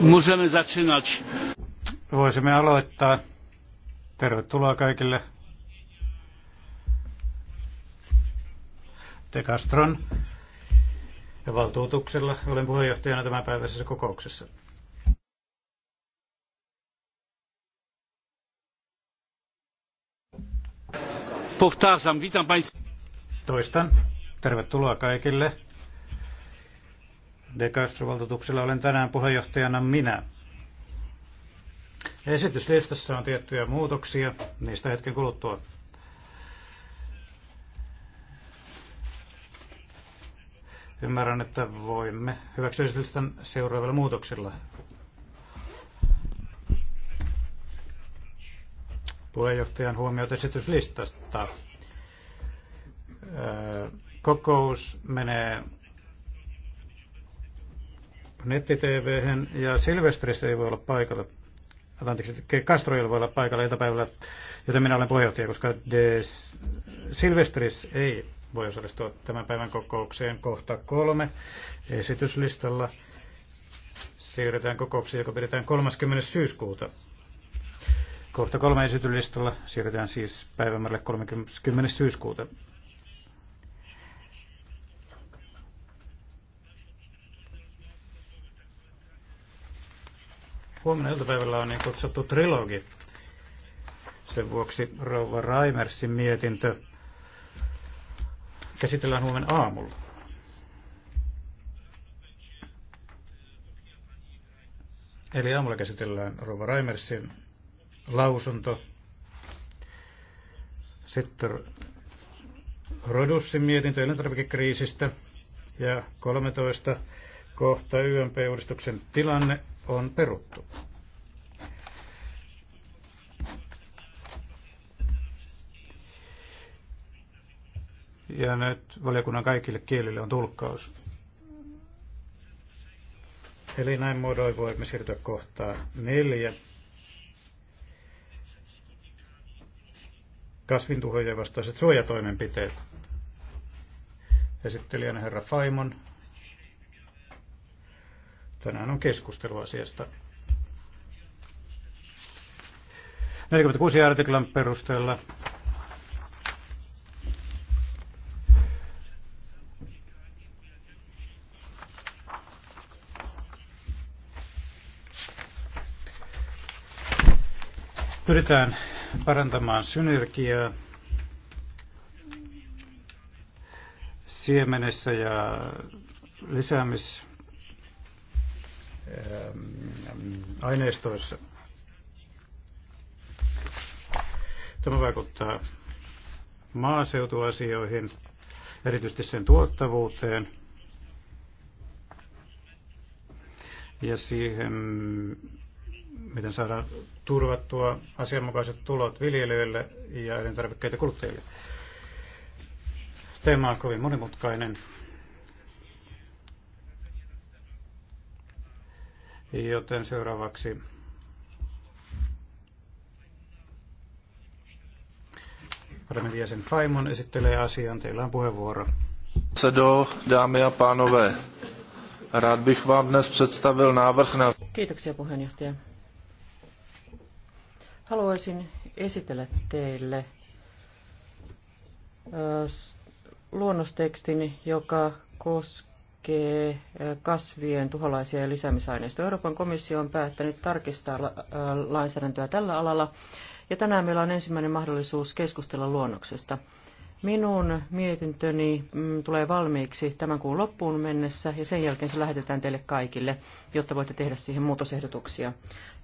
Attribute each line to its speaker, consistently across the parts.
Speaker 1: Możemy zaczynać. Voisimme aloittaa. Tervetuloa kaikille. De Castron ja valtuutuksella olen puheenjohtajana tämänpäiväisessä kokouksessa. Powtarzam, witam Państwa. Toistan. Tervetuloa kaikille De Castro-valtuutuksella olen tänään puheenjohtajana minä. Esityslistassa on tiettyjä muutoksia, niistä hetken kuluttua. Ymmärrän, että voimme hyväksyä esityslistan seuraavilla muutoksilla. Puheenjohtajan huomiot esityslistasta. Kokous menee nettitv ja Silvestris ei voi olla paikalla. Äh, anteeksi, Castro ei voi olla paikalla iltapäivällä, joten minä olen puheenjohtaja, koska de Silvestris ei voi osallistua tämän päivän kokoukseen kohta kolme esityslistalla. siirretään kokoukseen, joka pidetään 30. syyskuuta. Kohta kolme esityslistalla siirretään siis päivämäärälle 30. syyskuuta. Huomenna iltapäivällä on niin kutsuttu trilogi. Sen vuoksi Rouva Raimersin mietintö käsitellään huomenna aamulla. Eli aamulla käsitellään Rova Raimersin lausunto. Sitten Rodussin mietintö elintarvikekriisistä ja 13 kohta YMP-uudistuksen tilanne on peruttu. Ja nyt valiokunnan kaikille kielille on tulkkaus. Eli näin muodoin voimme siirtyä kohtaan neljä. Kasvintuhojen vastaiset suojatoimenpiteet. Esittelijänä herra Faimon. Tänään on keskustelu asiasta. 46 artiklan perusteella pyritään parantamaan synergiaa siemenessä ja lisäämis Ehm, aineistoissa. Tämä vaikuttaa maaseutuasioihin, erityisesti sen tuottavuuteen ja siihen, miten saadaan turvattua asianmukaiset tulot viljelijöille ja elintarvikkeita kuluttajille. Teema on kovin monimutkainen Joten seuraavaksi paremmin jäsen Faimon esittelee asian. Teillä on puheenvuoro.
Speaker 2: Sedo, dámy a pánové, rád bych vám dnes představil návrh na...
Speaker 3: Kiitoksia puheenjohtaja. Haluaisin esitellä teille luonnostekstin, joka koskee koskee eh, kasvien tuholaisia ja lisäämisaineistoja. Euroopan komissio on päättänyt tarkistaa eh, lainsäädäntöä tällä alalla, ja tänään meillä on ensimmäinen mahdollisuus keskustella luonnoksesta. Minun mietintöni mm, tulee valmiiksi tämän kuun loppuun mennessä ja sen jälkeen se lähetetään teille kaikille, jotta voitte tehdä siihen muutosehdotuksia.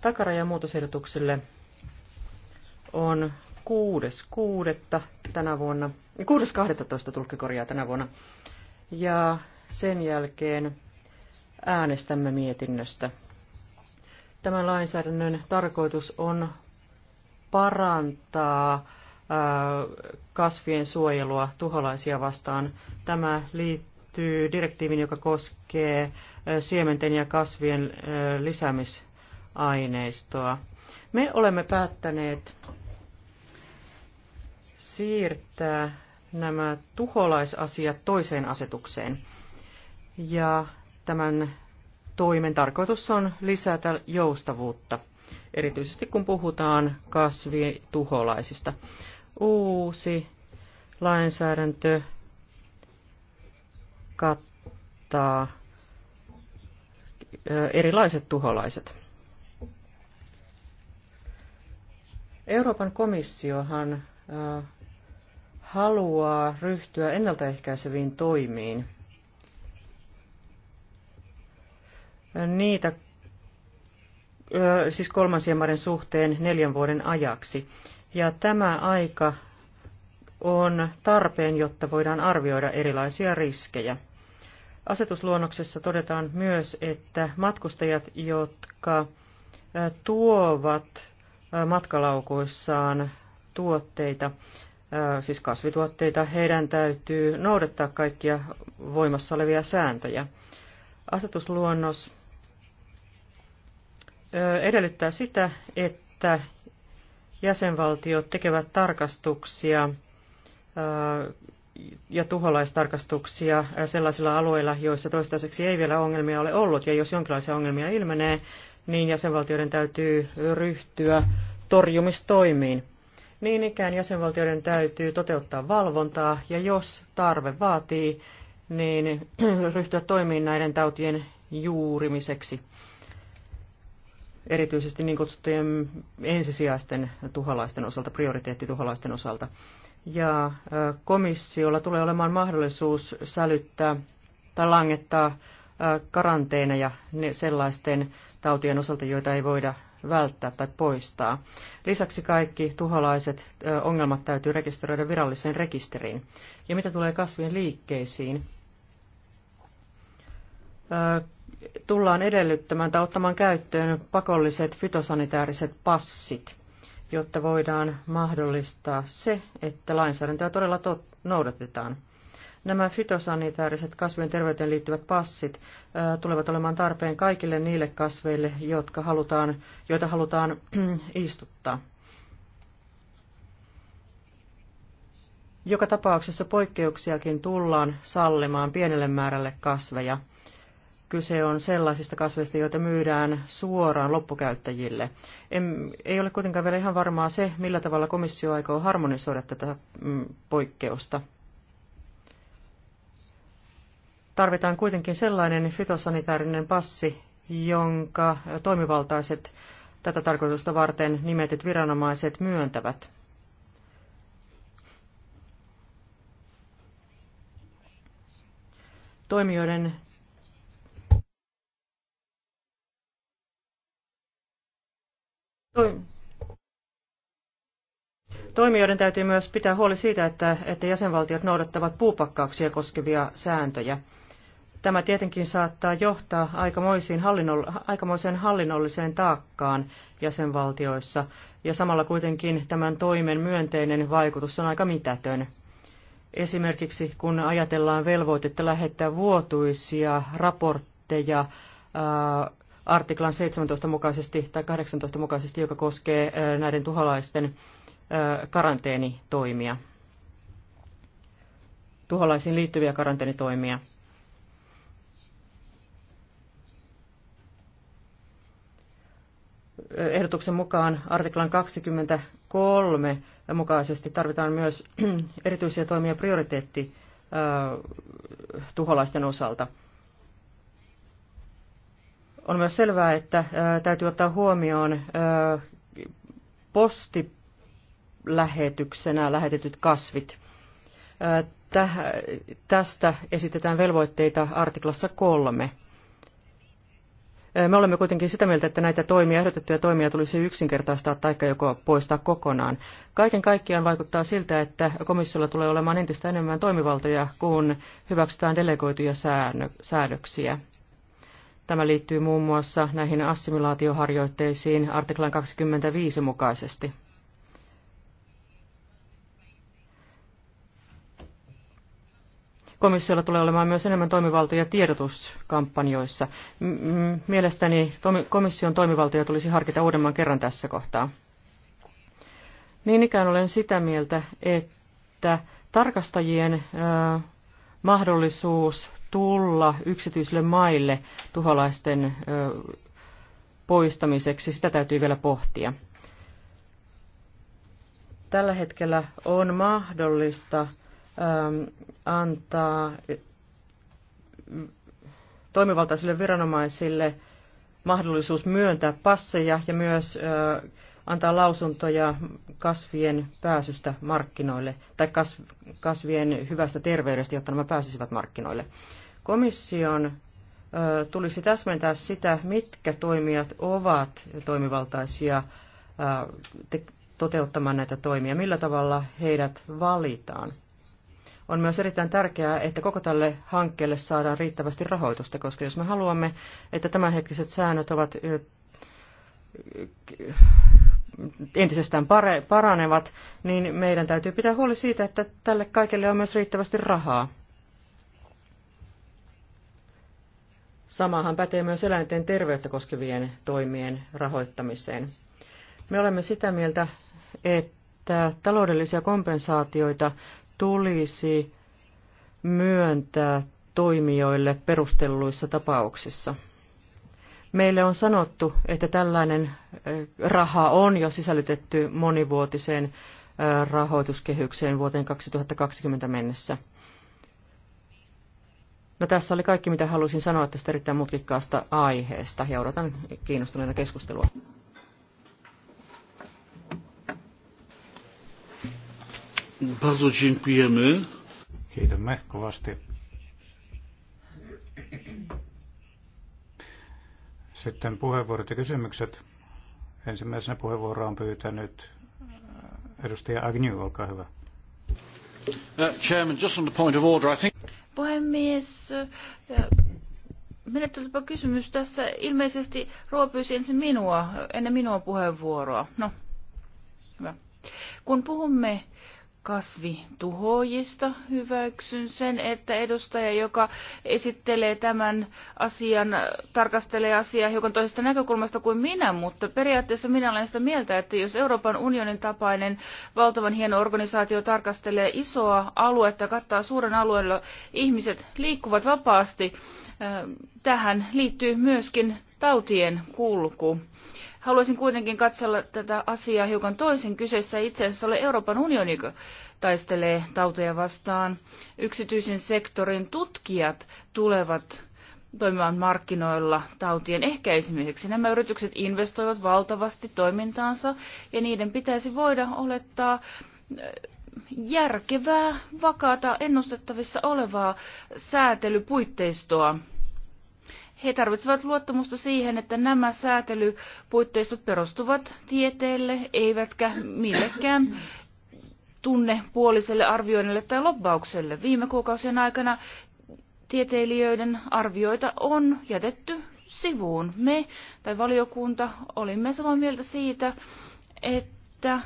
Speaker 3: Takaraja muutosehdotuksille on 6.12. tänä vuonna, 6.12. korjaa tänä vuonna ja sen jälkeen äänestämme mietinnöstä. Tämän lainsäädännön tarkoitus on parantaa kasvien suojelua tuholaisia vastaan. Tämä liittyy direktiiviin, joka koskee siementen ja kasvien lisäämisaineistoa. Me olemme päättäneet siirtää nämä tuholaisasiat toiseen asetukseen. Ja tämän toimen tarkoitus on lisätä joustavuutta, erityisesti kun puhutaan kasvituholaisista. Uusi lainsäädäntö kattaa erilaiset tuholaiset. Euroopan komissiohan haluaa ryhtyä ennaltaehkäiseviin toimiin. Niitä siis kolmansien maiden suhteen neljän vuoden ajaksi. Ja tämä aika on tarpeen, jotta voidaan arvioida erilaisia riskejä. Asetusluonnoksessa todetaan myös, että matkustajat, jotka tuovat matkalaukuissaan tuotteita, siis kasvituotteita, heidän täytyy noudattaa kaikkia voimassa olevia sääntöjä. Asetusluonnos edellyttää sitä, että jäsenvaltiot tekevät tarkastuksia ja tuholaistarkastuksia sellaisilla alueilla, joissa toistaiseksi ei vielä ongelmia ole ollut, ja jos jonkinlaisia ongelmia ilmenee, niin jäsenvaltioiden täytyy ryhtyä torjumistoimiin. Niin ikään jäsenvaltioiden täytyy toteuttaa valvontaa ja jos tarve vaatii, niin ryhtyä toimiin näiden tautien juurimiseksi, erityisesti niin kutsuttujen ensisijaisten tuholaisten osalta, prioriteettituholaisten osalta. Ja komissiolla tulee olemaan mahdollisuus sälyttää tai langettaa karanteeneja sellaisten tautien osalta, joita ei voida välttää tai poistaa. Lisäksi kaikki tuholaiset ongelmat täytyy rekisteröidä viralliseen rekisteriin. Ja mitä tulee kasvien liikkeisiin, tullaan edellyttämään tai ottamaan käyttöön pakolliset fytosanitaariset passit, jotta voidaan mahdollistaa se, että lainsäädäntöä todella noudatetaan. Nämä fytosanitaariset kasvien terveyteen liittyvät passit tulevat olemaan tarpeen kaikille niille kasveille, jotka halutaan, joita halutaan istuttaa. Joka tapauksessa poikkeuksiakin tullaan sallimaan pienelle määrälle kasveja. Kyse on sellaisista kasveista, joita myydään suoraan loppukäyttäjille. En, ei ole kuitenkaan vielä ihan varmaa se, millä tavalla komissio aikoo harmonisoida tätä mm, poikkeusta tarvitaan kuitenkin sellainen fytosanitaarinen passi, jonka toimivaltaiset tätä tarkoitusta varten nimetyt viranomaiset myöntävät. Toimijoiden Toimijoiden täytyy myös pitää huoli siitä, että, että jäsenvaltiot noudattavat puupakkauksia koskevia sääntöjä. Tämä tietenkin saattaa johtaa aikamoisiin hallinnoll- aikamoiseen hallinnolliseen taakkaan jäsenvaltioissa, ja samalla kuitenkin tämän toimen myönteinen vaikutus on aika mitätön. Esimerkiksi kun ajatellaan velvoitetta lähettää vuotuisia raportteja ää, artiklan 17 mukaisesti tai 18 mukaisesti, joka koskee ää, näiden tuholaisten ää, karanteenitoimia, tuholaisiin liittyviä karanteenitoimia – ehdotuksen mukaan artiklan 23 mukaisesti tarvitaan myös erityisiä toimia prioriteetti tuholaisten osalta. On myös selvää, että täytyy ottaa huomioon postilähetyksenä lähetetyt kasvit. Tästä esitetään velvoitteita artiklassa kolme. Me olemme kuitenkin sitä mieltä, että näitä toimia, ehdotettuja toimia tulisi yksinkertaistaa tai joko poistaa kokonaan. Kaiken kaikkiaan vaikuttaa siltä, että komissiolla tulee olemaan entistä enemmän toimivaltoja, kun hyväksytään delegoituja säädöksiä. Tämä liittyy muun muassa näihin assimilaatioharjoitteisiin artiklan 25 mukaisesti. komissiolla tulee olemaan myös enemmän toimivaltoja tiedotuskampanjoissa. Mielestäni komission toimivaltoja tulisi harkita uudemman kerran tässä kohtaa. Niin ikään olen sitä mieltä, että tarkastajien mahdollisuus tulla yksityisille maille tuholaisten poistamiseksi, sitä täytyy vielä pohtia. Tällä hetkellä on mahdollista Ähm, antaa toimivaltaisille viranomaisille mahdollisuus myöntää passeja ja myös antaa lausuntoja kasvien pääsystä markkinoille tai kasvien hyvästä terveydestä, jotta nämä pääsisivät markkinoille. Komission tulisi täsmentää sitä, mitkä toimijat ovat toimivaltaisia toteuttamaan näitä toimia, millä tavalla heidät valitaan. On myös erittäin tärkeää, että koko tälle hankkeelle saadaan riittävästi rahoitusta, koska jos me haluamme, että tämänhetkiset säännöt ovat entisestään paranevat, niin meidän täytyy pitää huoli siitä, että tälle kaikelle on myös riittävästi rahaa. Samahan pätee myös eläinten terveyttä koskevien toimien rahoittamiseen. Me olemme sitä mieltä, että taloudellisia kompensaatioita tulisi myöntää toimijoille perustelluissa tapauksissa. Meille on sanottu, että tällainen eh, raha on jo sisällytetty monivuotiseen eh, rahoituskehykseen vuoteen 2020 mennessä. No tässä oli kaikki, mitä halusin sanoa tästä erittäin mutkikkaasta aiheesta ja odotan kiinnostuneena keskustelua.
Speaker 2: Bardzo dziękujemy. Kiitämme kovasti.
Speaker 1: Sitten puheenvuorot ja kysymykset. Ensimmäisenä puheenvuoroa on pyytänyt äh, edustaja Agnew, olkaa hyvä. Uh, chairman, just
Speaker 4: Puhemies, äh, menettelypä kysymys tässä. Ilmeisesti Ruo pyysi ensin minua, ennen minua puheenvuoroa. No, hyvä. Kun puhumme kasvituhoojista. Hyväksyn sen, että edustaja, joka esittelee tämän asian, tarkastelee asiaa hiukan toisesta näkökulmasta kuin minä, mutta periaatteessa minä olen sitä mieltä, että jos Euroopan unionin tapainen valtavan hieno organisaatio tarkastelee isoa aluetta, kattaa suuren alueella, ihmiset liikkuvat vapaasti. Äh, tähän liittyy myöskin tautien kulku. Haluaisin kuitenkin katsella tätä asiaa hiukan toisin. Kyseessä itse asiassa ole Euroopan unioni, joka taistelee tauteja vastaan. Yksityisen sektorin tutkijat tulevat toimimaan markkinoilla tautien ehkäisemiseksi. Nämä yritykset investoivat valtavasti toimintaansa ja niiden pitäisi voida olettaa äh, järkevää, vakaata, ennustettavissa olevaa säätelypuitteistoa he tarvitsevat luottamusta siihen, että nämä säätelypuitteistot perustuvat tieteelle, eivätkä millekään tunnepuoliselle arvioinnille tai lobbaukselle. Viime kuukausien aikana tieteilijöiden arvioita on jätetty sivuun. Me tai valiokunta olimme samaa mieltä siitä, että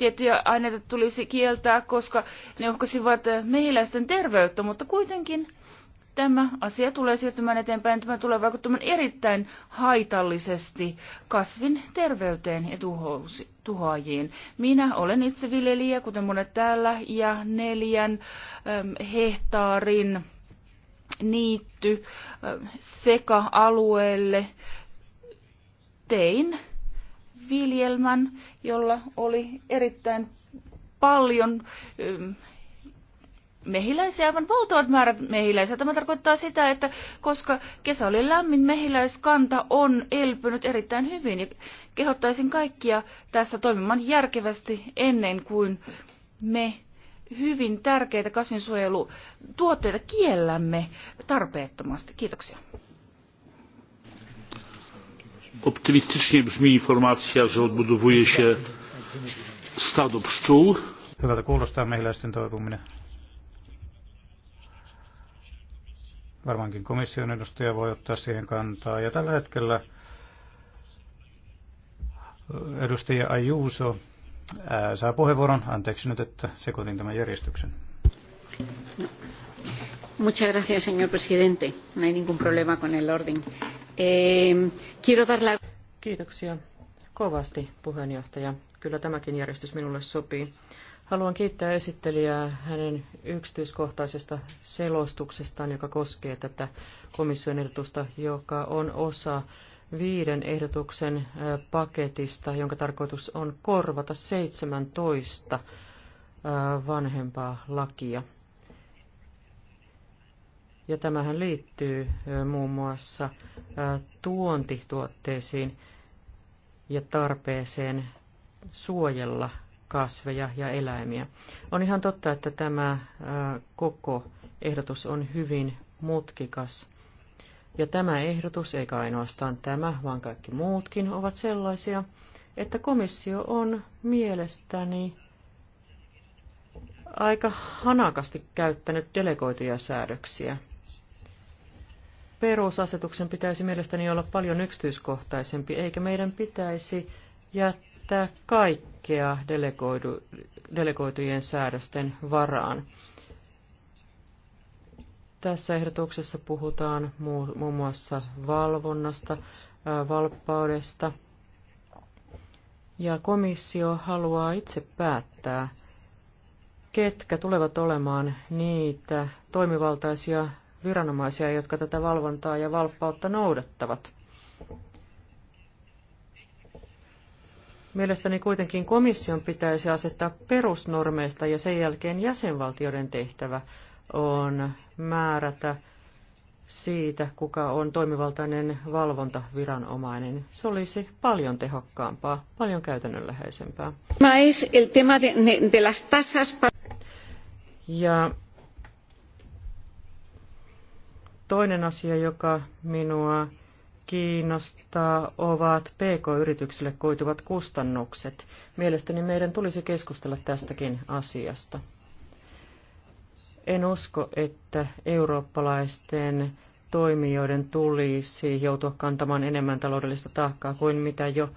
Speaker 4: tiettyjä aineita tulisi kieltää, koska ne uhkasivat mehiläisten terveyttä, mutta kuitenkin tämä asia tulee siirtymään eteenpäin. Tämä tulee vaikuttamaan erittäin haitallisesti kasvin terveyteen ja tuhousi, tuhoajiin. Minä olen itse viljelijä, kuten monet täällä, ja neljän äm, hehtaarin niitty äm, seka-alueelle tein viljelmän, jolla oli erittäin paljon mehiläisiä, aivan valtavat määrät mehiläisiä. Tämä tarkoittaa sitä, että koska kesä oli lämmin, mehiläiskanta on elpynyt erittäin hyvin. Ja kehottaisin kaikkia tässä toimimaan järkevästi ennen kuin me hyvin tärkeitä kasvinsuojelutuotteita kiellämme tarpeettomasti. Kiitoksia
Speaker 2: optymistycznie brzmi informacja, że odbudowuje się stado pszczół.
Speaker 1: Varmaankin komission edustaja voi ottaa siihen kantaa. Ja tällä hetkellä edustaja Ajuuso saa puheenvuoron. Anteeksi nyt, että sekoitin tämän järjestyksen.
Speaker 3: Muchas gracias, señor presidente. No hay ningún problema con el orden. Eh, Kiitoksia kovasti puheenjohtaja. Kyllä tämäkin järjestys minulle sopii. Haluan kiittää esittelijää hänen yksityiskohtaisesta selostuksestaan, joka koskee tätä komission ehdotusta, joka on osa viiden ehdotuksen eh, paketista, jonka tarkoitus on korvata 17 eh, vanhempaa lakia ja tämähän liittyy muun muassa tuontituotteisiin ja tarpeeseen suojella kasveja ja eläimiä. On ihan totta, että tämä koko ehdotus on hyvin mutkikas. Ja tämä ehdotus, eikä ainoastaan tämä, vaan kaikki muutkin, ovat sellaisia, että komissio on mielestäni aika hanakasti käyttänyt delegoituja säädöksiä – perusasetuksen pitäisi mielestäni olla paljon yksityiskohtaisempi, eikä meidän pitäisi jättää kaikkea delegoidu, delegoitujen säädösten varaan. Tässä ehdotuksessa puhutaan muun muassa valvonnasta, valppaudesta, ja komissio haluaa itse päättää, ketkä tulevat olemaan niitä toimivaltaisia viranomaisia, jotka tätä valvontaa ja valppautta noudattavat. Mielestäni kuitenkin komission pitäisi asettaa perusnormeista ja sen jälkeen jäsenvaltioiden tehtävä on määrätä siitä, kuka on toimivaltainen valvontaviranomainen. Se olisi paljon tehokkaampaa, paljon käytännönläheisempää. Ja Toinen asia, joka minua kiinnostaa, ovat PK-yrityksille koituvat kustannukset. Mielestäni meidän tulisi keskustella tästäkin asiasta. En usko, että eurooppalaisten toimijoiden tulisi joutua kantamaan enemmän taloudellista taakkaa kuin mitä jo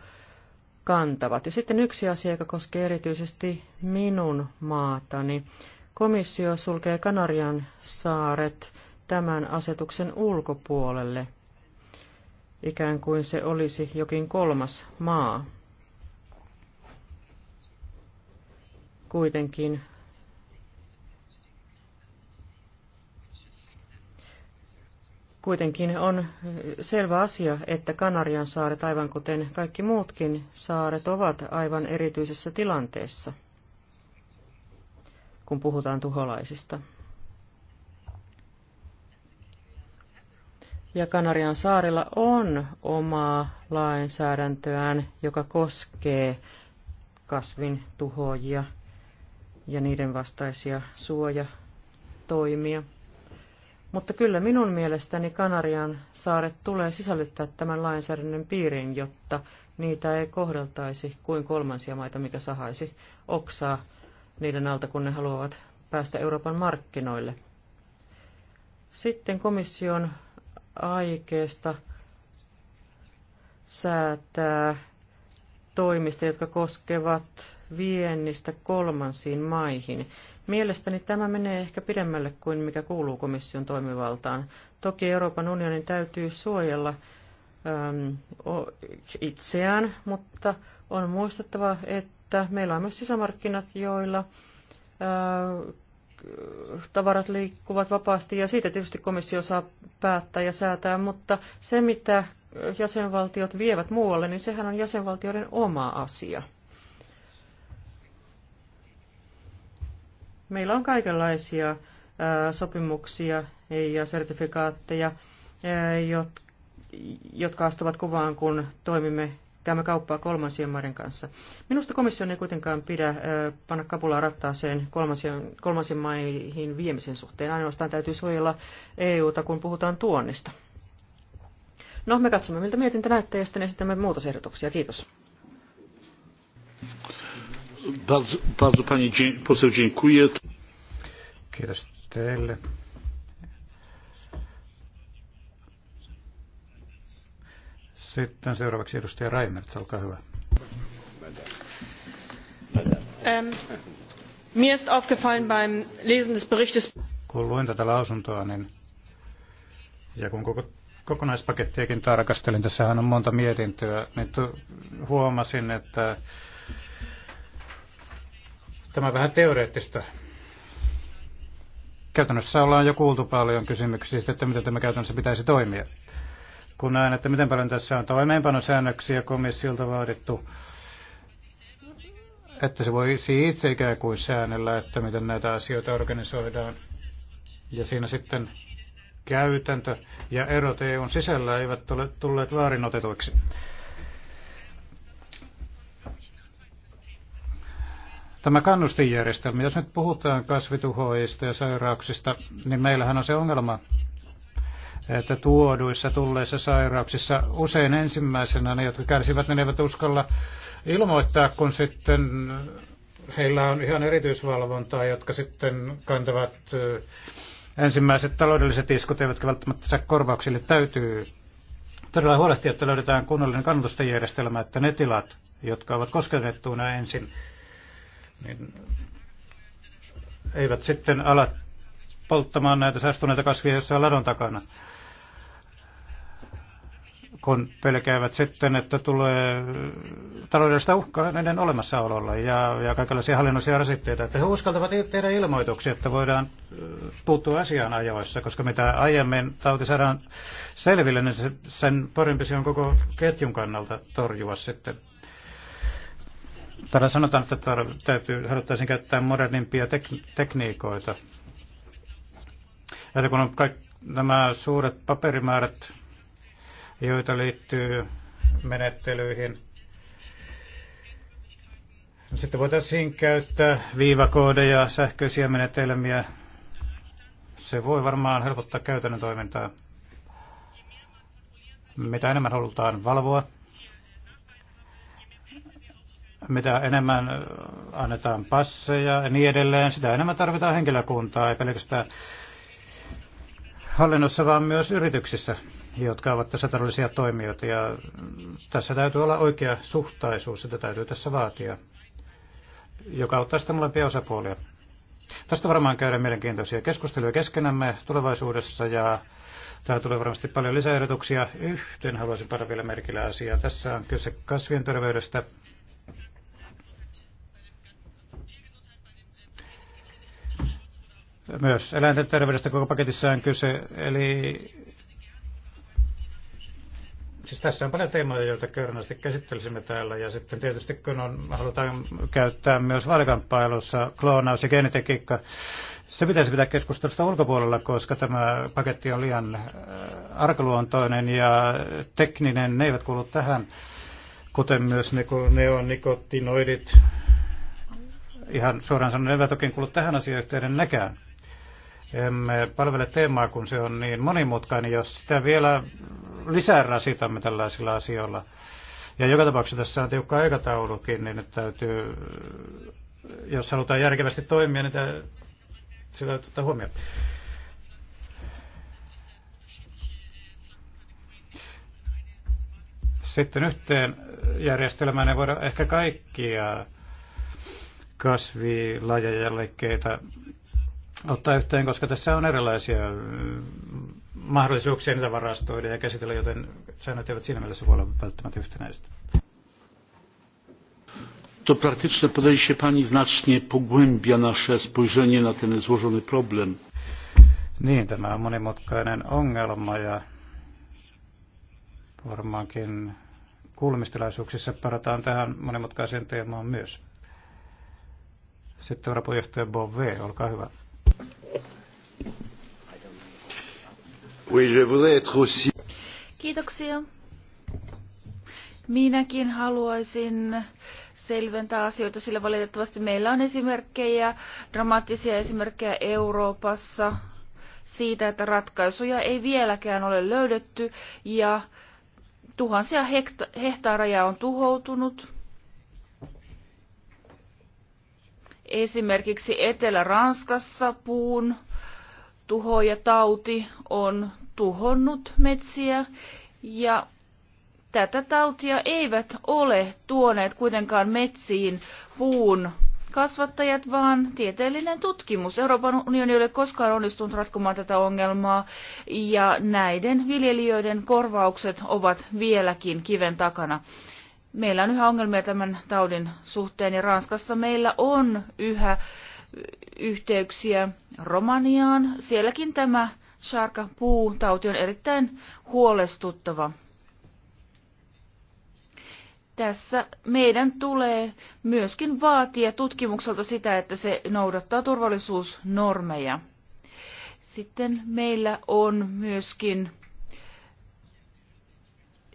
Speaker 3: kantavat. Ja sitten yksi asia, joka koskee erityisesti minun maatani. Komissio sulkee Kanarian saaret tämän asetuksen ulkopuolelle, ikään kuin se olisi jokin kolmas maa. Kuitenkin Kuitenkin on selvä asia, että Kanarian saaret, aivan kuten kaikki muutkin saaret, ovat aivan erityisessä tilanteessa, kun puhutaan tuholaisista. ja Kanarian saarilla on omaa lainsäädäntöään, joka koskee kasvin tuhoajia ja niiden vastaisia suojatoimia. Mutta kyllä minun mielestäni Kanarian saaret tulee sisällyttää tämän lainsäädännön piiriin, jotta niitä ei kohdeltaisi kuin kolmansia maita, mikä sahaisi oksaa niiden alta, kun ne haluavat päästä Euroopan markkinoille. Sitten komission aikeesta säätää toimista, jotka koskevat viennistä kolmansiin maihin. Mielestäni tämä menee ehkä pidemmälle kuin mikä kuuluu komission toimivaltaan. Toki Euroopan unionin täytyy suojella äm, itseään, mutta on muistettava, että meillä on myös sisämarkkinat, joilla äh, tavarat liikkuvat vapaasti ja siitä tietysti komissio saa päättää ja säätää, mutta se mitä jäsenvaltiot vievät muualle, niin sehän on jäsenvaltioiden oma asia. Meillä on kaikenlaisia sopimuksia ja sertifikaatteja, jotka astuvat kuvaan, kun toimimme käymme kauppaa kolmansien maiden kanssa. Minusta komission ei kuitenkaan pidä panna kapulaa rattaaseen kolmansien, kolmansien maihin viemisen suhteen. Ainoastaan täytyy suojella EUta, kun puhutaan tuonnista. No, me katsomme, miltä mietintä näyttää ja sitten esitämme muutosehdotuksia. Kiitos.
Speaker 2: Bardzo, bardzo pani poseł dziękuję.
Speaker 1: Kiitos teille. Sitten seuraavaksi edustaja Raimert, olkaa hyvä. Ähm, kun luin tätä lausuntoa, niin ja kun koko kokonaispakettiakin tarkastelin, tässähän on monta mietintöä, niin tu, huomasin, että tämä vähän teoreettista. Käytännössä ollaan jo kuultu paljon kysymyksiä, että miten tämä käytännössä pitäisi toimia kun näen, että miten paljon tässä on toimeenpanosäännöksiä komissiolta vaadittu, että se voi itse ikään kuin säännellä, että miten näitä asioita organisoidaan. Ja siinä sitten käytäntö ja erot EUn sisällä eivät ole tulleet väärin otetuiksi. Tämä kannustinjärjestelmä, jos nyt puhutaan kasvituhoista ja sairauksista, niin meillähän on se ongelma, että tuoduissa tulleissa sairauksissa usein ensimmäisenä ne, jotka kärsivät, ne eivät uskalla ilmoittaa, kun sitten heillä on ihan erityisvalvontaa, jotka sitten kantavat ensimmäiset taloudelliset iskut, eivätkä välttämättä saa korvauksille. Täytyy todella huolehtia, että löydetään kunnollinen kannatustajärjestelmä, että ne tilat, jotka ovat kosketettuina ensin, niin eivät sitten ala polttamaan näitä saastuneita kasvia jossain ladon takana kun pelkäävät sitten, että tulee taloudellista uhkaa näiden olemassaololla ja, ja kaikenlaisia hallinnollisia rasitteita. Että he uskaltavat tehdä ilmoituksia, että voidaan puuttua asiaan ajoissa, koska mitä aiemmin tauti saadaan selville, niin se, sen parempi se on koko ketjun kannalta torjua sitten. Täällä sanotaan, että täytyy, haluttaisiin käyttää modernimpia tek- tekniikoita. Että kun on kaikki nämä suuret paperimäärät joita liittyy menettelyihin. Sitten voitaisiin käyttää viivakoodeja, sähköisiä menetelmiä. Se voi varmaan helpottaa käytännön toimintaa. Mitä enemmän halutaan valvoa, mitä enemmän annetaan passeja ja niin edelleen, sitä enemmän tarvitaan henkilökuntaa, ei pelkästään hallinnossa, vaan myös yrityksissä jotka ovat tässä tarvallisia toimijoita. Ja tässä täytyy olla oikea suhtaisuus, sitä täytyy tässä vaatia, joka auttaa sitä molempia osapuolia. Tästä varmaan käydään mielenkiintoisia keskusteluja keskenämme tulevaisuudessa ja tämä tulee varmasti paljon lisäehdotuksia. Yhteen haluaisin panna vielä merkillä asiaa. Tässä on kyse kasvien terveydestä. Myös eläinten terveydestä koko paketissa on kyse. Eli Siis tässä on paljon teemoja, joita kernaasti käsittelisimme täällä. Ja sitten tietysti kun on, halutaan käyttää myös vaalikamppailussa kloonaus ja geenitekniikka, se pitäisi pitää keskustelusta ulkopuolella, koska tämä paketti on liian äh, arkaluontoinen ja tekninen. Ne eivät kuulu tähän, kuten myös neonikotinoidit. Ihan suoraan sanoen, ne eivät oikein kuulu tähän asiayhteyden näkään emme palvele teemaa, kun se on niin monimutkainen, jos sitä vielä lisää rasitamme tällaisilla asioilla. Ja joka tapauksessa tässä on tiukka aikataulukin, niin nyt täytyy, jos halutaan järkevästi toimia, niin tämä, sitä täytyy ottaa huomioon. Sitten yhteen järjestelmään ei voida ehkä kaikkia kasvilajeja ja leikkeitä ottaa yhteen, koska tässä on erilaisia äh, mahdollisuuksia niitä varastoida ja käsitellä, joten säännöt eivät siinä mielessä voi olla välttämättä yhtenäistä.
Speaker 2: To praktyczne podejście Pani znacznie pogłębia nasze spojrzenie na ten złożony problem.
Speaker 1: Niin, tämä on monimutkainen ongelma ja varmaankin kuulemistilaisuuksissa parataan tähän monimutkaiseen teemaan myös. Sitten varapuheenjohtaja Bove, olkaa hyvä. Oui, je voudrais être aussi...
Speaker 4: Kiitoksia. Minäkin haluaisin selventää asioita, sillä valitettavasti meillä on esimerkkejä, dramaattisia esimerkkejä Euroopassa siitä, että ratkaisuja ei vieläkään ole löydetty ja tuhansia hekta- hehtaareja on tuhoutunut. Esimerkiksi Etelä-Ranskassa puun tuho ja tauti on tuhonnut metsiä ja tätä tautia eivät ole tuoneet kuitenkaan metsiin puun kasvattajat, vaan tieteellinen tutkimus. Euroopan unioni ei ole koskaan onnistunut ratkomaan tätä ongelmaa, ja näiden viljelijöiden korvaukset ovat vieläkin kiven takana. Meillä on yhä ongelmia tämän taudin suhteen, ja Ranskassa meillä on yhä yhteyksiä Romaniaan. Sielläkin tämä sharka puutauti on erittäin huolestuttava. Tässä meidän tulee myöskin vaatia tutkimukselta sitä, että se noudattaa turvallisuusnormeja. Sitten meillä on myöskin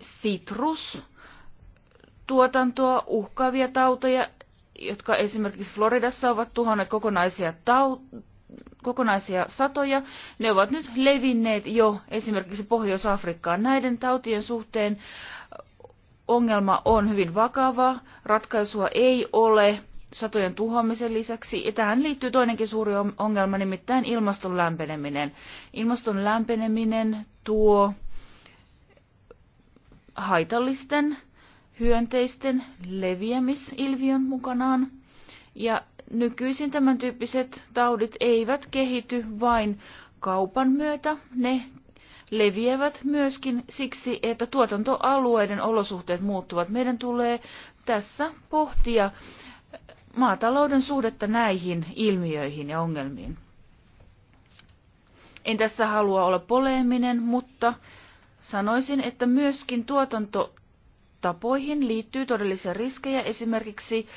Speaker 4: sitrus tuotantoa uhkaavia tauteja jotka esimerkiksi Floridassa ovat tuhonneet kokonaisia, tau- kokonaisia satoja, ne ovat nyt levinneet jo esimerkiksi Pohjois-Afrikkaan. Näiden tautien suhteen ongelma on hyvin vakava, ratkaisua ei ole satojen tuhoamisen lisäksi. Ja tähän liittyy toinenkin suuri ongelma, nimittäin ilmaston lämpeneminen. Ilmaston lämpeneminen tuo haitallisten hyönteisten leviämisilviön mukanaan. Ja nykyisin tämän tyyppiset taudit eivät kehity vain kaupan myötä, ne leviävät myöskin siksi, että tuotantoalueiden olosuhteet muuttuvat. Meidän tulee tässä pohtia maatalouden suhdetta näihin ilmiöihin ja ongelmiin. En tässä halua olla poleeminen, mutta sanoisin, että myöskin tuotanto tapoihin liittyy todellisia riskejä. Esimerkiksi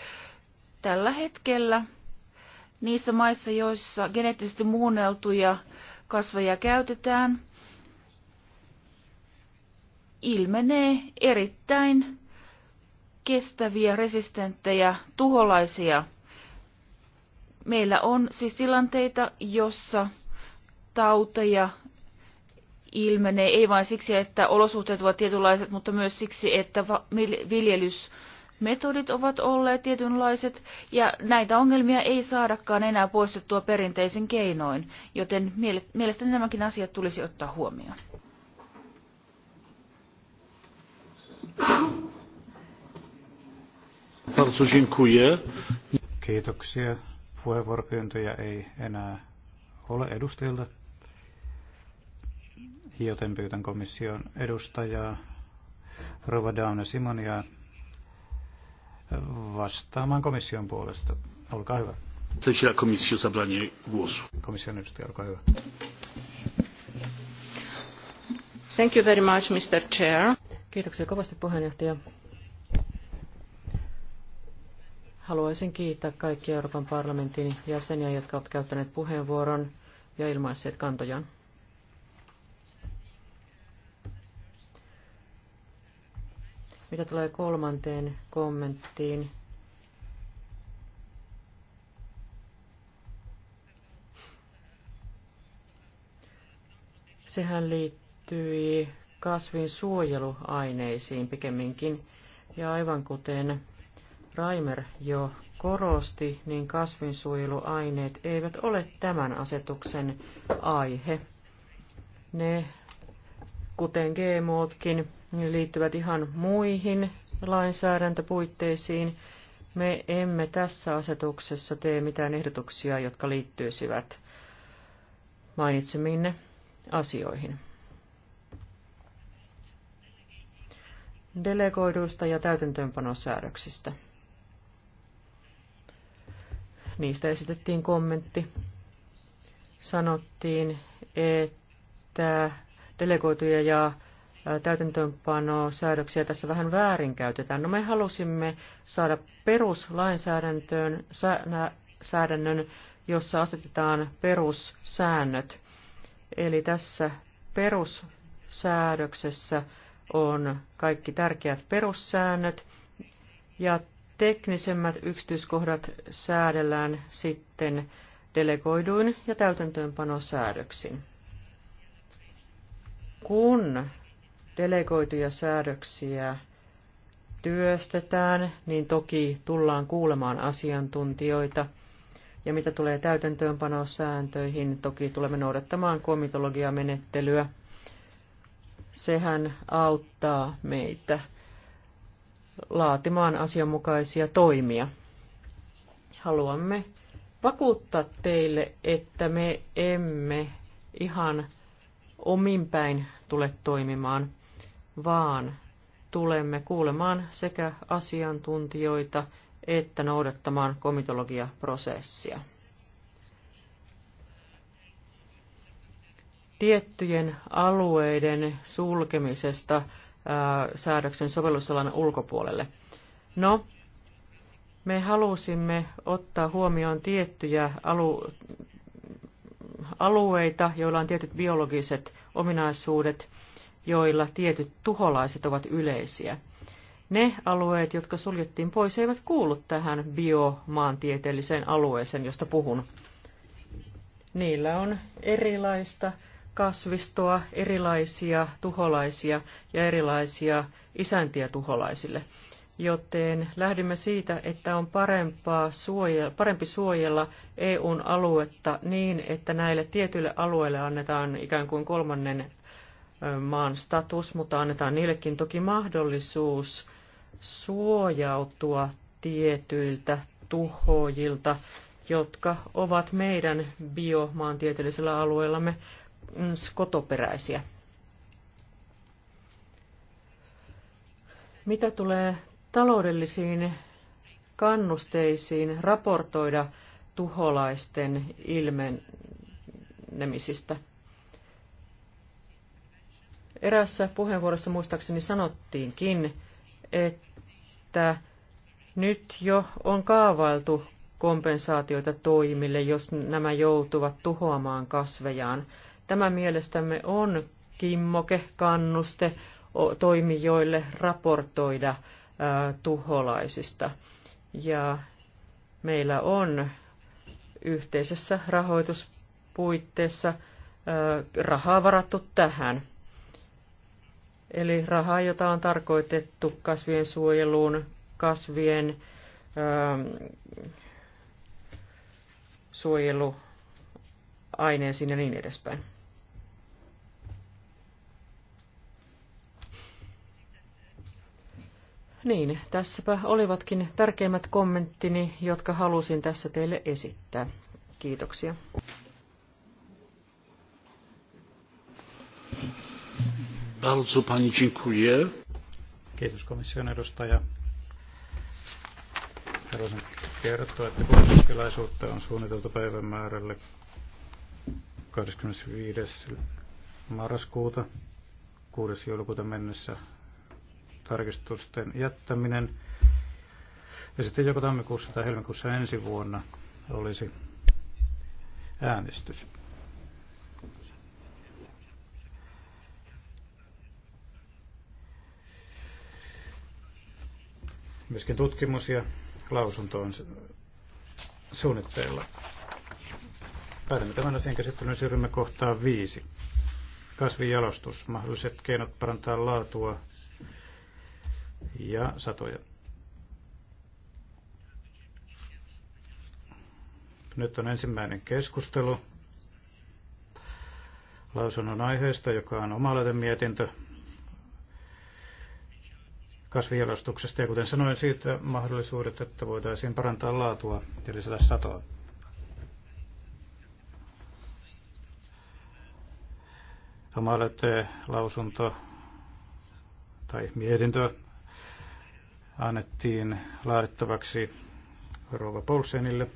Speaker 4: tällä hetkellä niissä maissa, joissa geneettisesti muunneltuja kasveja käytetään, ilmenee erittäin kestäviä, resistenttejä, tuholaisia. Meillä on siis tilanteita, jossa tauteja ilmenee, ei vain siksi, että olosuhteet ovat tietynlaiset, mutta myös siksi, että viljelysmetodit ovat olleet tietynlaiset, ja näitä ongelmia ei saadakaan enää poistettua perinteisen keinoin, joten mielestäni nämäkin asiat tulisi ottaa huomioon.
Speaker 1: Kiitoksia. Puheenvuoropyyntöjä ei enää ole edustajilta joten pyytän komission edustajaa Rova Dauna Simonia vastaamaan komission puolesta. Olkaa hyvä.
Speaker 2: Przedstawiciela komisji o
Speaker 1: głosu. Komission edustaja, olkaa hyvä.
Speaker 3: Thank you very much, Mr. Chair. Kiitoksia kovasti puheenjohtaja. Haluaisin kiittää kaikkia Euroopan parlamentin jäseniä, jotka ovat käyttäneet puheenvuoron ja ilmaisseet kantojaan. Mitä tulee kolmanteen kommenttiin, sehän liittyi kasvin suojeluaineisiin pikemminkin. Ja aivan kuten Raimer jo korosti, niin kasvinsuojeluaineet eivät ole tämän asetuksen aihe. Ne, kuten GMOtkin, liittyvät ihan muihin lainsäädäntöpuitteisiin. Me emme tässä asetuksessa tee mitään ehdotuksia, jotka liittyisivät mainitsemiinne asioihin. Delegoiduista ja täytäntöönpanosäädöksistä. Niistä esitettiin kommentti. Sanottiin, että delegoituja ja täytäntöönpanosäädöksiä tässä vähän väärinkäytetään. No me halusimme saada peruslainsäädäntöön säädännön, jossa asetetaan perussäännöt. Eli tässä perussäädöksessä on kaikki tärkeät perussäännöt ja teknisemmät yksityiskohdat säädellään sitten delegoiduin ja täytäntöönpanosäädöksin. Kun delegoituja säädöksiä työstetään, niin toki tullaan kuulemaan asiantuntijoita. Ja mitä tulee täytäntöönpanosääntöihin, niin toki tulemme noudattamaan komitologiamenettelyä. Sehän auttaa meitä laatimaan asianmukaisia toimia. Haluamme vakuuttaa teille, että me emme ihan ominpäin tule toimimaan – vaan tulemme kuulemaan sekä asiantuntijoita että noudattamaan komitologiaprosessia. Tiettyjen alueiden sulkemisesta ää, äh, säädöksen sovellusalan ulkopuolelle. No, me halusimme ottaa huomioon tiettyjä alu, alueita, joilla on tietyt biologiset ominaisuudet, joilla tietyt tuholaiset ovat yleisiä. Ne alueet, jotka suljettiin pois, eivät kuulu tähän biomaantieteelliseen alueeseen, josta puhun. Niillä on erilaista kasvistoa, erilaisia tuholaisia ja erilaisia isäntiä tuholaisille. Joten lähdimme siitä, että on parempaa suojella, parempi suojella EUn aluetta niin, että näille tietyille alueille annetaan ikään kuin kolmannen maan status, mutta annetaan niillekin toki mahdollisuus suojautua tietyiltä tuhojilta, jotka ovat meidän biomaantieteellisellä alueellamme mm, skotoperäisiä. Mitä tulee taloudellisiin kannusteisiin raportoida tuholaisten ilmenemisistä? Erässä puheenvuorossa muistaakseni sanottiinkin, että nyt jo on kaavailtu kompensaatioita toimille, jos nämä joutuvat tuhoamaan kasvejaan. Tämä mielestämme on kimmoke, kannuste toimijoille raportoida tuholaisista. Ja meillä on yhteisessä rahoituspuitteessa rahaa varattu tähän. Eli rahaa, jota on tarkoitettu kasvien suojeluun, kasvien ähm, suojeluaineisiin ja niin edespäin. Niin, tässäpä olivatkin tärkeimmät kommenttini, jotka halusin tässä teille esittää. Kiitoksia.
Speaker 2: Bardzo pani dziękuję.
Speaker 1: Kiitos komission edustaja. Haluaisin kertoa, että kuulutustilaisuutta on suunniteltu päivämäärälle 25. marraskuuta 6. joulukuuta mennessä tarkistusten jättäminen. Ja sitten joko tammikuussa tai helmikuussa ensi vuonna olisi äänestys. Myöskin tutkimus ja lausunto on suunnitteilla. Päätämme tämän asian käsittelyn siirrymme kohtaan viisi. Kasvijalostus, mahdolliset keinot parantaa laatua ja satoja. Nyt on ensimmäinen keskustelu lausunnon aiheesta, joka on oma mietintö kasvijalostuksesta ja kuten sanoin, siitä mahdollisuudet, että voitaisiin parantaa laatua ja lisätä satoa. Tämä lausunto tai mietintö annettiin laadittavaksi Rova Poulsenille,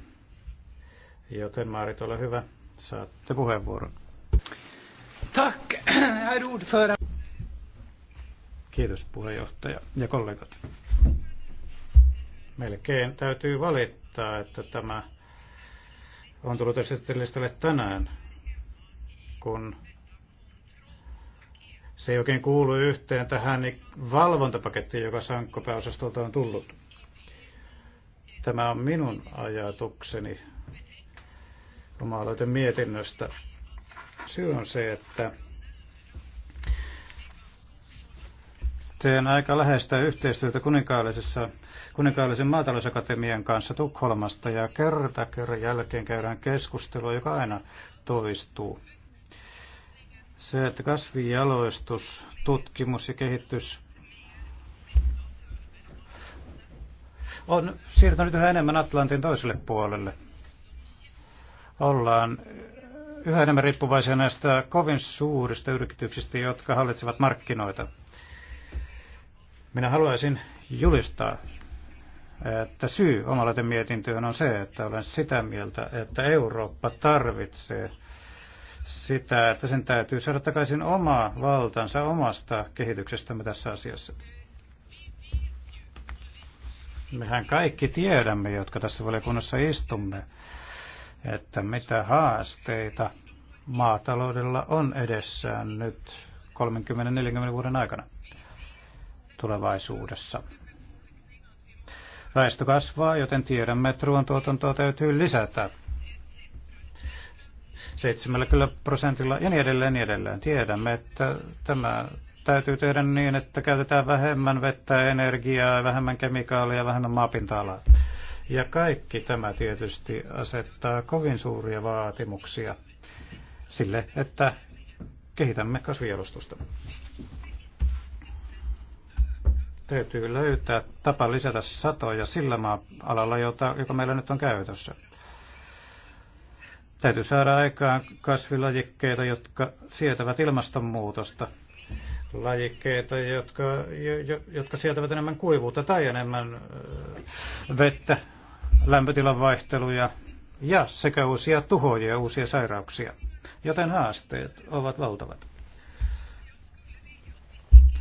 Speaker 1: joten Maarit, ole hyvä, saatte puheenvuoron. Tack, herr ordförande. Kiitos puheenjohtaja ja kollegat. Melkein täytyy valittaa, että tämä on tullut esittelistalle tänään, kun se ei oikein kuulu yhteen tähän niin valvontapakettiin, joka Sankkopääosastolta on tullut. Tämä on minun ajatukseni oma mietinnöstä. Syy on se, että yhteen aika läheistä yhteistyötä kuninkaallisessa, kuninkaallisen maatalousakatemian kanssa Tukholmasta ja kerta kerran jälkeen käydään keskustelua, joka aina toistuu. Se, että kasvijaloistus, tutkimus ja kehitys on siirtynyt yhä enemmän Atlantin toiselle puolelle. Ollaan yhä enemmän riippuvaisia näistä kovin suurista yrityksistä, jotka hallitsevat markkinoita. Minä haluaisin julistaa, että syy omalle mietintöön on se, että olen sitä mieltä, että Eurooppa tarvitsee sitä, että sen täytyy saada takaisin oma valtansa omasta kehityksestämme tässä asiassa. Mehän kaikki tiedämme, jotka tässä valiokunnassa istumme, että mitä haasteita maataloudella on edessään nyt 30-40 vuoden aikana tulevaisuudessa. Väestö kasvaa, joten tiedämme, että ruoantuotantoa täytyy lisätä 70 prosentilla ja niin edelleen, niin edelleen. Tiedämme, että tämä täytyy tehdä niin, että käytetään vähemmän vettä, energiaa, vähemmän kemikaaleja, vähemmän maapinta-alaa. Ja kaikki tämä tietysti asettaa kovin suuria vaatimuksia sille, että kehitämme kasvijalostusta. Täytyy löytää tapa lisätä satoja sillä maa-alalla, jota, joka meillä nyt on käytössä. Täytyy saada aikaan kasvilajikkeita, jotka sietävät ilmastonmuutosta. Lajikkeita, jotka, jo, jotka sietävät enemmän kuivuutta tai enemmän vettä, lämpötilan vaihteluja ja sekä uusia tuhoja ja uusia sairauksia. Joten haasteet ovat valtavat.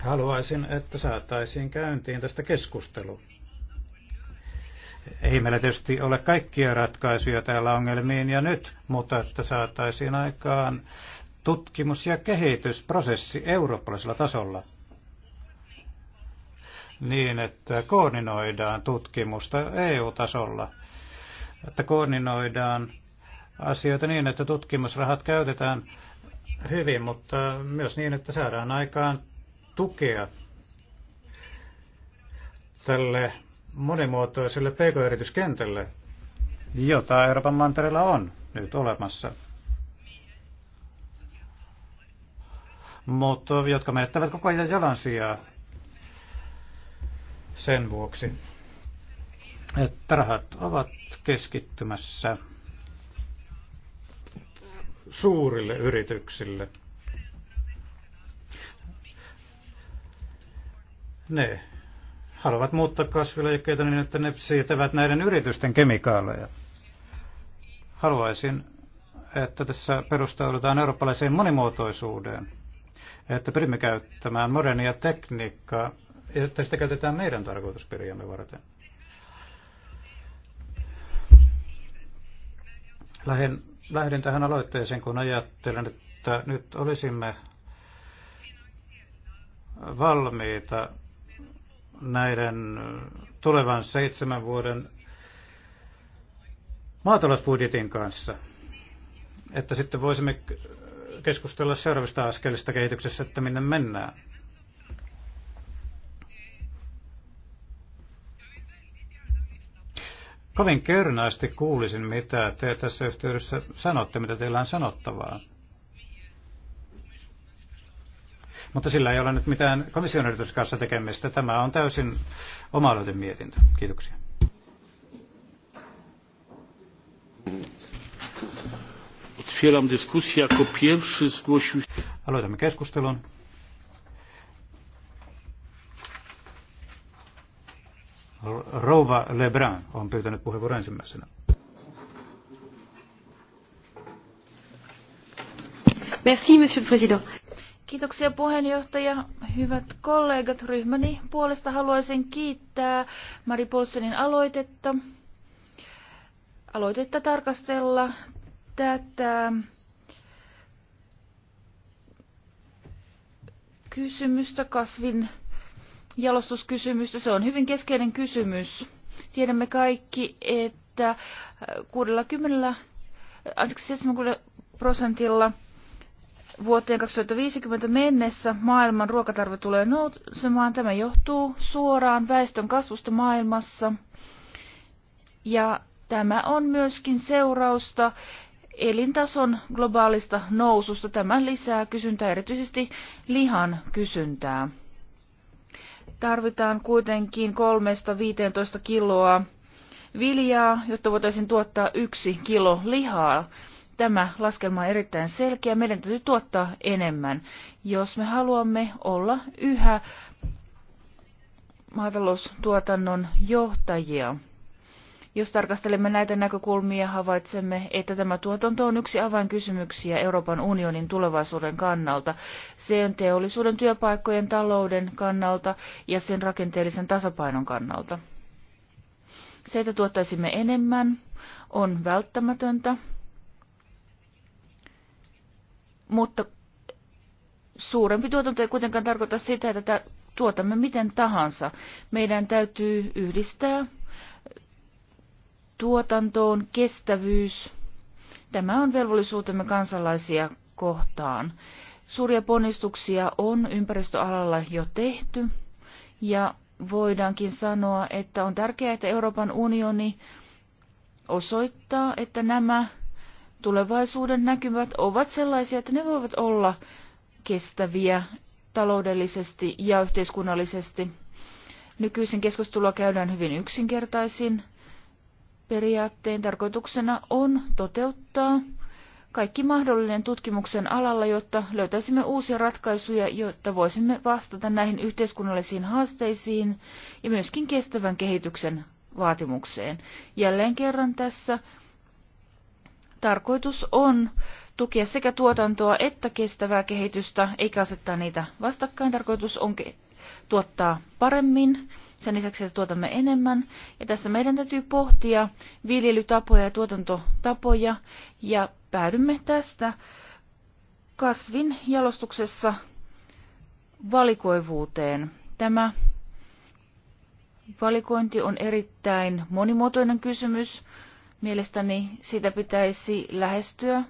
Speaker 1: Haluaisin, että saataisiin käyntiin tästä keskustelu. Ei meillä tietysti ole kaikkia ratkaisuja täällä ongelmiin ja nyt, mutta että saataisiin aikaan tutkimus- ja kehitysprosessi eurooppalaisella tasolla niin, että koordinoidaan tutkimusta EU-tasolla, että koordinoidaan asioita niin, että tutkimusrahat käytetään hyvin, mutta myös niin, että saadaan aikaan tukea tälle monimuotoiselle pk-yrityskentälle, jota Euroopan mantereella on nyt olemassa. Mutta jotka menettävät koko ajan jalansijaa sen vuoksi, että rahat ovat keskittymässä suurille yrityksille – ne haluavat muuttaa kasvilajikkeita niin, että ne siirtävät näiden yritysten kemikaaleja. Haluaisin, että tässä perustaudutaan eurooppalaiseen monimuotoisuuteen, että pyrimme käyttämään modernia tekniikkaa, että sitä käytetään meidän tarkoitusperiamme varten. Lähden, lähden tähän aloitteeseen, kun ajattelen, että nyt olisimme valmiita näiden tulevan seitsemän vuoden maatalousbudjetin kanssa, että sitten voisimme keskustella seuraavista askelista kehityksessä, että minne mennään. Kovin kernaasti kuulisin, mitä te tässä yhteydessä sanotte, mitä teillä on sanottavaa. Mutta sillä ei ole nyt mitään komission kanssa tekemistä. Tämä on täysin oma mietintö. Kiitoksia.
Speaker 2: Otwieram dyskusję. Jako pierwszy zgłosił się... Aloitamme keskustelun.
Speaker 1: Rouva Lebrun on pyytänyt puheenvuoron ensimmäisenä.
Speaker 3: Merci, monsieur le président.
Speaker 4: Kiitoksia puheenjohtaja. Hyvät kollegat, ryhmäni puolesta haluaisin kiittää Mari Polsenin aloitetta. Aloitetta tarkastella tätä kysymystä, kasvin jalostuskysymystä. Se on hyvin keskeinen kysymys. Tiedämme kaikki, että 60, 70 prosentilla – vuoteen 2050 mennessä maailman ruokatarve tulee nousemaan. Tämä johtuu suoraan väestön kasvusta maailmassa. Ja tämä on myöskin seurausta elintason globaalista noususta. Tämä lisää kysyntää, erityisesti lihan kysyntää. Tarvitaan kuitenkin 3-15 kiloa viljaa, jotta voitaisiin tuottaa yksi kilo lihaa. Tämä laskelma on erittäin selkeä. Meidän täytyy tuottaa enemmän, jos me haluamme olla yhä maataloustuotannon johtajia. Jos tarkastelemme näitä näkökulmia, havaitsemme, että tämä tuotanto on yksi avainkysymyksiä Euroopan unionin tulevaisuuden kannalta. Se on teollisuuden työpaikkojen talouden kannalta ja sen rakenteellisen tasapainon kannalta. Se, että tuottaisimme enemmän, on välttämätöntä mutta suurempi tuotanto ei kuitenkaan tarkoita sitä, että tuotamme miten tahansa. Meidän täytyy yhdistää tuotantoon kestävyys. Tämä on velvollisuutemme kansalaisia kohtaan. Suuria ponnistuksia on ympäristöalalla jo tehty ja voidaankin sanoa, että on tärkeää, että Euroopan unioni osoittaa, että nämä tulevaisuuden näkymät ovat sellaisia, että ne voivat olla kestäviä taloudellisesti ja yhteiskunnallisesti. Nykyisin keskustelua käydään hyvin yksinkertaisin periaatteen. Tarkoituksena on toteuttaa kaikki mahdollinen tutkimuksen alalla, jotta löytäisimme uusia ratkaisuja, jotta voisimme vastata näihin yhteiskunnallisiin haasteisiin ja myöskin kestävän kehityksen vaatimukseen. Jälleen kerran tässä Tarkoitus on tukea sekä tuotantoa että kestävää kehitystä, eikä asettaa niitä vastakkain. Tarkoitus on tuottaa paremmin, sen lisäksi, että tuotamme enemmän. Ja tässä meidän täytyy pohtia viljelytapoja ja tuotantotapoja, ja päädymme tästä kasvin jalostuksessa valikoivuuteen. Tämä valikointi on erittäin monimuotoinen kysymys. Mielestäni sitä pitäisi lähestyä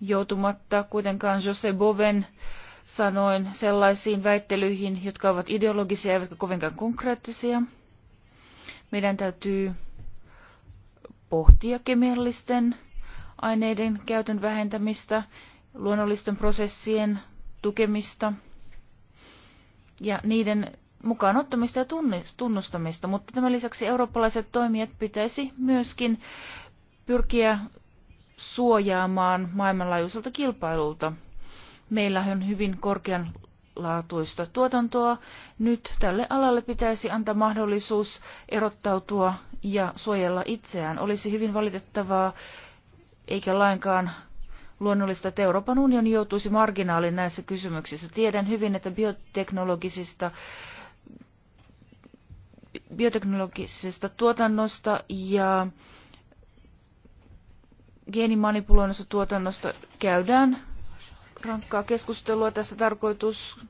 Speaker 4: joutumatta kuitenkaan Jose Boven sanoin sellaisiin väittelyihin, jotka ovat ideologisia eivätkä kovinkaan konkreettisia. Meidän täytyy pohtia kemiallisten aineiden käytön vähentämistä, luonnollisten prosessien tukemista ja niiden mukaan ottamista ja tunnustamista, mutta tämän lisäksi eurooppalaiset toimijat pitäisi myöskin pyrkiä suojaamaan maailmanlaajuiselta kilpailulta. Meillä on hyvin korkeanlaatuista tuotantoa. Nyt tälle alalle pitäisi antaa mahdollisuus erottautua ja suojella itseään. Olisi hyvin valitettavaa, eikä lainkaan luonnollista, että Euroopan unioni joutuisi marginaaliin näissä kysymyksissä. Tiedän hyvin, että bioteknologisista bioteknologisesta tuotannosta ja geenimanipuloinnista tuotannosta käydään rankkaa keskustelua. Tässä tarkoitus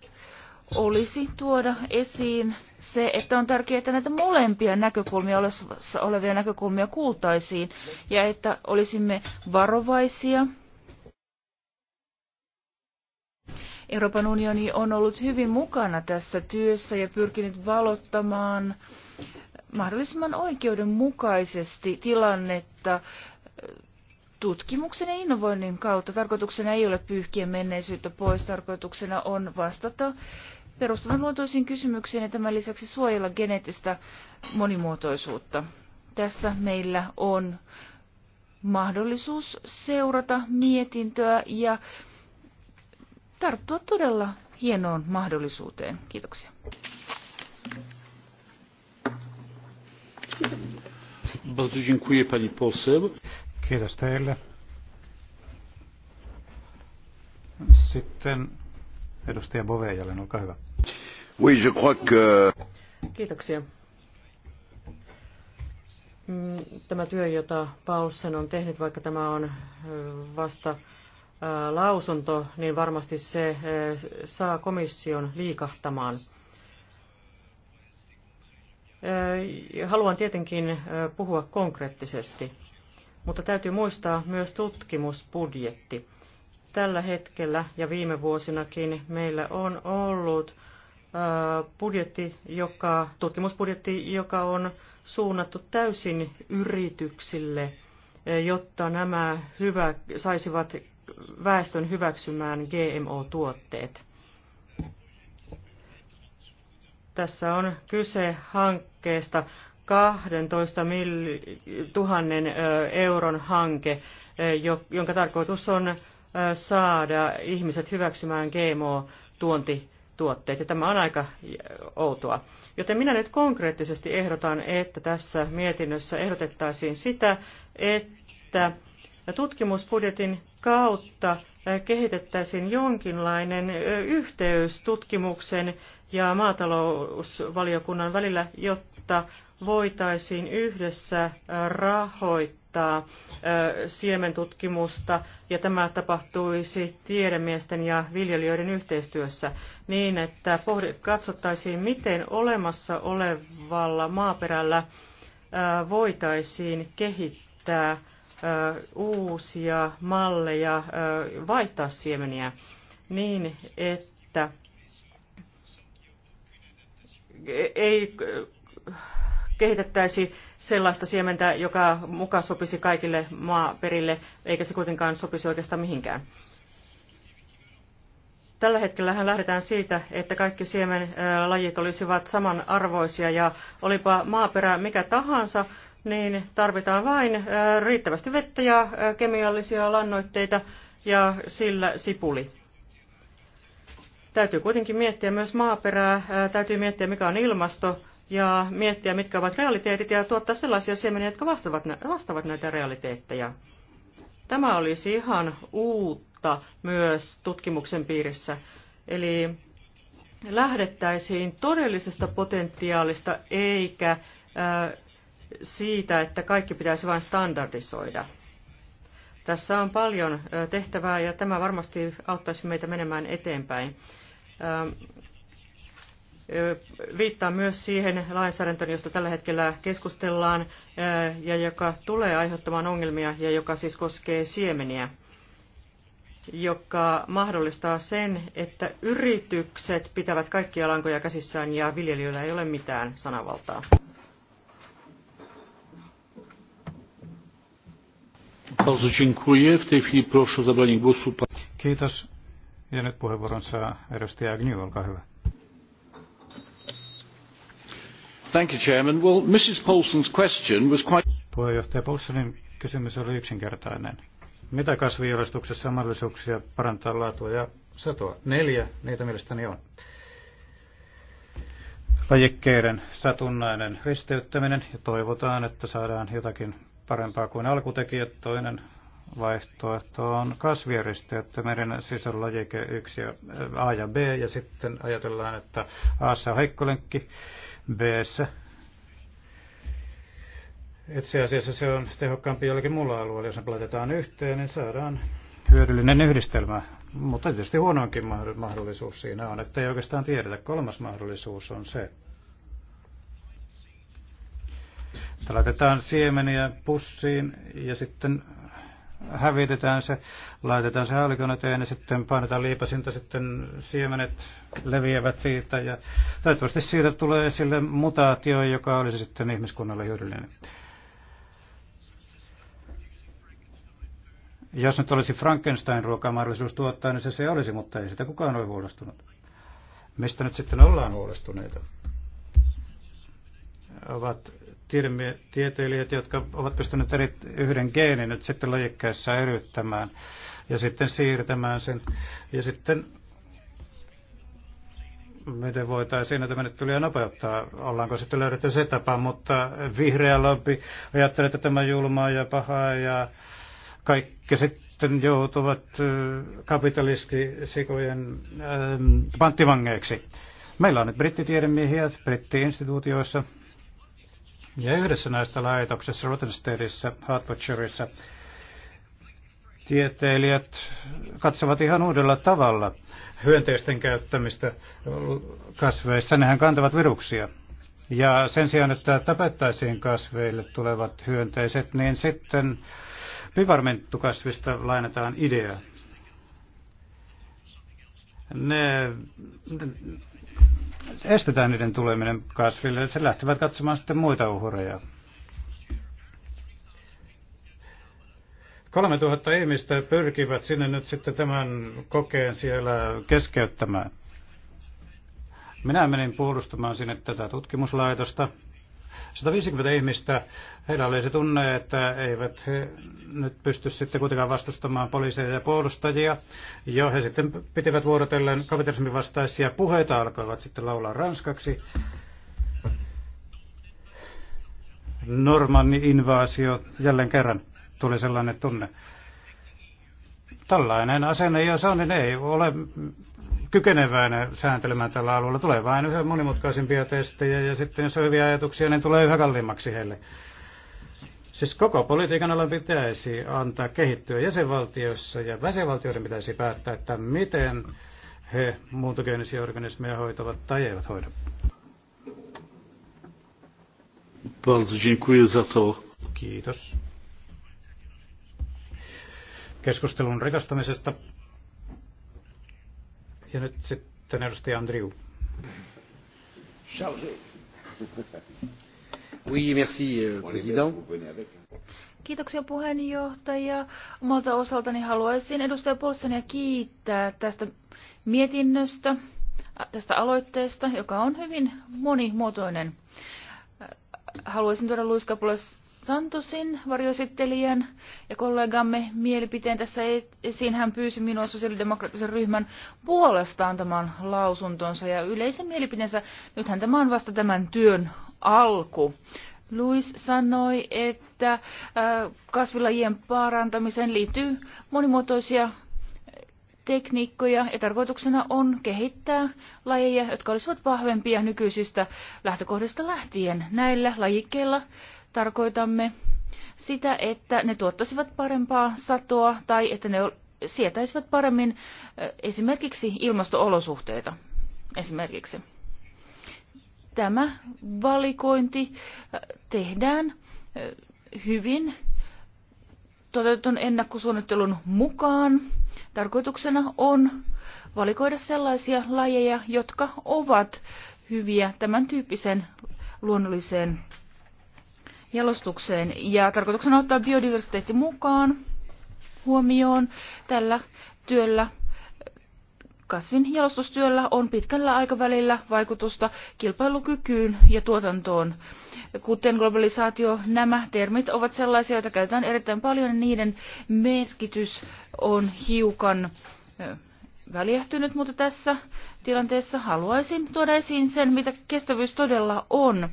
Speaker 4: olisi tuoda esiin se, että on tärkeää, että näitä molempia näkökulmia, olevia näkökulmia kuultaisiin ja että olisimme varovaisia – Euroopan unioni on ollut hyvin mukana tässä työssä ja pyrkinyt valottamaan mahdollisimman oikeudenmukaisesti tilannetta äh, tutkimuksen ja innovoinnin kautta. Tarkoituksena ei ole pyyhkiä menneisyyttä pois, tarkoituksena on vastata luontoisiin kysymyksiin ja tämän lisäksi suojella geneettistä monimuotoisuutta. Tässä meillä on mahdollisuus seurata mietintöä ja tarttua todella hienoon mahdollisuuteen. Kiitoksia.
Speaker 2: Bardzo dziękuję pani poseł.
Speaker 1: Kiitos teille. Sitten edustaja Bovejalle, olkaa hyvä. Oui, je crois que...
Speaker 3: Kiitoksia. Mm, tämä työ, jota Paulsen on tehnyt, vaikka tämä on vasta lausunto, niin varmasti se saa komission liikahtamaan. Haluan tietenkin puhua konkreettisesti, mutta täytyy muistaa myös tutkimusbudjetti. Tällä hetkellä ja viime vuosinakin meillä on ollut budjetti, joka, tutkimusbudjetti, joka on suunnattu täysin yrityksille, jotta nämä hyvä, saisivat väestön hyväksymään GMO-tuotteet. Tässä on kyse hankkeesta 12 000 euron hanke, jonka tarkoitus on saada ihmiset hyväksymään GMO-tuontituotteet. Ja tämä on aika outoa. Joten minä nyt konkreettisesti ehdotan, että tässä mietinnössä ehdotettaisiin sitä, että tutkimusbudjetin kautta kehitettäisiin jonkinlainen yhteys tutkimuksen ja maatalousvaliokunnan välillä, jotta voitaisiin yhdessä rahoittaa siementutkimusta, ja tämä tapahtuisi tiedemiesten ja viljelijöiden yhteistyössä niin, että katsottaisiin, miten olemassa olevalla maaperällä voitaisiin kehittää uusia malleja vaihtaa siemeniä niin, että ei kehitettäisi sellaista siementä, joka muka sopisi kaikille maaperille, eikä se kuitenkaan sopisi oikeastaan mihinkään. Tällä hetkellä lähdetään siitä, että kaikki siemenlajit olisivat samanarvoisia ja olipa maaperä mikä tahansa, niin tarvitaan vain riittävästi vettä ja kemiallisia lannoitteita ja sillä sipuli. Täytyy kuitenkin miettiä myös maaperää, täytyy miettiä mikä on ilmasto ja miettiä mitkä ovat realiteetit ja tuottaa sellaisia siemeniä, jotka vastaavat, vastaavat näitä realiteetteja. Tämä olisi ihan uutta myös tutkimuksen piirissä. Eli lähdettäisiin todellisesta potentiaalista eikä siitä, että kaikki pitäisi vain standardisoida. Tässä on paljon tehtävää ja tämä varmasti auttaisi meitä menemään eteenpäin. Viittaa myös siihen lainsäädäntöön, josta tällä hetkellä keskustellaan ja joka tulee aiheuttamaan ongelmia ja joka siis koskee siemeniä joka mahdollistaa sen, että yritykset pitävät kaikkia lankoja käsissään ja viljelijöillä ei ole mitään sanavaltaa.
Speaker 2: Bardzo dziękuję. W tej chwili proszę o zabranie głosu. Kiitos.
Speaker 1: Ja nyt puheenvuoron saa edustaja Agnew, olkaa hyvä.
Speaker 2: Thank you, Chairman. Well, Mrs. Paulson's question was
Speaker 1: quite... Puheenjohtaja Paulsonin kysymys oli yksinkertainen. Mitä kasvijalostuksessa on mahdollisuuksia parantaa laatua ja satoa? Neljä, niitä mielestäni on. Lajikkeiden satunnainen risteyttäminen ja toivotaan, että saadaan jotakin parempaa kuin alkutekijät. Toinen vaihtoehto on kasvieriste, että meidän sisällä lajike 1 ja A ja B, ja sitten ajatellaan, että A on heikkolenkki, B itse asiassa se on tehokkaampi jollakin muulla alueella, jos ne laitetaan yhteen, niin saadaan hyödyllinen yhdistelmä. Mutta tietysti huonoinkin mahdollisuus siinä on, että ei oikeastaan tiedetä. Kolmas mahdollisuus on se, Se laitetaan siemeniä pussiin ja sitten hävitetään se, laitetaan se haulikon eteen ja sitten painetaan liipasinta, sitten siemenet leviävät siitä ja toivottavasti siitä tulee esille mutaatio, joka olisi sitten ihmiskunnalle hyödyllinen. Jos nyt olisi Frankenstein-ruokaa mahdollisuus tuottaa, niin se se olisi, mutta ei sitä kukaan ole huolestunut. Mistä nyt sitten ollaan huolestuneita? Ovat tieteilijät, jotka ovat pystyneet eri, yhden geenin nyt sitten lajikkeessa eriyttämään ja sitten siirtämään sen. Ja sitten miten voitaisiin näitä menettelyjä nopeuttaa. Ollaanko sitten löydetty se tapa, mutta vihreä lobby ajattelee, että tämä julmaa ja pahaa ja kaikki sitten joutuvat kapitalistisikojen panttivangeiksi. Meillä on nyt brittitiedemiehiä brittiinstituutioissa, ja yhdessä näistä laitoksessa Rottensteadissa, Hartfordshireissa, tieteilijät katsovat ihan uudella tavalla hyönteisten käyttämistä kasveissa. Nehän kantavat viruksia. Ja sen sijaan, että tapettaisiin kasveille tulevat hyönteiset, niin sitten piparmenttukasvista lainataan idea. Ne estetään niiden tuleminen kasville. Se lähtevät katsomaan sitten muita uhreja. 3000 ihmistä pyrkivät sinne nyt sitten tämän kokeen siellä keskeyttämään. Minä menin puolustamaan sinne tätä tutkimuslaitosta. 150 ihmistä, heillä oli se tunne, että eivät he nyt pysty sitten kuitenkaan vastustamaan poliiseja ja puolustajia. ja he sitten pitivät vuorotellen kapitalismin vastaisia puheita, alkoivat sitten laulaa ranskaksi. Normanni-invaasio jälleen kerran tuli sellainen tunne. Tällainen asenne, jos on, niin ei ole kykenevänä sääntelemään tällä alueella. Tulee vain yhä monimutkaisempia testejä ja sitten jos on hyviä ajatuksia, niin tulee yhä kalliimmaksi heille. Siis koko politiikan alan pitäisi antaa kehittyä jäsenvaltiossa ja jäsenvaltioiden pitäisi päättää, että miten he muuntogeenisiä organismeja hoitavat tai eivät hoida.
Speaker 2: Kiitos.
Speaker 1: Keskustelun rikastamisesta ja nyt sitten edustaja Andriu.
Speaker 2: Oui, merci, euh,
Speaker 4: président. Kiitoksia puheenjohtaja. Omalta osaltani haluaisin edustaja Polssania kiittää tästä mietinnöstä, tästä aloitteesta, joka on hyvin monimuotoinen. Haluaisin tuoda luiskapuolessa Santosin varjoesittelijän ja kollegamme mielipiteen tässä esiin. Hän pyysi minua sosiaalidemokraattisen ryhmän puolesta antamaan lausuntonsa ja yleisen mielipiteensä. Nythän tämä on vasta tämän työn alku. Luis sanoi, että äh, kasvilajien parantamiseen liittyy monimuotoisia tekniikkoja ja tarkoituksena on kehittää lajeja, jotka olisivat vahvempia nykyisistä lähtökohdista lähtien. Näillä lajikkeilla tarkoitamme sitä, että ne tuottaisivat parempaa satoa tai että ne sietäisivät paremmin esimerkiksi ilmastoolosuhteita. Esimerkiksi tämä valikointi tehdään hyvin toteutun ennakkosuunnittelun mukaan. Tarkoituksena on valikoida sellaisia lajeja, jotka ovat hyviä tämän tyyppisen luonnolliseen jalostukseen. Ja tarkoituksena on ottaa biodiversiteetti mukaan huomioon tällä työllä. Kasvin jalostustyöllä on pitkällä aikavälillä vaikutusta kilpailukykyyn ja tuotantoon. Kuten globalisaatio, nämä termit ovat sellaisia, joita käytetään erittäin paljon ja niiden merkitys on hiukan väljähtynyt, mutta tässä tilanteessa haluaisin tuoda esiin sen, mitä kestävyys todella on.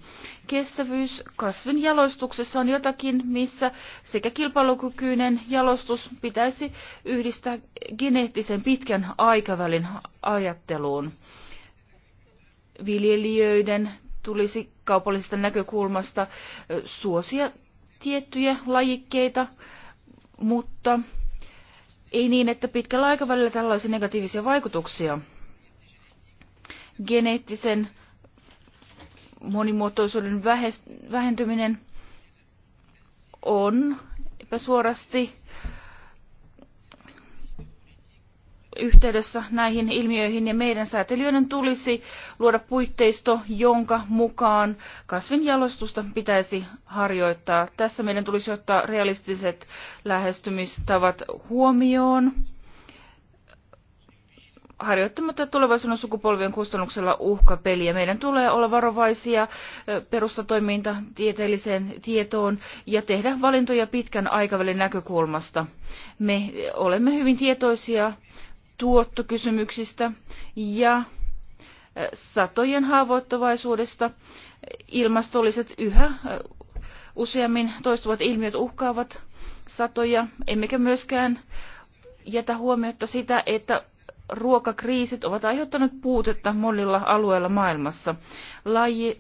Speaker 4: Kestävyys kasvin jalostuksessa on jotakin, missä sekä kilpailukykyinen jalostus pitäisi yhdistää geneettisen pitkän aikavälin ajatteluun. Viljelijöiden tulisi kaupallisesta näkökulmasta suosia tiettyjä lajikkeita, mutta ei niin, että pitkällä aikavälillä tällaisia negatiivisia vaikutuksia geneettisen monimuotoisuuden vähentyminen on epäsuorasti yhteydessä näihin ilmiöihin ja meidän säätelijöiden tulisi luoda puitteisto, jonka mukaan kasvinjalostusta pitäisi harjoittaa. Tässä meidän tulisi ottaa realistiset lähestymistavat huomioon harjoittamatta tulevaisuuden sukupolvien kustannuksella uhkapeliä. Meidän tulee olla varovaisia perustatoiminta tieteelliseen tietoon ja tehdä valintoja pitkän aikavälin näkökulmasta. Me olemme hyvin tietoisia tuottokysymyksistä ja äh, satojen haavoittuvaisuudesta. Ilmastolliset yhä äh, useammin toistuvat ilmiöt uhkaavat satoja, emmekä myöskään jätä huomiota sitä, että ruokakriisit ovat aiheuttaneet puutetta monilla alueilla maailmassa. Laji,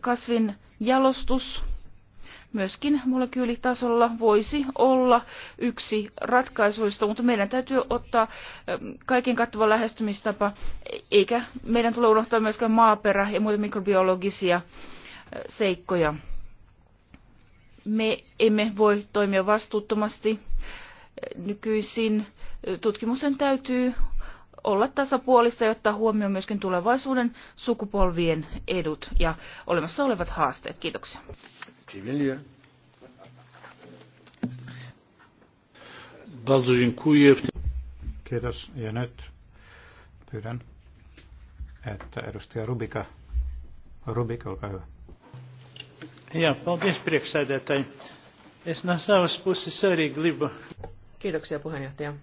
Speaker 4: kasvin jalostus, myöskin molekyylitasolla voisi olla yksi ratkaisuista, mutta meidän täytyy ottaa kaiken kattava lähestymistapa, eikä meidän tule unohtaa myöskään maaperä ja muita mikrobiologisia seikkoja. Me emme voi toimia vastuuttomasti. Nykyisin tutkimuksen täytyy olla tasapuolista ja ottaa huomioon myöskin tulevaisuuden sukupolvien edut ja olemassa olevat haasteet. Kiitoksia.
Speaker 2: Bardzo dziękuję.
Speaker 1: Kiitos. Ja nyt pyydän, että edustaja Rubika, Rubik, olkaa hyvä. Ja, paldies priekšsēdētāji.
Speaker 3: että no Kiitoksia puheenjohtaja.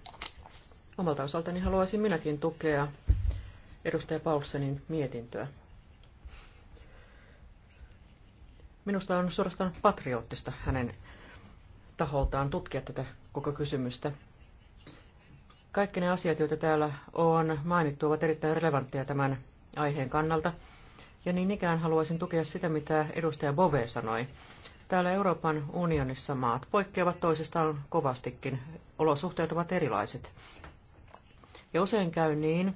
Speaker 3: Omalta osaltani haluaisin minäkin tukea edustaja Paulsenin mietintöä. Minusta on suorastaan patriottista hänen taholtaan tutkia tätä koko kysymystä. Kaikki ne asiat, joita täällä on mainittu, ovat erittäin relevantteja tämän aiheen kannalta. Ja niin ikään haluaisin tukea sitä, mitä edustaja Bove sanoi. Täällä Euroopan unionissa maat poikkeavat toisistaan kovastikin. Olosuhteet ovat erilaiset. Ja usein käy niin,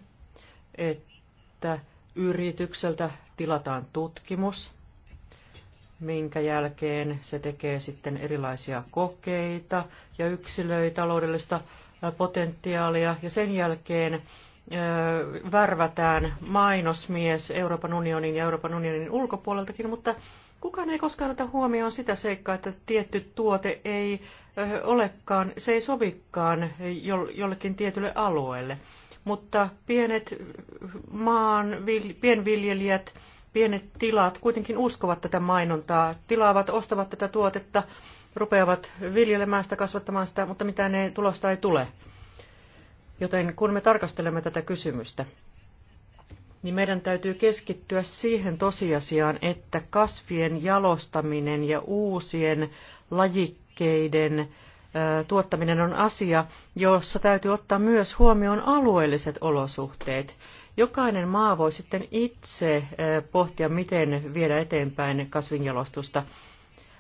Speaker 3: että yritykseltä tilataan tutkimus, minkä jälkeen se tekee sitten erilaisia kokeita ja yksilöi taloudellista potentiaalia ja sen jälkeen värvätään mainosmies Euroopan unionin ja Euroopan unionin ulkopuoleltakin, mutta kukaan ei koskaan ota huomioon sitä seikkaa, että tietty tuote ei olekaan, se ei sovikaan jollekin tietylle alueelle. Mutta pienet maan, pienviljelijät, Pienet tilat kuitenkin uskovat tätä mainontaa, tilaavat, ostavat tätä tuotetta, rupeavat viljelemään sitä, kasvattamaan sitä, mutta mitään ei, tulosta ei tule. Joten kun me tarkastelemme tätä kysymystä, niin meidän täytyy keskittyä siihen tosiasiaan, että kasvien jalostaminen ja uusien lajikkeiden tuottaminen on asia, jossa täytyy ottaa myös huomioon alueelliset olosuhteet. Jokainen maa voi sitten itse pohtia, miten viedä eteenpäin kasvinjalostusta.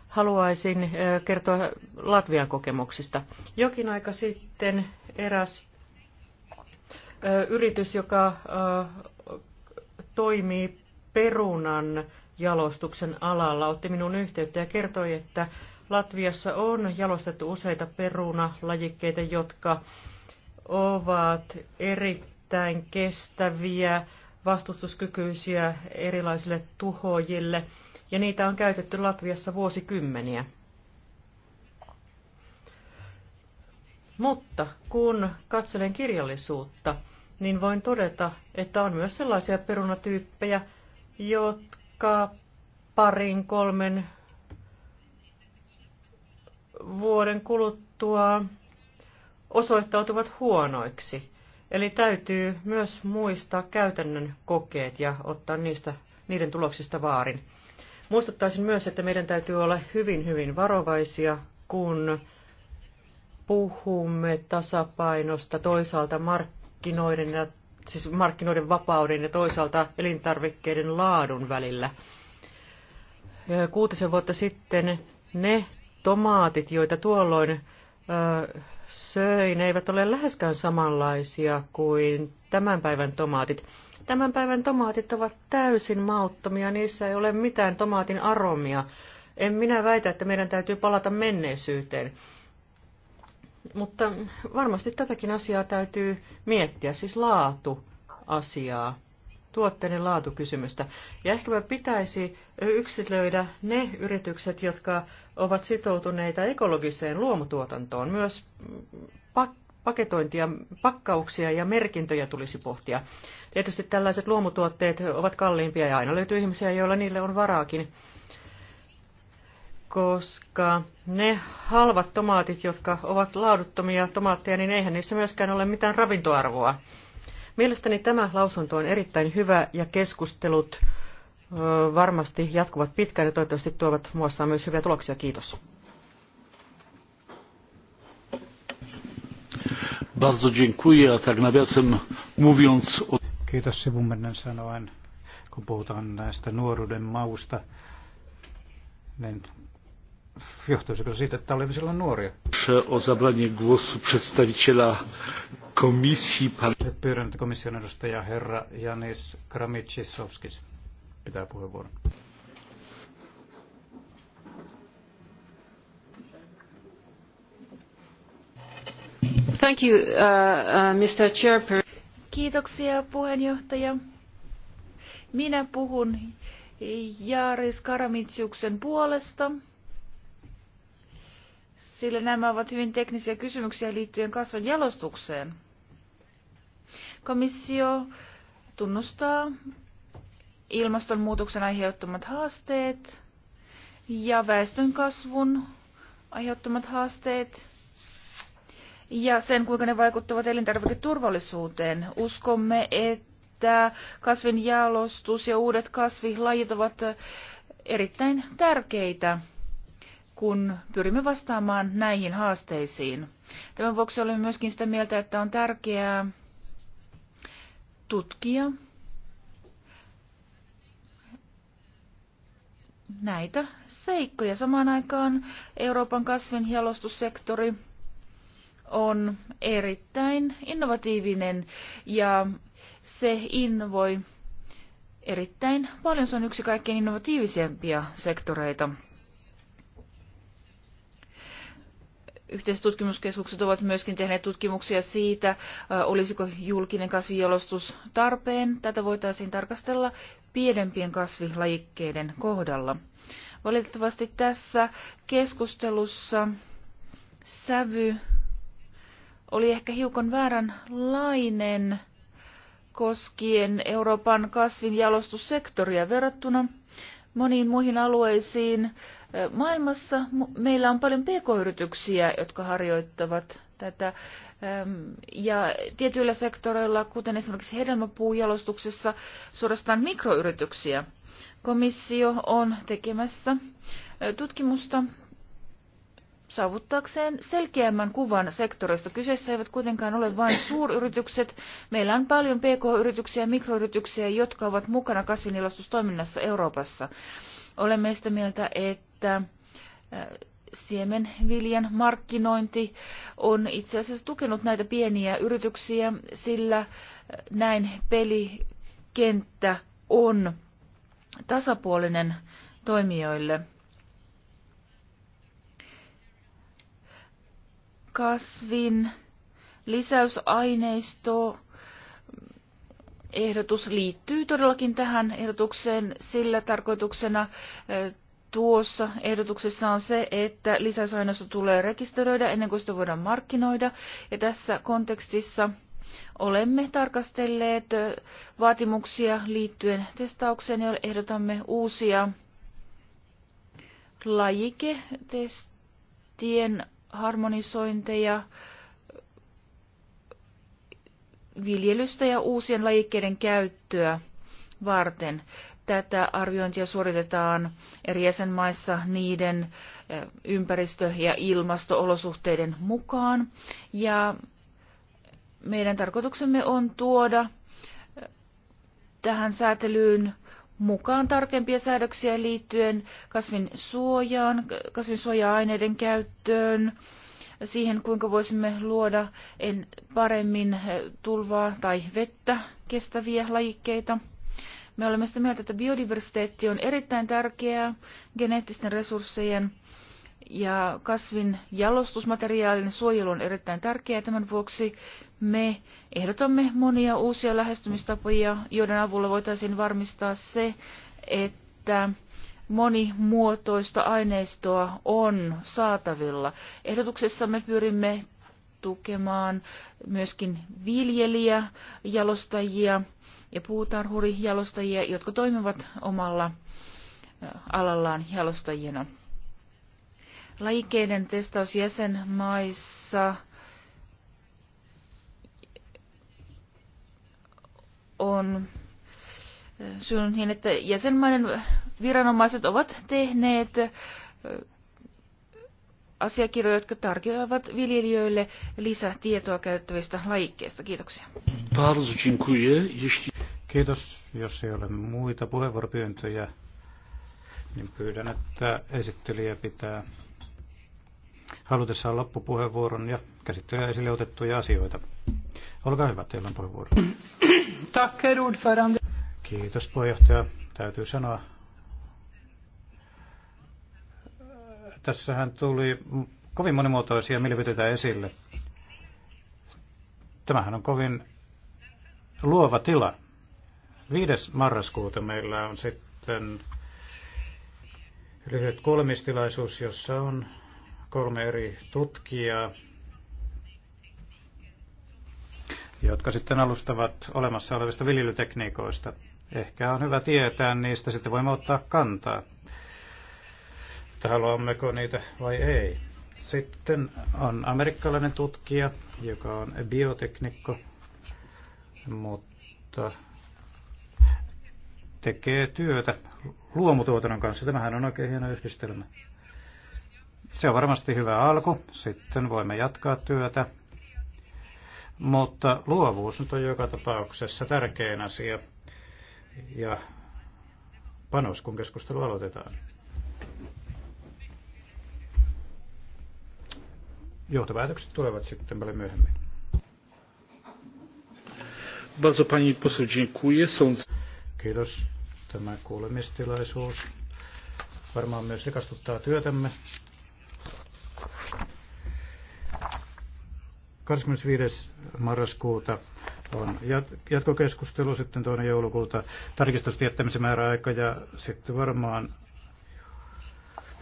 Speaker 3: Haluaisin kertoa Latvian kokemuksista. Jokin aika sitten eräs yritys, joka toimii perunan jalostuksen alalla, otti minun yhteyttä ja kertoi, että Latviassa on jalostettu useita perunalajikkeita, jotka ovat erittäin kestäviä, vastustuskykyisiä erilaisille tuhojille, ja niitä on käytetty Latviassa vuosikymmeniä. Mutta kun katselen kirjallisuutta, niin voin todeta, että on myös sellaisia perunatyyppejä, jotka parin, kolmen vuoden kuluttua osoittautuvat huonoiksi. Eli täytyy myös muistaa käytännön kokeet ja ottaa niistä, niiden tuloksista vaarin. Muistuttaisin myös, että meidän täytyy olla hyvin, hyvin varovaisia, kun puhumme tasapainosta toisaalta markkinoiden, ja, siis markkinoiden vapauden ja toisaalta elintarvikkeiden laadun välillä. Kuutisen vuotta sitten ne tomaatit, joita tuolloin ö, söin, eivät ole läheskään samanlaisia kuin tämän päivän tomaatit. Tämän päivän tomaatit ovat täysin mauttomia, niissä ei ole mitään tomaatin aromia. En minä väitä, että meidän täytyy palata menneisyyteen. Mutta varmasti tätäkin asiaa täytyy miettiä, siis laatu asiaa tuotteiden laatukysymystä. Ja me pitäisi yksilöidä ne yritykset, jotka ovat sitoutuneita ekologiseen luomutuotantoon. Myös paketointia, pakkauksia ja merkintöjä tulisi pohtia. Tietysti tällaiset luomutuotteet ovat kalliimpia ja aina löytyy ihmisiä, joilla niille on varaakin koska ne halvat tomaatit, jotka ovat laaduttomia tomaatteja, niin eihän niissä myöskään ole mitään ravintoarvoa. Mielestäni tämä lausunto on erittäin hyvä ja keskustelut varmasti jatkuvat pitkään ja toivottavasti tuovat muassaan myös hyviä tuloksia. Kiitos.
Speaker 2: Bardzo dziękuję, tak nawiasem
Speaker 1: mówiąc... Kiitos sivumennen sanoen, kun puhutaan näistä nuoruuden mausta, niin johtuisiko siitä, että olemme silloin nuoria?
Speaker 2: o zabranie głosu przedstawiciela
Speaker 1: Pyydän, että komission edustaja herra Janis Kramitsisovskis pitää puheenvuoron.
Speaker 3: Thank you, uh, uh, Mr. Chairper.
Speaker 4: Kiitoksia puheenjohtaja. Minä puhun Jaaris Karamitsiuksen puolesta sillä nämä ovat hyvin teknisiä kysymyksiä liittyen kasvon jalostukseen. Komissio tunnustaa ilmastonmuutoksen aiheuttamat haasteet ja väestönkasvun aiheuttamat haasteet ja sen, kuinka ne vaikuttavat elintarviketurvallisuuteen. Uskomme, että kasvinjalostus ja uudet kasvilajit ovat erittäin tärkeitä, kun pyrimme vastaamaan näihin haasteisiin. Tämän vuoksi olemme myöskin sitä mieltä, että on tärkeää tutkia näitä seikkoja. Samaan aikaan Euroopan jalostussektori on erittäin innovatiivinen ja se innovoi erittäin paljon. Se on yksi kaikkein innovatiivisempia sektoreita Yhteiset tutkimuskeskukset ovat myöskin tehneet tutkimuksia siitä, olisiko julkinen kasvijalostus tarpeen. Tätä voitaisiin tarkastella pienempien kasvilajikkeiden kohdalla. Valitettavasti tässä keskustelussa sävy oli ehkä hiukan vääränlainen koskien Euroopan kasvinjalostussektoria verrattuna moniin muihin alueisiin. Maailmassa meillä on paljon pk-yrityksiä, jotka harjoittavat tätä. Ja tietyillä sektoreilla, kuten esimerkiksi hedelmäpuujalostuksessa, suorastaan mikroyrityksiä. Komissio on tekemässä tutkimusta saavuttaakseen selkeämmän kuvan sektorista. Kyseessä eivät kuitenkaan ole vain suuryritykset. Meillä on paljon pk-yrityksiä ja mikroyrityksiä, jotka ovat mukana kasvinilastustoiminnassa Euroopassa. Olemme sitä mieltä, että että äh, siemenviljan markkinointi on itse asiassa tukenut näitä pieniä yrityksiä, sillä äh, näin pelikenttä on tasapuolinen toimijoille. Kasvin lisäysaineisto ehdotus liittyy todellakin tähän ehdotukseen, sillä tarkoituksena äh, tuossa ehdotuksessa on se, että lisäsainosta tulee rekisteröidä ennen kuin sitä voidaan markkinoida. Ja tässä kontekstissa olemme tarkastelleet vaatimuksia liittyen testaukseen ja ehdotamme uusia lajiketestien harmonisointeja viljelystä ja uusien lajikkeiden käyttöä varten tätä arviointia suoritetaan eri jäsenmaissa niiden eh, ympäristö- ja ilmastoolosuhteiden mukaan. Ja meidän tarkoituksemme on tuoda eh, tähän säätelyyn mukaan tarkempia säädöksiä liittyen kasvinsuojaan, kasvinsuoja-aineiden käyttöön, siihen kuinka voisimme luoda en paremmin eh, tulvaa tai vettä kestäviä lajikkeita – me olemme sitä mieltä, että biodiversiteetti on erittäin tärkeää geneettisten resurssien ja kasvin jalostusmateriaalin suojelu on erittäin tärkeää. Tämän vuoksi me ehdotamme monia uusia lähestymistapoja, joiden avulla voitaisiin varmistaa se, että monimuotoista aineistoa on saatavilla. Ehdotuksessa me pyrimme tukemaan myöskin viljelijä, jalostajia ja puutarhurijalostajia, jotka toimivat omalla alallaan jalostajina. Lajikkeiden testaus jäsenmaissa on syyn niin, että jäsenmaiden viranomaiset ovat tehneet asiakirjoja, jotka tarjoavat viljelijöille lisätietoa käyttävistä lajikkeista. Kiitoksia.
Speaker 1: Kiitos. Jos ei ole muita puheenvuoropyyntöjä, niin pyydän, että esittelijä pitää halutessaan loppupuheenvuoron ja käsittelee esille otettuja asioita. Olkaa hyvä, teillä on puheenvuoro. Kiitos puheenjohtaja. Täytyy sanoa Tässähän tuli kovin monimuotoisia mielipiteitä esille. Tämähän on kovin luova tila. 5. marraskuuta meillä on sitten lyhyt kuulemistilaisuus, jossa on kolme eri tutkijaa, jotka sitten alustavat olemassa olevista viljelytekniikoista. Ehkä on hyvä tietää niistä, sitten voimme ottaa kantaa että haluammeko niitä vai ei. Sitten on amerikkalainen tutkija, joka on bioteknikko, mutta tekee työtä luomutuotannon kanssa. Tämähän on oikein hieno yhdistelmä. Se on varmasti hyvä alku. Sitten voimme jatkaa työtä. Mutta luovuus nyt on joka tapauksessa tärkein asia. Ja panos, kun keskustelu aloitetaan. johtopäätökset tulevat sitten paljon myöhemmin.
Speaker 2: Bardzo pani poseł dziękuję. Kiitos.
Speaker 1: Tämä kuulemistilaisuus varmaan myös rikastuttaa työtämme. 25. marraskuuta on jatkokeskustelu, sitten toinen joulukuuta tarkistusten jättämisen määräaika ja sitten varmaan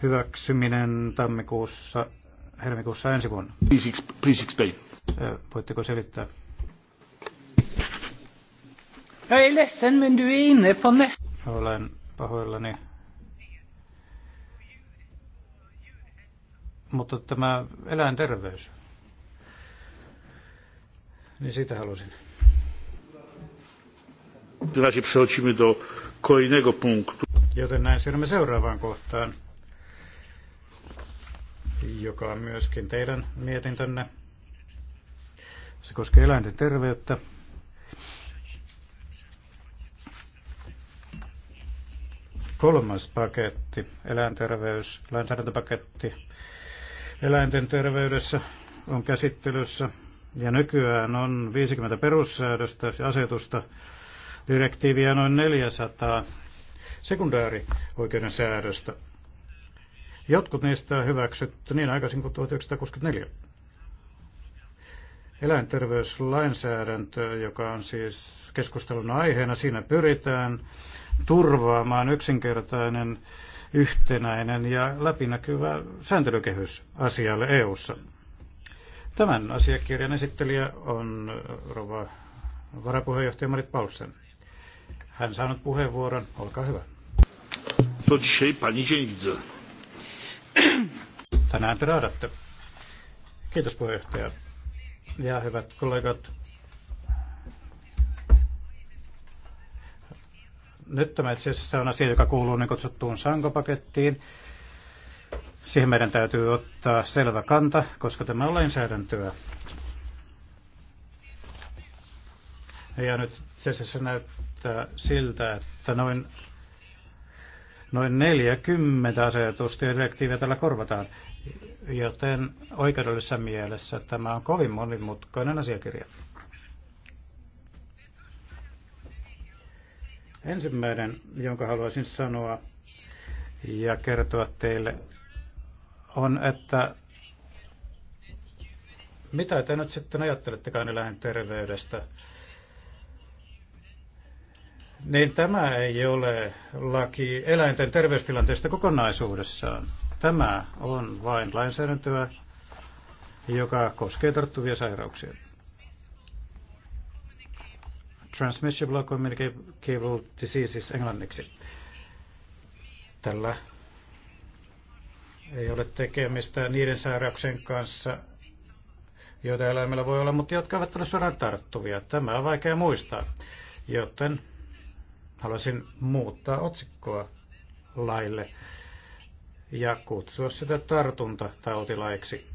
Speaker 1: hyväksyminen tammikuussa helmikuussa ensi vuonna. Please, please explain. Voitteko selittää? Jag är ledsen men du är inne på nästa... Olen pahoillani. Mutta tämä eläinterveys, niin siitä halusin. Joten näin siirrymme seuraavaan kohtaan joka on myöskin teidän mietintönne. Se koskee eläinten terveyttä. Kolmas paketti, eläinterveys, lainsäädäntöpaketti eläinten terveydessä on käsittelyssä. Ja nykyään on 50 perussäädöstä ja asetusta, direktiiviä noin 400 sekundäärioikeuden säädöstä. Jotkut niistä on hyväksytty niin aikaisin kuin 1964. Eläinterveyslainsäädäntö, joka on siis keskustelun aiheena, siinä pyritään turvaamaan yksinkertainen, yhtenäinen ja läpinäkyvä sääntelykehys asialle EU:ssa. Tämän asiakirjan esittelijä on rova varapuheenjohtaja Marit Paulsen. Hän saanut puheenvuoron. Olkaa hyvä. To dzisiaj pani dzień widzę tänään te raadatte. Kiitos puheenjohtaja. Ja hyvät kollegat, nyt tämä itse asiassa on asia, joka kuuluu niin kutsuttuun sankopakettiin. Siihen meidän täytyy ottaa selvä kanta, koska tämä on lainsäädäntöä. Ja nyt se näyttää siltä, että noin noin 40 asetusdirektiiviä tällä korvataan, joten oikeudellisessa mielessä tämä on kovin monimutkainen asiakirja. Ensimmäinen, jonka haluaisin sanoa ja kertoa teille, on, että mitä te nyt sitten ajattelettekaan eläinterveydestä? terveydestä? niin tämä ei ole laki eläinten terveystilanteesta kokonaisuudessaan. Tämä on vain lainsäädäntöä, joka koskee tarttuvia sairauksia. Transmissible Communicable Diseases englanniksi. Tällä ei ole tekemistä niiden sairauksien kanssa, joita eläimellä voi olla, mutta jotka eivät ole suoraan tarttuvia. Tämä on vaikea muistaa, joten Haluaisin muuttaa otsikkoa laille ja kutsua sitä tartuntatautilaiksi,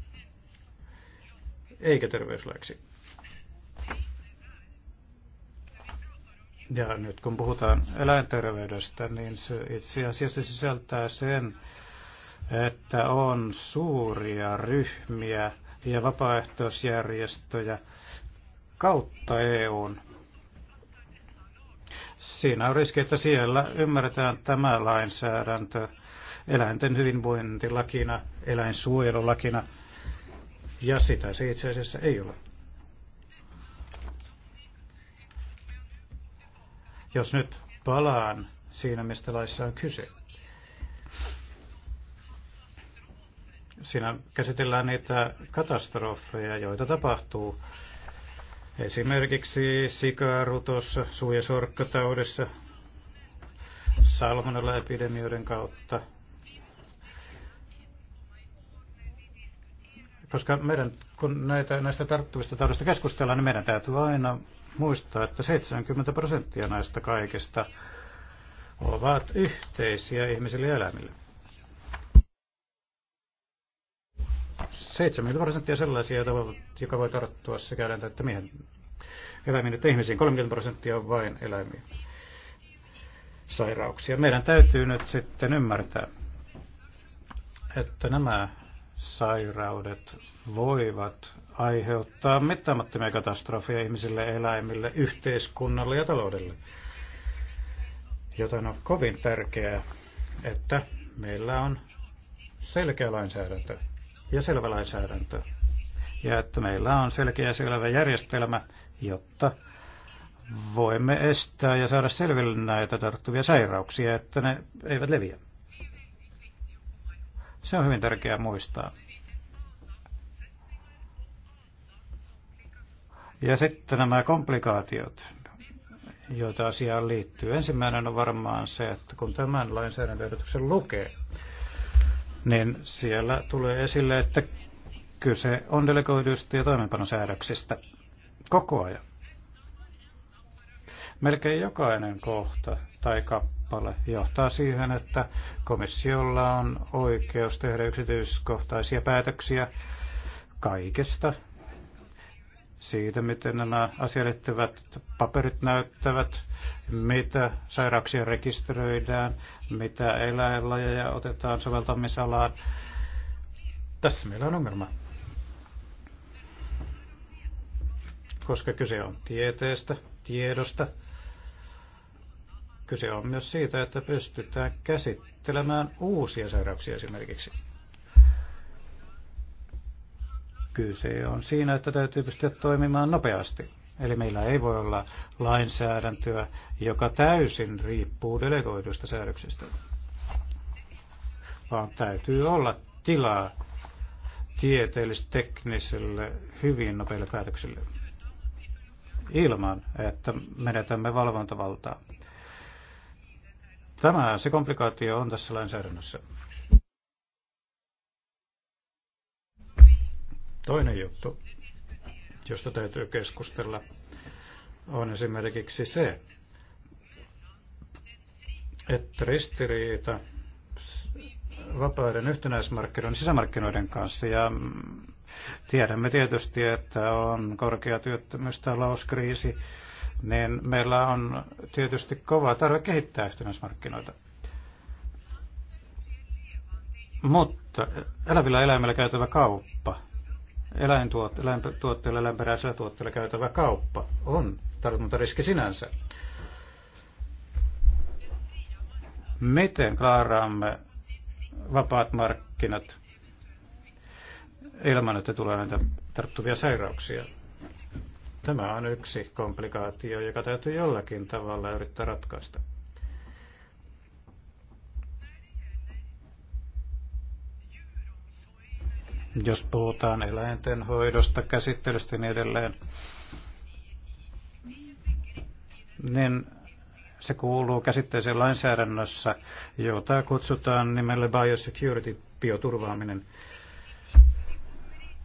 Speaker 1: eikä terveyslaiksi. Ja nyt kun puhutaan eläinterveydestä, niin se itse asiassa sisältää sen, että on suuria ryhmiä ja vapaaehtoisjärjestöjä kautta EUn, siinä on riski, että siellä ymmärretään tämä lainsäädäntö eläinten hyvinvointilakina, eläinsuojelulakina, ja sitä se itse asiassa ei ole. Jos nyt palaan siinä, mistä laissa on kyse. Siinä käsitellään niitä katastrofeja, joita tapahtuu Esimerkiksi sikarutossa, suu- ja sorkkataudissa, salmonella-epidemioiden kautta. Koska meidän, kun näitä, näistä tarttuvista taudista keskustellaan, niin meidän täytyy aina muistaa, että 70 prosenttia näistä kaikista ovat yhteisiä ihmisille ja eläimille. 70 prosenttia sellaisia, joita voi, joka voi tarttua sekä eläintä että miehen eläimiin että ihmisiin. 30 prosenttia on vain eläimiä sairauksia. Meidän täytyy nyt sitten ymmärtää, että nämä sairaudet voivat aiheuttaa mittaamattomia katastrofeja ihmisille, eläimille, yhteiskunnalle ja taloudelle. Joten on kovin tärkeää, että meillä on selkeä lainsäädäntö, ja selvä lainsäädäntö. Ja että meillä on selkeä ja selvä järjestelmä, jotta voimme estää ja saada selville näitä tarttuvia sairauksia, että ne eivät leviä. Se on hyvin tärkeää muistaa. Ja sitten nämä komplikaatiot, joita asiaan liittyy. Ensimmäinen on varmaan se, että kun tämän lainsäädäntöehdotuksen lukee, niin siellä tulee esille, että kyse on delegoiduista ja toimeenpanosäädöksistä koko ajan. Melkein jokainen kohta tai kappale johtaa siihen, että komissiolla on oikeus tehdä yksityiskohtaisia päätöksiä kaikesta siitä, miten nämä asiaan liittyvät paperit näyttävät, mitä sairauksia rekisteröidään, mitä eläinlajeja otetaan soveltamisalaan. Tässä meillä on ongelma. Koska kyse on tieteestä, tiedosta, kyse on myös siitä, että pystytään käsittelemään uusia sairauksia esimerkiksi. Kyse on siinä, että täytyy pystyä toimimaan nopeasti. Eli meillä ei voi olla lainsäädäntöä, joka täysin riippuu delegoiduista säädöksistä, vaan täytyy olla tilaa tieteellis-tekniselle hyvin nopeille päätöksille ilman, että menetämme valvontavaltaa. Tämä se komplikaatio on tässä lainsäädännössä. Toinen juttu, josta täytyy keskustella, on esimerkiksi se, että ristiriita vapaiden yhtenäismarkkinoiden sisämarkkinoiden kanssa ja tiedämme tietysti, että on korkea työttömyys, talouskriisi, niin meillä on tietysti kova tarve kehittää yhtenäismarkkinoita. Mutta elävillä eläimillä käytävä kauppa eläintuotteilla, eläinperäisillä tuotteilla käytävä kauppa on tartuntariski sinänsä. Miten klaaraamme vapaat markkinat ilman, että tulee näitä tarttuvia sairauksia? Tämä on yksi komplikaatio, joka täytyy jollakin tavalla yrittää ratkaista. jos puhutaan eläinten hoidosta, käsittelystä ja niin edelleen, niin se kuuluu käsitteeseen lainsäädännössä, jota kutsutaan nimellä biosecurity, bioturvaaminen.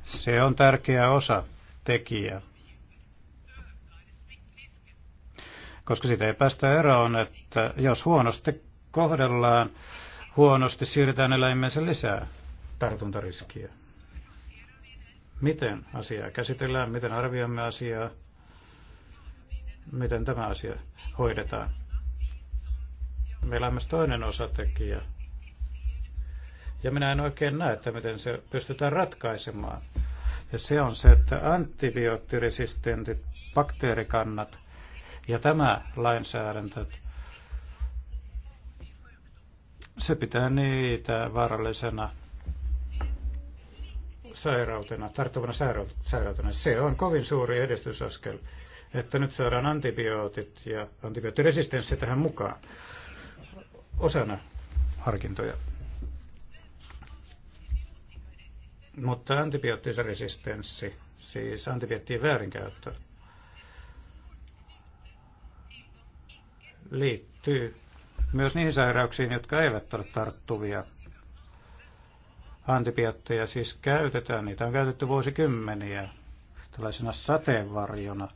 Speaker 1: Se on tärkeä osa tekijä, koska siitä ei päästä eroon, että jos huonosti kohdellaan, huonosti siirretään eläimeensä lisää tartuntariskiä miten asiaa käsitellään, miten arvioimme asiaa, miten tämä asia hoidetaan. Meillä on myös toinen osatekijä. Ja minä en oikein näe, että miten se pystytään ratkaisemaan. Ja se on se, että antibioottiresistentit bakteerikannat ja tämä lainsäädäntö, se pitää niitä vaarallisena sairautena, tarttuvana sairautena. Se on kovin suuri edistysaskel, että nyt saadaan antibiootit ja antibioottiresistenssi tähän mukaan osana harkintoja. Mutta antibioottiresistenssi, siis antibioottien väärinkäyttö, liittyy myös niihin sairauksiin, jotka eivät ole tarttuvia – Antibiootteja siis käytetään, niitä on käytetty vuosikymmeniä tällaisena sateenvarjona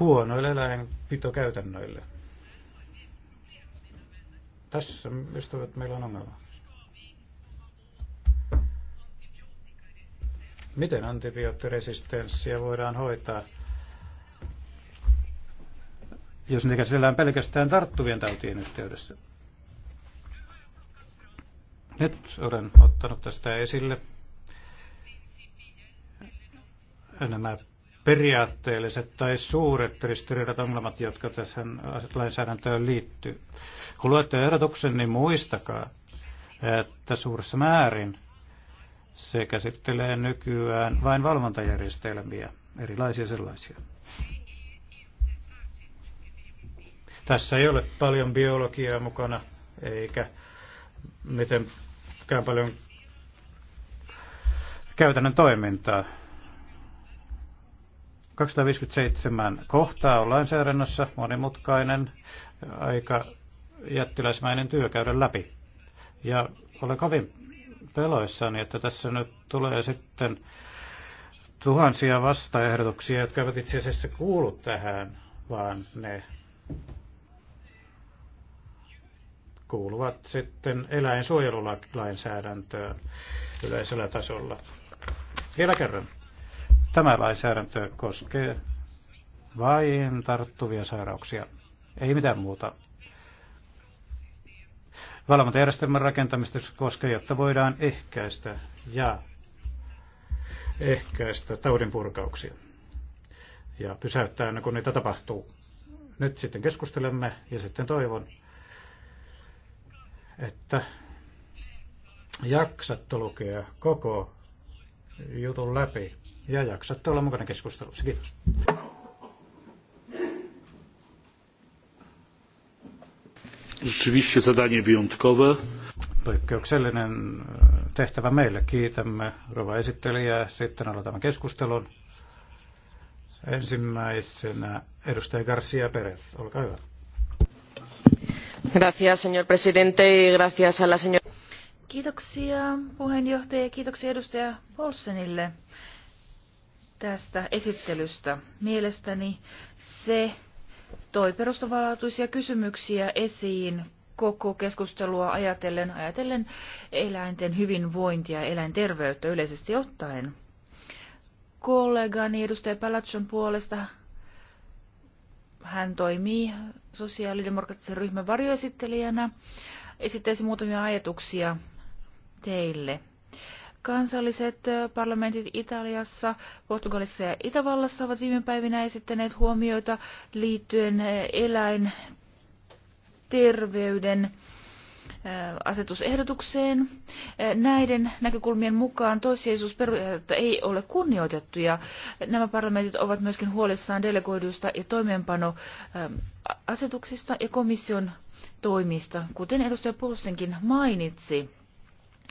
Speaker 1: huonoille eläinpitokäytännöille. Tässä, ystävät, meillä on ongelma. Miten antibioottiresistenssiä voidaan hoitaa, jos niitä käsitellään pelkästään tarttuvien tautien yhteydessä? Nyt olen ottanut tästä esille nämä periaatteelliset tai suuret ristiriidat ongelmat, jotka tähän lainsäädäntöön liittyy. Kun luette ehdotuksen, niin muistakaa, että suuressa määrin se käsittelee nykyään vain valvontajärjestelmiä, erilaisia sellaisia. Tässä ei ole paljon biologiaa mukana, eikä miten käy paljon käytännön toimintaa. 257 kohtaa on lainsäädännössä monimutkainen, aika jättiläismäinen työ käydä läpi. Ja olen kovin peloissani, että tässä nyt tulee sitten tuhansia vastaehdotuksia, jotka eivät itse asiassa kuulu tähän, vaan ne kuuluvat sitten eläinsuojelulainsäädäntöön yleisellä tasolla. Vielä kerran. Tämä lainsäädäntö koskee vain tarttuvia sairauksia, ei mitään muuta. Valvontajärjestelmän rakentamista koskee, jotta voidaan ehkäistä ja ehkäistä taudin purkauksia ja pysäyttää ennen kuin niitä tapahtuu. Nyt sitten keskustelemme ja sitten toivon, että jaksatte lukea koko jutun läpi ja jaksatte olla mukana keskustelussa. Kiitos. Rzeczywiście zadanie wyjątkowe. Poikkeuksellinen äh, tehtävä meille. Kiitämme rova esittelijää. Sitten aloitamme keskustelun. Ensimmäisenä edustaja Garcia Perez. Olkaa hyvä
Speaker 3: señor presidente, gracias a la señora.
Speaker 4: Kiitoksia puheenjohtaja ja kiitoksia edustaja
Speaker 3: Paulsenille
Speaker 4: tästä esittelystä. Mielestäni se toi perustavanlaatuisia kysymyksiä esiin koko keskustelua ajatellen, ajatellen eläinten hyvinvointia ja eläinterveyttä yleisesti ottaen. Kollegani edustaja Palatson puolesta hän toimii sosiaalidemokraattisen ryhmän varjoesittelijänä. Esittäisi muutamia ajatuksia teille. Kansalliset parlamentit Italiassa, Portugalissa ja Itävallassa ovat viime päivinä esittäneet huomioita liittyen eläinterveyden terveyden asetusehdotukseen. Näiden näkökulmien mukaan toissijaisuusperiaatetta ei ole kunnioitettu ja nämä parlamentit ovat myöskin huolissaan delegoiduista ja asetuksista ja komission toimista, kuten edustaja Pulsenkin mainitsi.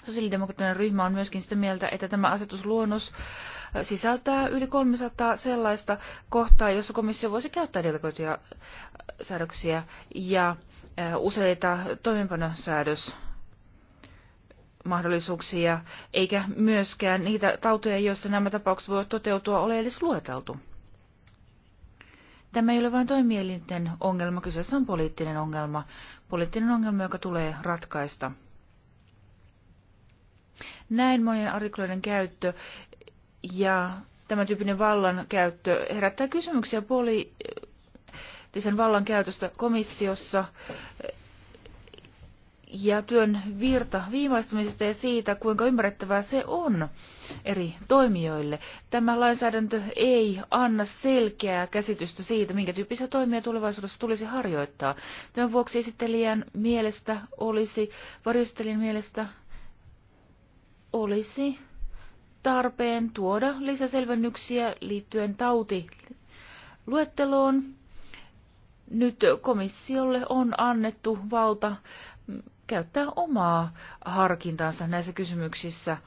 Speaker 4: Sosiaalidemokraattinen ryhmä on myöskin sitä mieltä, että tämä asetusluonnos sisältää yli 300 sellaista kohtaa, jossa komissio voisi käyttää delegoituja säädöksiä ja useita toimenpanosäädös mahdollisuuksia, eikä myöskään niitä tauteja, joissa nämä tapaukset voivat toteutua, ole edes lueteltu. Tämä ei ole vain toimielinten ongelma, kyseessä on poliittinen ongelma, poliittinen ongelma, joka tulee ratkaista. Näin monien artikloiden käyttö ja tämä tyyppinen vallan käyttö herättää kysymyksiä poli- poliittisen vallan käytöstä komissiossa ja työn virta viimaistumisesta ja siitä, kuinka ymmärrettävää se on eri toimijoille. Tämä lainsäädäntö ei anna selkeää käsitystä siitä, minkä tyyppisiä toimia tulevaisuudessa tulisi harjoittaa. Tämän vuoksi esittelijän mielestä olisi, varjostelijan mielestä olisi tarpeen tuoda lisäselvennyksiä liittyen tauti luetteloon nyt komissiolle on annettu valta käyttää omaa harkintaansa näissä kysymyksissä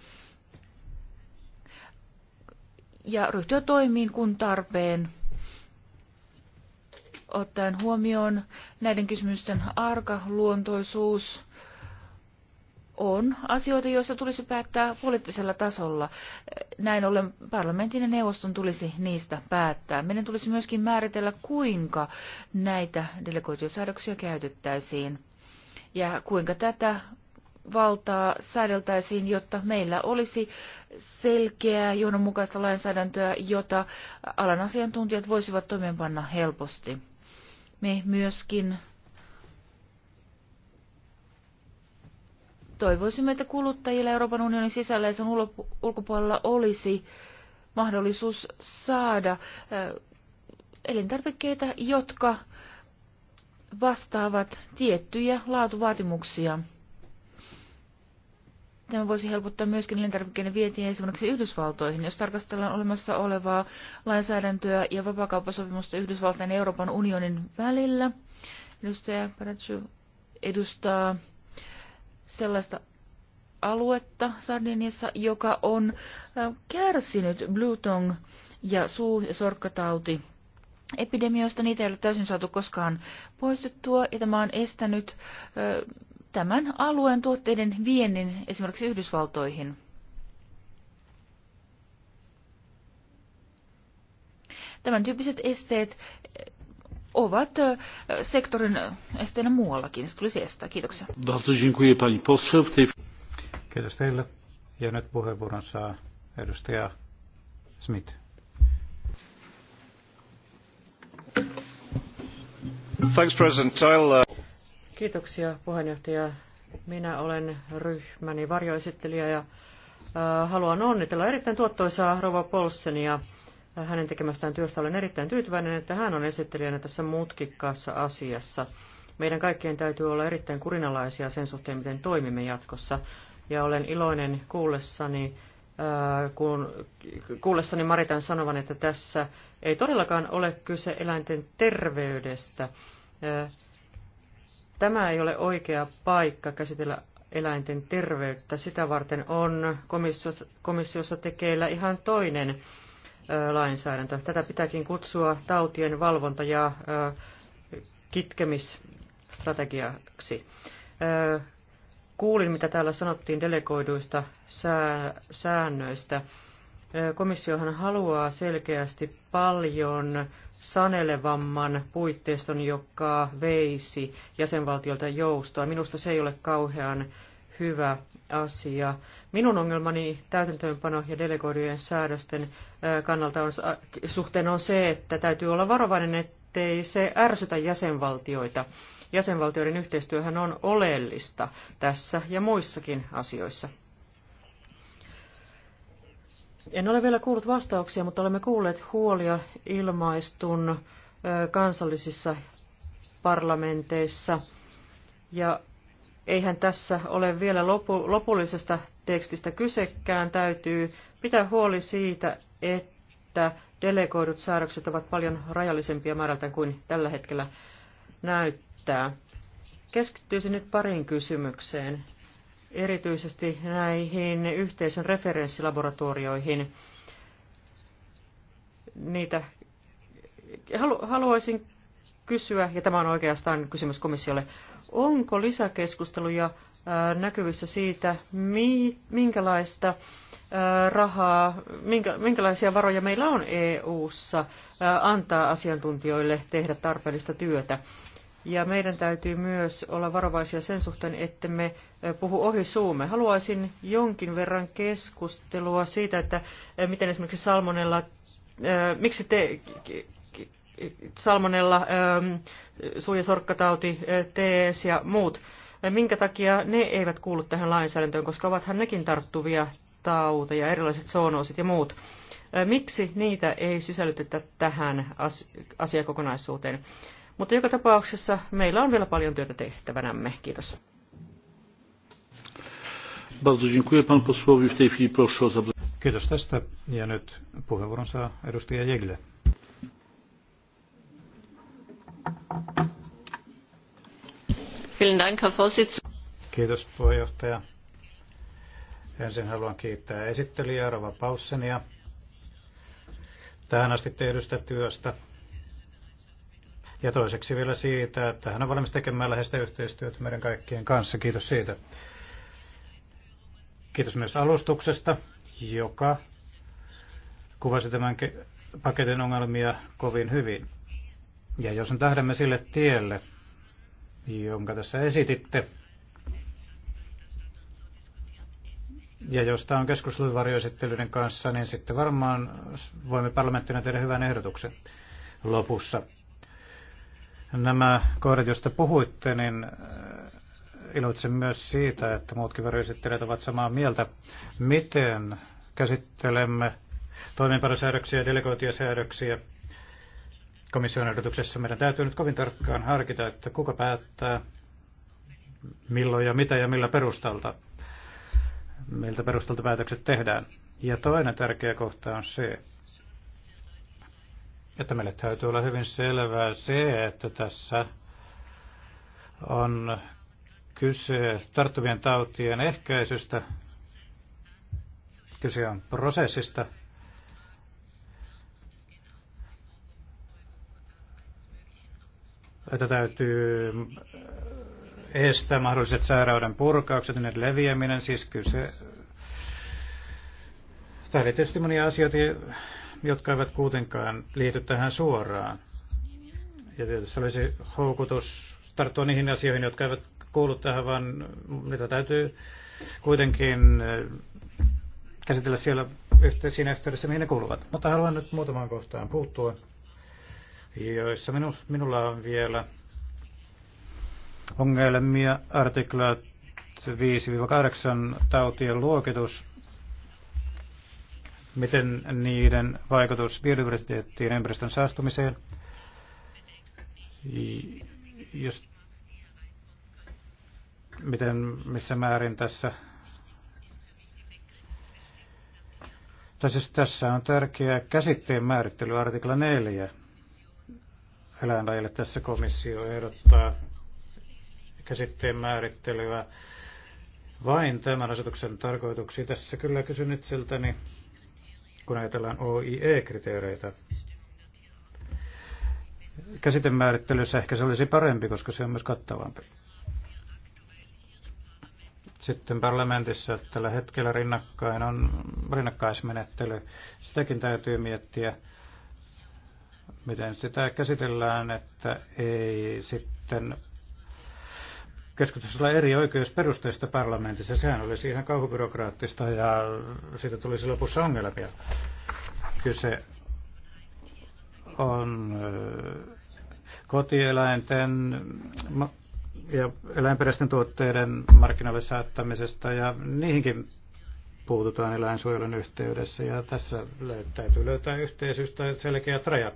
Speaker 4: ja ryhtyä toimiin kun tarpeen ottaen huomioon näiden kysymysten arkaluontoisuus on asioita, joista tulisi päättää poliittisella tasolla. Näin ollen parlamentin ja neuvoston tulisi niistä päättää. Meidän tulisi myöskin määritellä, kuinka näitä delegoitiosäädöksiä käytettäisiin ja kuinka tätä valtaa säädeltäisiin, jotta meillä olisi selkeää johdonmukaista lainsäädäntöä, jota alan asiantuntijat voisivat toimeenpanna helposti. Me myöskin toivoisimme, että kuluttajilla Euroopan unionin sisällä ja sen ulkopuolella olisi mahdollisuus saada eh, elintarvikkeita, jotka vastaavat tiettyjä laatuvaatimuksia. Tämä voisi helpottaa myöskin elintarvikkeiden vientiä esimerkiksi Yhdysvaltoihin. Jos tarkastellaan olemassa olevaa lainsäädäntöä ja vapakauppasopimusta Yhdysvaltain ja Euroopan unionin välillä, edustaja Paratsu edustaa sellaista aluetta Sardiniassa, joka on kärsinyt Bluetong ja suu- ja sorkkatauti epidemioista. Niitä ei ole täysin saatu koskaan poistettua ja tämä on estänyt tämän alueen tuotteiden viennin esimerkiksi Yhdysvaltoihin. Tämän tyyppiset esteet ovat sektorin esteenä muuallakin. Se tulisi estää. Kiitoksia.
Speaker 2: Kiitos teille.
Speaker 1: Ja nyt puheenvuoron saa edustaja Smith.
Speaker 3: Thanks, President.
Speaker 1: I'll, uh...
Speaker 3: Kiitoksia puheenjohtaja. Minä olen ryhmäni varjoesittelijä ja haluan onnitella erittäin tuottoisaa Rova Polsenia hänen tekemästään työstä. Olen erittäin tyytyväinen, että hän on esittelijänä tässä mutkikkaassa asiassa. Meidän kaikkien täytyy olla erittäin kurinalaisia sen suhteen, miten toimimme jatkossa. Ja olen iloinen kuullessani, äh, kun kuullessani Maritan sanovan, että tässä ei todellakaan ole kyse eläinten terveydestä. Äh, tämä ei ole oikea paikka käsitellä eläinten terveyttä. Sitä varten on komissiossa, tekeillä ihan toinen lainsäädäntö. Tätä pitääkin kutsua tautien valvonta- ja kitkemisstrategiaksi. Kuulin, mitä täällä sanottiin delegoiduista säännöistä. Komissiohan haluaa selkeästi paljon sanelevamman puitteiston, joka veisi jäsenvaltiolta joustoa. Minusta se ei ole kauhean hyvä asia. Minun ongelmani täytäntöönpano- ja delegoidujen säädösten kannalta on, suhteen on se, että täytyy olla varovainen, ettei se ärsytä jäsenvaltioita. Jäsenvaltioiden yhteistyöhän on oleellista tässä ja muissakin asioissa. En ole vielä kuullut vastauksia, mutta olemme kuulleet huolia ilmaistun kansallisissa parlamenteissa. Ja eihän tässä ole vielä lopu, lopullisesta tekstistä kysekään. Täytyy pitää huoli siitä, että delegoidut säädökset ovat paljon rajallisempia määrältään kuin tällä hetkellä näyttää. Keskittyisin nyt pariin kysymykseen, erityisesti näihin yhteisön referenssilaboratorioihin. Niitä haluaisin kysyä, ja tämä on oikeastaan kysymys komissiolle, Onko lisäkeskusteluja näkyvissä siitä, minkälaista rahaa, minkälaisia varoja meillä on EU:ssa antaa asiantuntijoille tehdä tarpeellista työtä. Ja meidän täytyy myös olla varovaisia sen suhteen, että me puhu ohi suumme. Haluaisin jonkin verran keskustelua siitä, että miten esimerkiksi salmonella, miksi te, salmonella, ähm, suojasorkkatauti, äh, TS ja muut. Äh, minkä takia ne eivät kuulu tähän lainsäädäntöön, koska ovathan nekin tarttuvia tauteja, erilaiset zoonoosit ja muut. Äh, miksi niitä ei sisällytetä tähän asiakokonaisuuteen? Mutta joka tapauksessa meillä on vielä paljon työtä tehtävänämme. Kiitos.
Speaker 2: Kiitos tästä.
Speaker 1: Ja nyt puheenvuoron saa edustaja Jegle. Kiitos puheenjohtaja. Ensin haluan kiittää esittelijää Rova Paussenia tähän asti tehdystä työstä. Ja toiseksi vielä siitä, että hän on valmis tekemään läheistä yhteistyötä meidän kaikkien kanssa. Kiitos siitä. Kiitos myös alustuksesta, joka kuvasi tämän paketin ongelmia kovin hyvin. Ja jos nyt lähdemme sille tielle, jonka tässä esititte, ja josta on keskusteltu varjoesittelyiden kanssa, niin sitten varmaan voimme parlamenttina tehdä hyvän ehdotuksen lopussa. Nämä kohdat, joista puhuitte, niin äh, iloitsen myös siitä, että muutkin varjoesittelijät ovat samaa mieltä. Miten käsittelemme toimeenpanosäädöksiä ja delegointia komission ehdotuksessa meidän täytyy nyt kovin tarkkaan harkita, että kuka päättää, milloin ja mitä ja millä perustalta, miltä perustalta päätökset tehdään. Ja toinen tärkeä kohta on se, että meille täytyy olla hyvin selvää se, että tässä on kyse tarttuvien tautien ehkäisystä, kyse on prosessista, että täytyy estää mahdolliset sairauden purkaukset ja niiden leviäminen, siis kyse... Tämä oli tietysti monia asioita, jotka eivät kuitenkaan liity tähän suoraan. Ja tietysti olisi houkutus tarttua niihin asioihin, jotka eivät kuulu tähän, vaan mitä täytyy kuitenkin eh, käsitellä siellä siinä yhteydessä, mihin ne kuuluvat. Mutta haluan nyt muutamaan kohtaan puuttua joissa minus, minulla on vielä ongelmia artiklat 5-8 tautien luokitus, miten niiden vaikutus biodiversiteettiin ympäristön saastumiseen. Jos, miten, missä määrin tässä siis tässä on tärkeä käsitteen määrittely, artikla 4 eläinlajille. Tässä komissio ehdottaa käsitteen määrittelyä vain tämän asetuksen tarkoituksiin. Tässä kyllä kysyn itseltäni, kun ajatellaan OIE-kriteereitä. Käsitemäärittelyssä ehkä se olisi parempi, koska se on myös kattavampi. Sitten parlamentissa tällä hetkellä rinnakkain on rinnakkaismenettely. Sitäkin täytyy miettiä miten sitä käsitellään, että ei sitten keskustella eri oikeusperusteista parlamentissa. Sehän olisi ihan kauhubyrokraattista ja siitä tulisi lopussa ongelmia. Kyse on kotieläinten ja eläinperäisten tuotteiden markkinoille saattamisesta ja niihinkin puututaan eläinsuojelun yhteydessä ja tässä täytyy löytää yhteisyys tai selkeät rajat.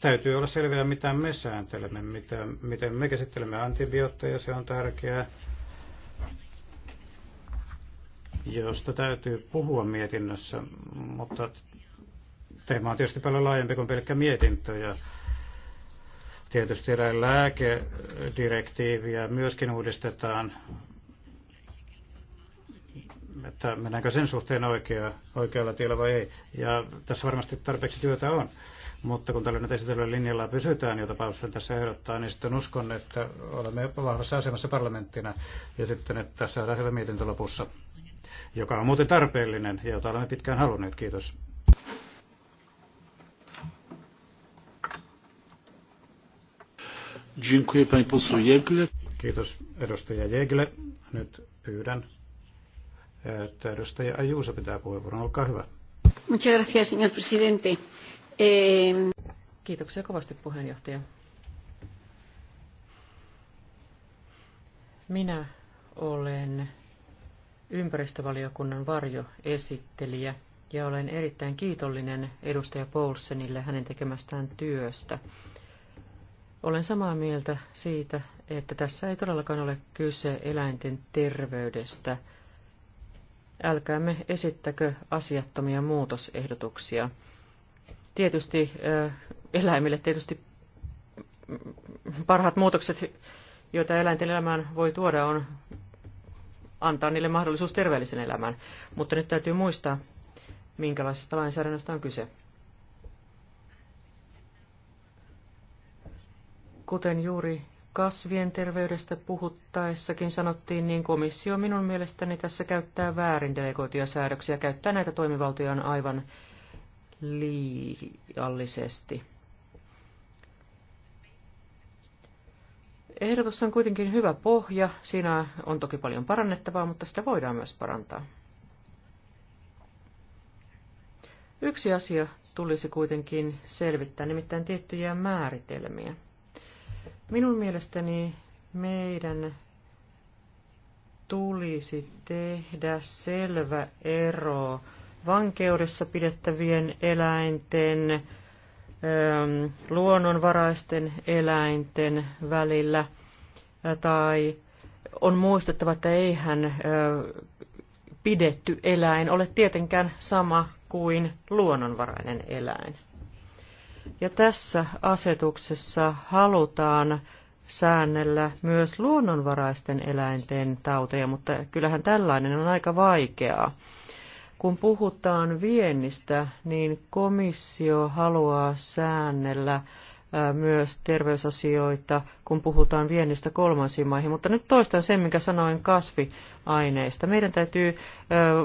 Speaker 1: Täytyy olla selvillä, mitä me sääntelemme, mitä, miten me käsittelemme antibiootteja, se on tärkeää, josta täytyy puhua mietinnössä, mutta teema on tietysti paljon laajempi kuin pelkkä mietintö. Ja tietysti lääkedirektiiviä myöskin uudistetaan, että mennäänkö sen suhteen oikea, oikealla tiellä vai ei. Ja tässä varmasti tarpeeksi työtä on. Mutta kun tällä nyt esitellä linjalla pysytään, jota Paulsen tässä ehdottaa, niin sitten uskon, että olemme jopa vahvassa asemassa parlamenttina ja sitten, että saadaan hyvä mietintö lopussa, joka on muuten tarpeellinen ja jota olemme pitkään halunneet. Kiitos. Kiitos edustaja Jegle. Nyt pyydän, että edustaja Ajuusa pitää puheenvuoron. Olkaa hyvä.
Speaker 3: Muchas gracias, señor presidente. Kiitoksia kovasti puheenjohtaja. Minä olen ympäristövaliokunnan varjoesittelijä ja olen erittäin kiitollinen edustaja Poulsenille hänen tekemästään työstä. Olen samaa mieltä siitä, että tässä ei todellakaan ole kyse eläinten terveydestä. Älkäämme esittäkö asiattomia muutosehdotuksia tietysti eläimille tietysti parhaat muutokset, joita eläinten elämään voi tuoda, on antaa niille mahdollisuus terveellisen elämään. Mutta nyt täytyy muistaa, minkälaisesta lainsäädännöstä on kyse. Kuten juuri kasvien terveydestä puhuttaessakin sanottiin, niin komissio minun mielestäni tässä käyttää väärin delegoituja säädöksiä, käyttää näitä toimivaltoja aivan liiallisesti. Ehdotus on kuitenkin hyvä pohja. Siinä on toki paljon parannettavaa, mutta sitä voidaan myös parantaa. Yksi asia tulisi kuitenkin selvittää, nimittäin tiettyjä määritelmiä. Minun mielestäni meidän tulisi tehdä selvä ero vankeudessa pidettävien eläinten, ähm, luonnonvaraisten eläinten välillä. Äh, tai on muistettava, että eihän äh, pidetty eläin ole tietenkään sama kuin luonnonvarainen eläin. Ja tässä asetuksessa halutaan säännellä myös luonnonvaraisten eläinten tauteja, mutta kyllähän tällainen on aika vaikeaa. Kun puhutaan viennistä, niin komissio haluaa säännellä myös terveysasioita, kun puhutaan viennistä kolmansiin maihin. Mutta nyt toistan sen, minkä sanoin kasviaineista. Meidän täytyy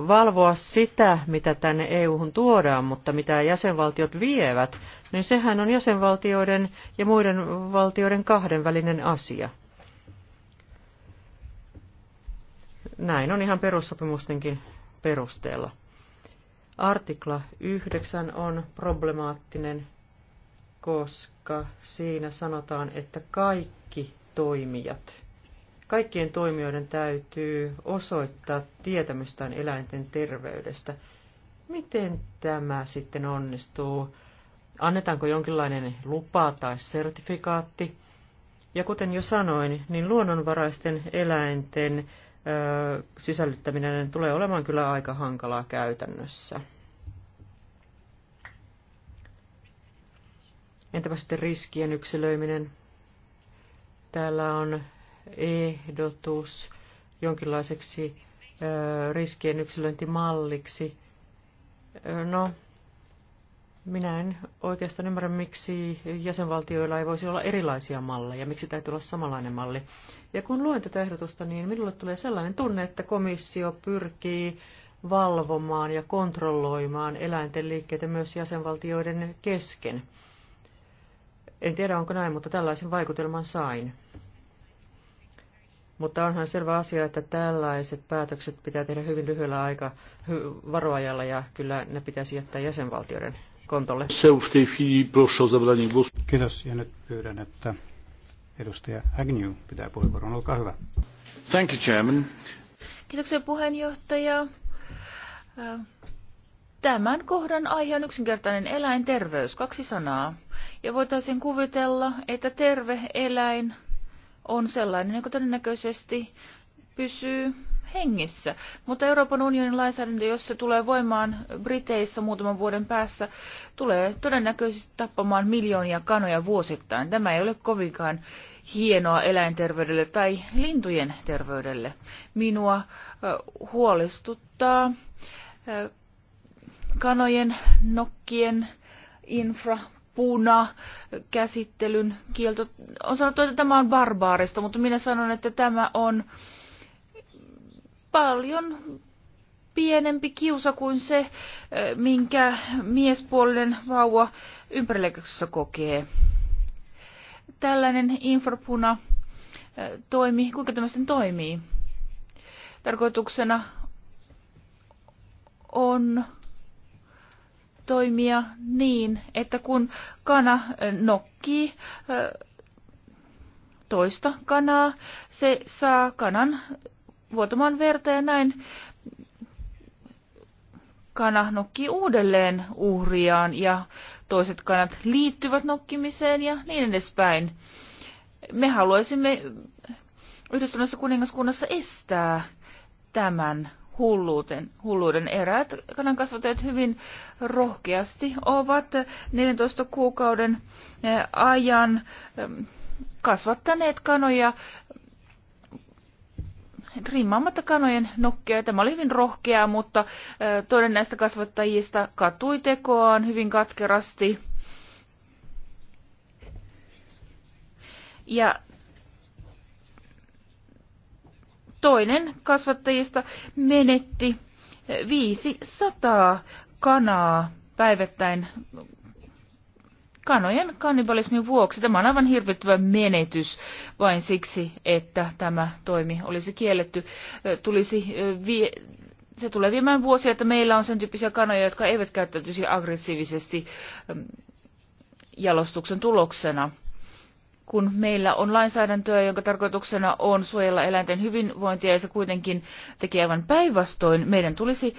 Speaker 3: valvoa sitä, mitä tänne EU-hun tuodaan, mutta mitä jäsenvaltiot vievät, niin sehän on jäsenvaltioiden ja muiden valtioiden kahdenvälinen asia. Näin on ihan perussopimustenkin perusteella. Artikla 9 on problemaattinen, koska siinä sanotaan, että kaikki toimijat, kaikkien toimijoiden täytyy osoittaa tietämystään eläinten terveydestä. Miten tämä sitten onnistuu? Annetaanko jonkinlainen lupa tai sertifikaatti? Ja kuten jo sanoin, niin luonnonvaraisten eläinten sisällyttäminen tulee olemaan kyllä aika hankalaa käytännössä. Entäpä sitten riskien yksilöiminen? Täällä on ehdotus jonkinlaiseksi riskien yksilöintimalliksi. No, minä en oikeastaan ymmärrä, miksi jäsenvaltioilla ei voisi olla erilaisia malleja, miksi täytyy olla samanlainen malli. Ja kun luen tätä ehdotusta, niin minulle tulee sellainen tunne, että komissio pyrkii valvomaan ja kontrolloimaan eläinten liikkeitä myös jäsenvaltioiden kesken. En tiedä, onko näin, mutta tällaisen vaikutelman sain. Mutta onhan selvä asia, että tällaiset päätökset pitää tehdä hyvin lyhyellä aika varoajalla ja kyllä ne pitäisi jättää jäsenvaltioiden kontolle.
Speaker 1: Kiitos ja nyt pyydän, että edustaja Agnew pitää puheenvuoron. Olkaa hyvä. Thank you, Chairman.
Speaker 4: Kiitoksia puheenjohtaja. Äh, tämän kohdan aihe on yksinkertainen eläinterveys, kaksi sanaa. Ja voitaisiin kuvitella, että terve eläin on sellainen, joka todennäköisesti pysyy hengissä. Mutta Euroopan unionin lainsäädäntö, jos se tulee voimaan Briteissä muutaman vuoden päässä, tulee todennäköisesti tappamaan miljoonia kanoja vuosittain. Tämä ei ole kovinkaan hienoa eläinterveydelle tai lintujen terveydelle. Minua huolestuttaa kanojen, nokkien, infra, puna, käsittelyn kielto. On sanottu, että tämä on barbaarista, mutta minä sanon, että tämä on äh, paljon pienempi kiusa kuin se, eh, minkä miespuolinen vauva ympärileikkauksessa kokee. Tällainen infrapuna eh, toimii. Kuinka tämä sitten toimii? Tarkoituksena on toimia niin, että kun kana eh, nokkii toista kanaa, se saa kanan vuotamaan verta ja näin kana nokkii uudelleen uhriaan ja toiset kanat liittyvät nokkimiseen ja niin edespäin. Me haluaisimme yhdistyneessä kuningaskunnassa estää tämän hulluuden. hulluuden. Eräät kanankasvattajat hyvin rohkeasti ovat 14 kuukauden eh, ajan eh, kasvattaneet kanoja trimmaamatta kanojen nokkia. Tämä oli hyvin rohkeaa, mutta toinen näistä kasvattajista katui tekoaan hyvin katkerasti. Ja toinen kasvattajista menetti 500 kanaa päivittäin kanojen kannibalismin vuoksi. Tämä on aivan hirvittävä menetys vain siksi, että tämä toimi olisi kielletty. Tulisi vie- se tulee viemään vuosia, että meillä on sen tyyppisiä kanoja, jotka eivät käyttäytyisi aggressiivisesti jalostuksen tuloksena kun meillä on lainsäädäntöä, jonka tarkoituksena on suojella eläinten hyvinvointia ja se kuitenkin tekee aivan päinvastoin, meidän tulisi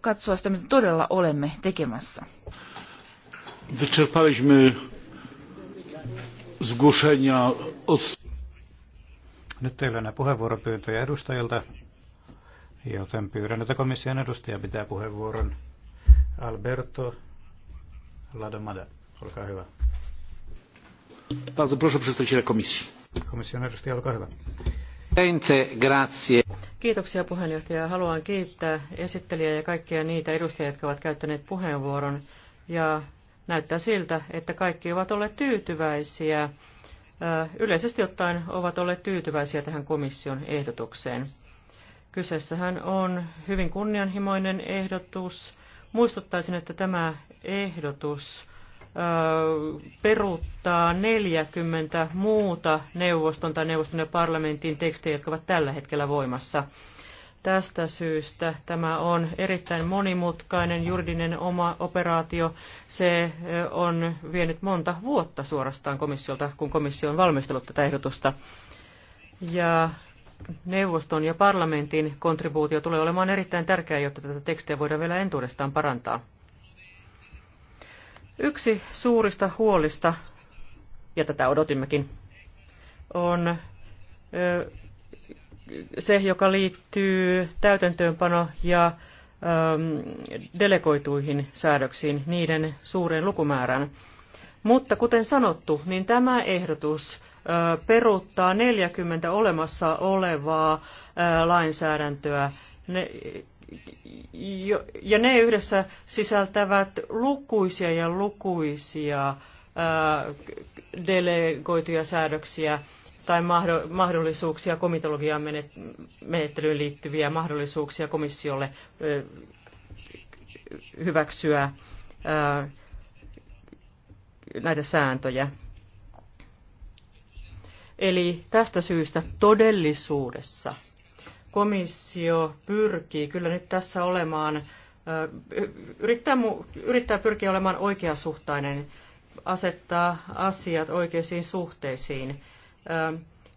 Speaker 4: katsoa sitä, mitä todella olemme tekemässä
Speaker 2: wyczerpaliśmy
Speaker 1: zgłoszenia od... Nyt teillä on puheenvuoropyyntöjä edustajilta, joten pyydän, että komission edustaja pitää puheenvuoron. Alberto Ladomada, olkaa hyvä. Bardzo proszę przedstawiciela komisji. Komission edustaja, olkaa hyvä.
Speaker 2: Grazie.
Speaker 3: Kiitoksia puheenjohtaja. Haluan kiittää esittelijää ja kaikkia niitä edustajia, jotka ovat käyttäneet puheenvuoron. Ja näyttää siltä, että kaikki ovat olleet tyytyväisiä, yleisesti ottaen ovat olleet tyytyväisiä tähän komission ehdotukseen. Kyseessähän on hyvin kunnianhimoinen ehdotus. Muistuttaisin, että tämä ehdotus peruuttaa 40 muuta neuvoston tai neuvoston ja parlamentin tekstejä, jotka ovat tällä hetkellä voimassa. Tästä syystä tämä on erittäin monimutkainen juridinen oma operaatio. Se eh, on vienyt monta vuotta suorastaan komissiolta, kun komissio on valmistellut tätä ehdotusta. Ja neuvoston ja parlamentin kontribuutio tulee olemaan erittäin tärkeä, jotta tätä tekstiä voidaan vielä entuudestaan parantaa. Yksi suurista huolista, ja tätä odotimmekin, on eh, se, joka liittyy täytäntöönpano- ja äm, delegoituihin säädöksiin, niiden suureen lukumäärään. Mutta kuten sanottu, niin tämä ehdotus ä, äh, peruuttaa 40 olemassa olevaa ä, äh, lainsäädäntöä. Ne, ja ne yhdessä sisältävät lukuisia ja lukuisia ä, äh, delegoituja säädöksiä tai mahdollisuuksia komitologian menettelyyn liittyviä mahdollisuuksia komissiolle hyväksyä näitä sääntöjä. Eli tästä syystä todellisuudessa komissio pyrkii kyllä nyt tässä olemaan, yrittää, yrittää pyrkiä olemaan oikeasuhtainen, asettaa asiat oikeisiin suhteisiin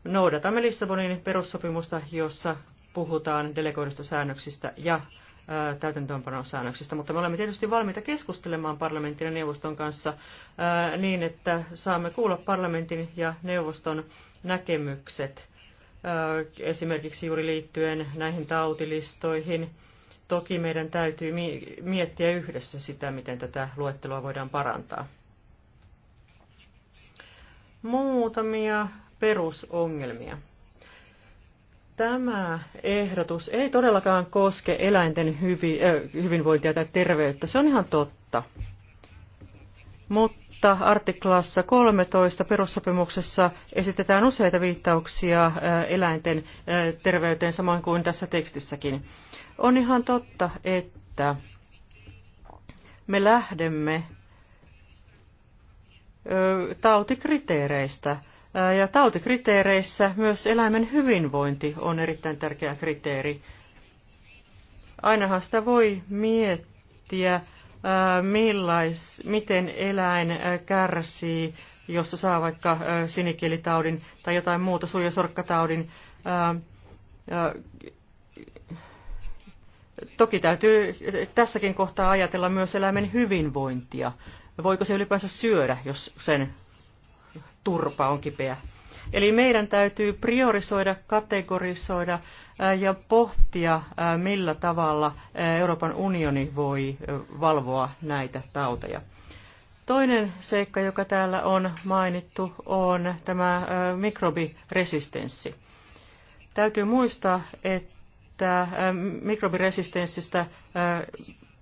Speaker 3: noudatamme Lissabonin perussopimusta, jossa puhutaan delegoidusta säännöksistä ja täytäntöönpanosäännöksistä, mutta me olemme tietysti valmiita keskustelemaan parlamentin ja neuvoston kanssa niin, että saamme kuulla parlamentin ja neuvoston näkemykset esimerkiksi juuri liittyen näihin tautilistoihin. Toki meidän täytyy miettiä yhdessä sitä, miten tätä luettelua voidaan parantaa. Muutamia perusongelmia. Tämä ehdotus ei todellakaan koske eläinten hyvi, äh, hyvinvointia tai terveyttä. Se on ihan totta. Mutta artiklassa 13 perussopimuksessa esitetään useita viittauksia äh, eläinten äh, terveyteen, samoin kuin tässä tekstissäkin. On ihan totta, että me lähdemme äh, tautikriteereistä – ja tautikriteereissä myös eläimen hyvinvointi on erittäin tärkeä kriteeri. Ainahan sitä voi miettiä, millais, miten eläin kärsii, jos se saa vaikka sinikielitaudin tai jotain muuta, suojasorkkataudin. Toki täytyy tässäkin kohtaa ajatella myös eläimen hyvinvointia. Voiko se ylipäänsä syödä, jos sen turpa on kipeä. Eli meidän täytyy priorisoida, kategorisoida ja pohtia, millä tavalla Euroopan unioni voi valvoa näitä tauteja. Toinen seikka, joka täällä on mainittu, on tämä mikrobiresistenssi. Täytyy muistaa, että mikrobiresistenssistä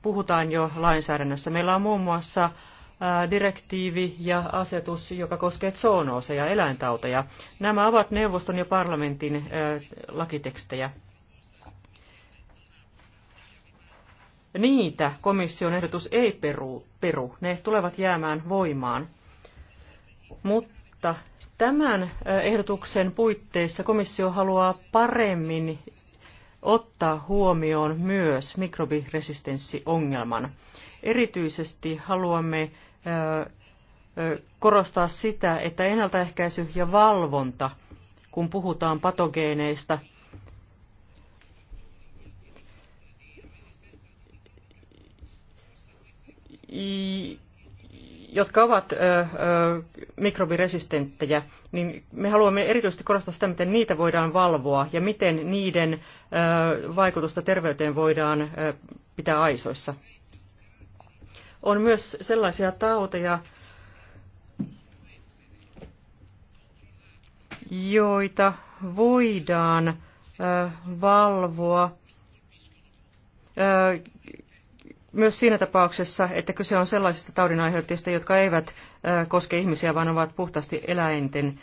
Speaker 3: puhutaan jo lainsäädännössä. Meillä on muun muassa direktiivi ja asetus, joka koskee zoonooseja, eläintauteja. Nämä ovat neuvoston ja parlamentin lakitekstejä. Niitä komission ehdotus ei peru, peru. Ne tulevat jäämään voimaan. Mutta tämän ehdotuksen puitteissa komissio haluaa paremmin ottaa huomioon myös mikrobiresistenssiongelman. Erityisesti haluamme korostaa sitä, että ennaltaehkäisy ja valvonta, kun puhutaan patogeeneista, jotka ovat ö, ö, mikrobiresistenttejä, niin me haluamme erityisesti korostaa sitä, miten niitä voidaan valvoa ja miten niiden ö, vaikutusta terveyteen voidaan ö, pitää aisoissa. On myös sellaisia tauteja, joita voidaan valvoa myös siinä tapauksessa, että kyse on sellaisista taudinaiheuttajista, jotka eivät koske ihmisiä, vaan ovat puhtaasti eläinten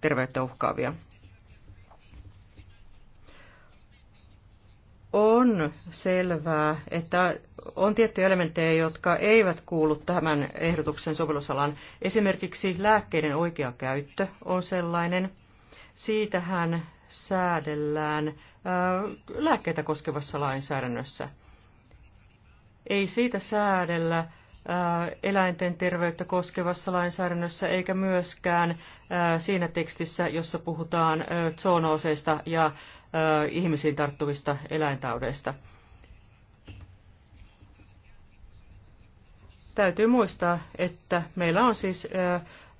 Speaker 3: terveyttä uhkaavia. on selvää, että on tiettyjä elementtejä, jotka eivät kuulu tämän ehdotuksen sovellusalan. Esimerkiksi lääkkeiden oikea käyttö on sellainen. Siitähän säädellään äh, lääkkeitä koskevassa lainsäädännössä. Ei siitä säädellä äh, eläinten terveyttä koskevassa lainsäädännössä eikä myöskään äh, siinä tekstissä, jossa puhutaan zoonooseista ja ihmisiin tarttuvista eläintaudeista. Täytyy muistaa, että meillä on siis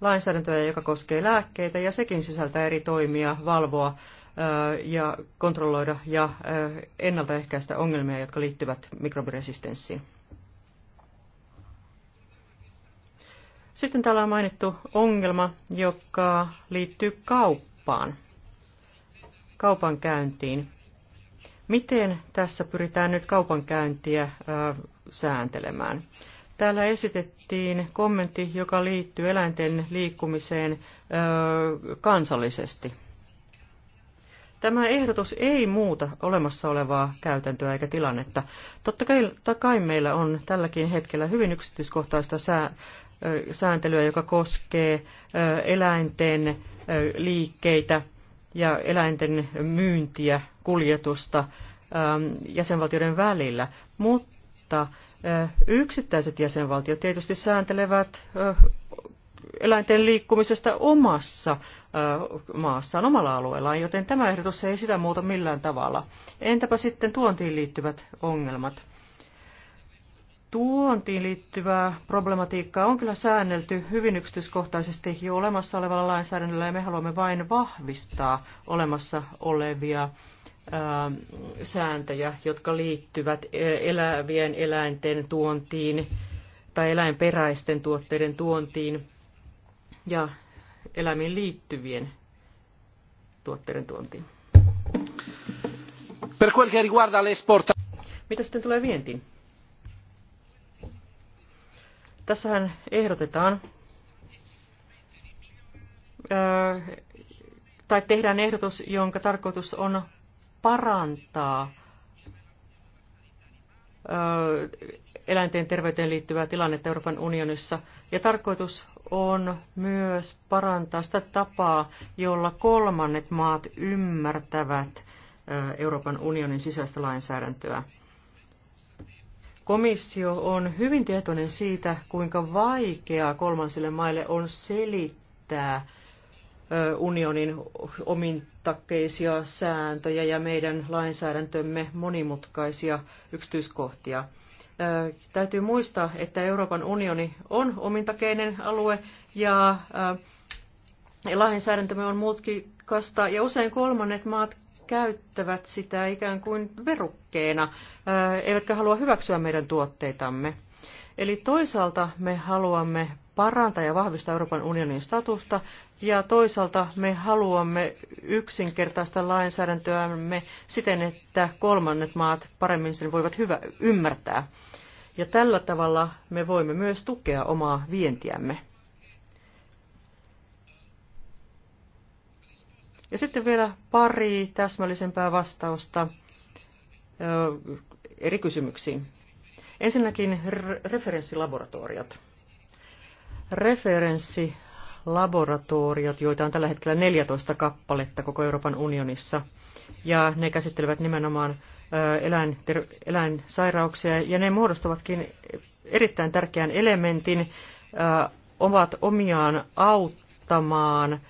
Speaker 3: lainsäädäntöä, joka koskee lääkkeitä, ja sekin sisältää eri toimia, valvoa ja kontrolloida ja ennaltaehkäistä ongelmia, jotka liittyvät mikrobiresistenssiin. Sitten täällä on mainittu ongelma, joka liittyy kauppaan kaupankäyntiin. Miten tässä pyritään nyt kaupankäyntiä sääntelemään? Täällä esitettiin kommentti, joka liittyy eläinten liikkumiseen kansallisesti. Tämä ehdotus ei muuta olemassa olevaa käytäntöä eikä tilannetta. Totta kai, kai meillä on tälläkin hetkellä hyvin yksityiskohtaista sää, sääntelyä, joka koskee eläinten liikkeitä ja eläinten myyntiä, kuljetusta ähm, jäsenvaltioiden välillä, mutta äh, yksittäiset jäsenvaltiot tietysti sääntelevät äh, eläinten liikkumisesta omassa äh, maassaan, omalla alueellaan, joten tämä ehdotus ei sitä muuta millään tavalla. Entäpä sitten tuontiin liittyvät ongelmat? tuontiin liittyvää problematiikkaa on kyllä säännelty hyvin yksityiskohtaisesti jo olemassa olevalla lainsäädännöllä ja me haluamme vain vahvistaa olemassa olevia ähm, sääntöjä, jotka liittyvät e, elävien eläinten tuontiin tai eläinperäisten tuotteiden tuontiin ja eläimiin liittyvien tuotteiden tuontiin. Per quel che riguarda Mitä sitten tulee vientiin? Tässähän ehdotetaan, tai tehdään ehdotus, jonka tarkoitus on parantaa eläinten terveyteen liittyvää tilannetta Euroopan unionissa. Ja tarkoitus on myös parantaa sitä tapaa, jolla kolmannet maat ymmärtävät Euroopan unionin sisäistä lainsäädäntöä. Komissio on hyvin tietoinen siitä, kuinka vaikeaa kolmansille maille on selittää unionin omintakkeisia sääntöjä ja meidän lainsäädäntömme monimutkaisia yksityiskohtia. Täytyy muistaa, että Euroopan unioni on omintakeinen alue ja lainsäädäntömme on kasta ja usein kolmannet maat käyttävät sitä ikään kuin verukkeena, äh, eivätkä halua hyväksyä meidän tuotteitamme. Eli toisaalta me haluamme parantaa ja vahvistaa Euroopan unionin statusta, ja toisaalta me haluamme yksinkertaista lainsäädäntöämme siten, että kolmannet maat paremmin sen voivat hyvä, ymmärtää. Ja tällä tavalla me voimme myös tukea omaa vientiämme. Ja sitten vielä pari täsmällisempää vastausta eri kysymyksiin. Ensinnäkin referenssilaboratoriot. Referenssilaboratoriot, joita on tällä hetkellä 14 kappaletta koko Euroopan unionissa, ja ne käsittelevät nimenomaan eläin eläinsairauksia, ja ne muodostavatkin erittäin tärkeän elementin, ovat omiaan auttamaan –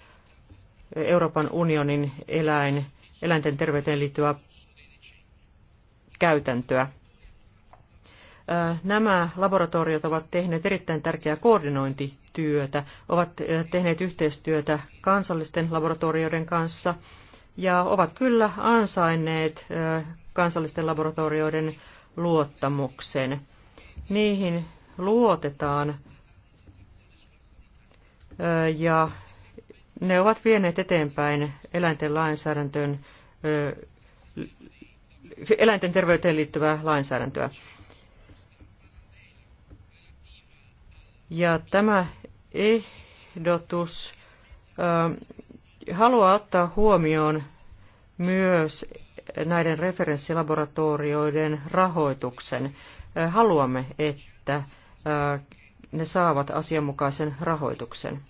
Speaker 3: Euroopan unionin eläin, eläinten terveyteen liittyvää käytäntöä. Nämä laboratoriot ovat tehneet erittäin tärkeää koordinointityötä, ovat tehneet yhteistyötä kansallisten laboratorioiden kanssa ja ovat kyllä ansainneet kansallisten laboratorioiden luottamuksen. Niihin luotetaan ja ne ovat vieneet eteenpäin eläinten lainsäädäntöön, eläinten terveyteen liittyvää lainsäädäntöä. Ja tämä ehdotus haluaa ottaa huomioon myös näiden referenssilaboratorioiden rahoituksen. Haluamme, että ne saavat asianmukaisen rahoituksen.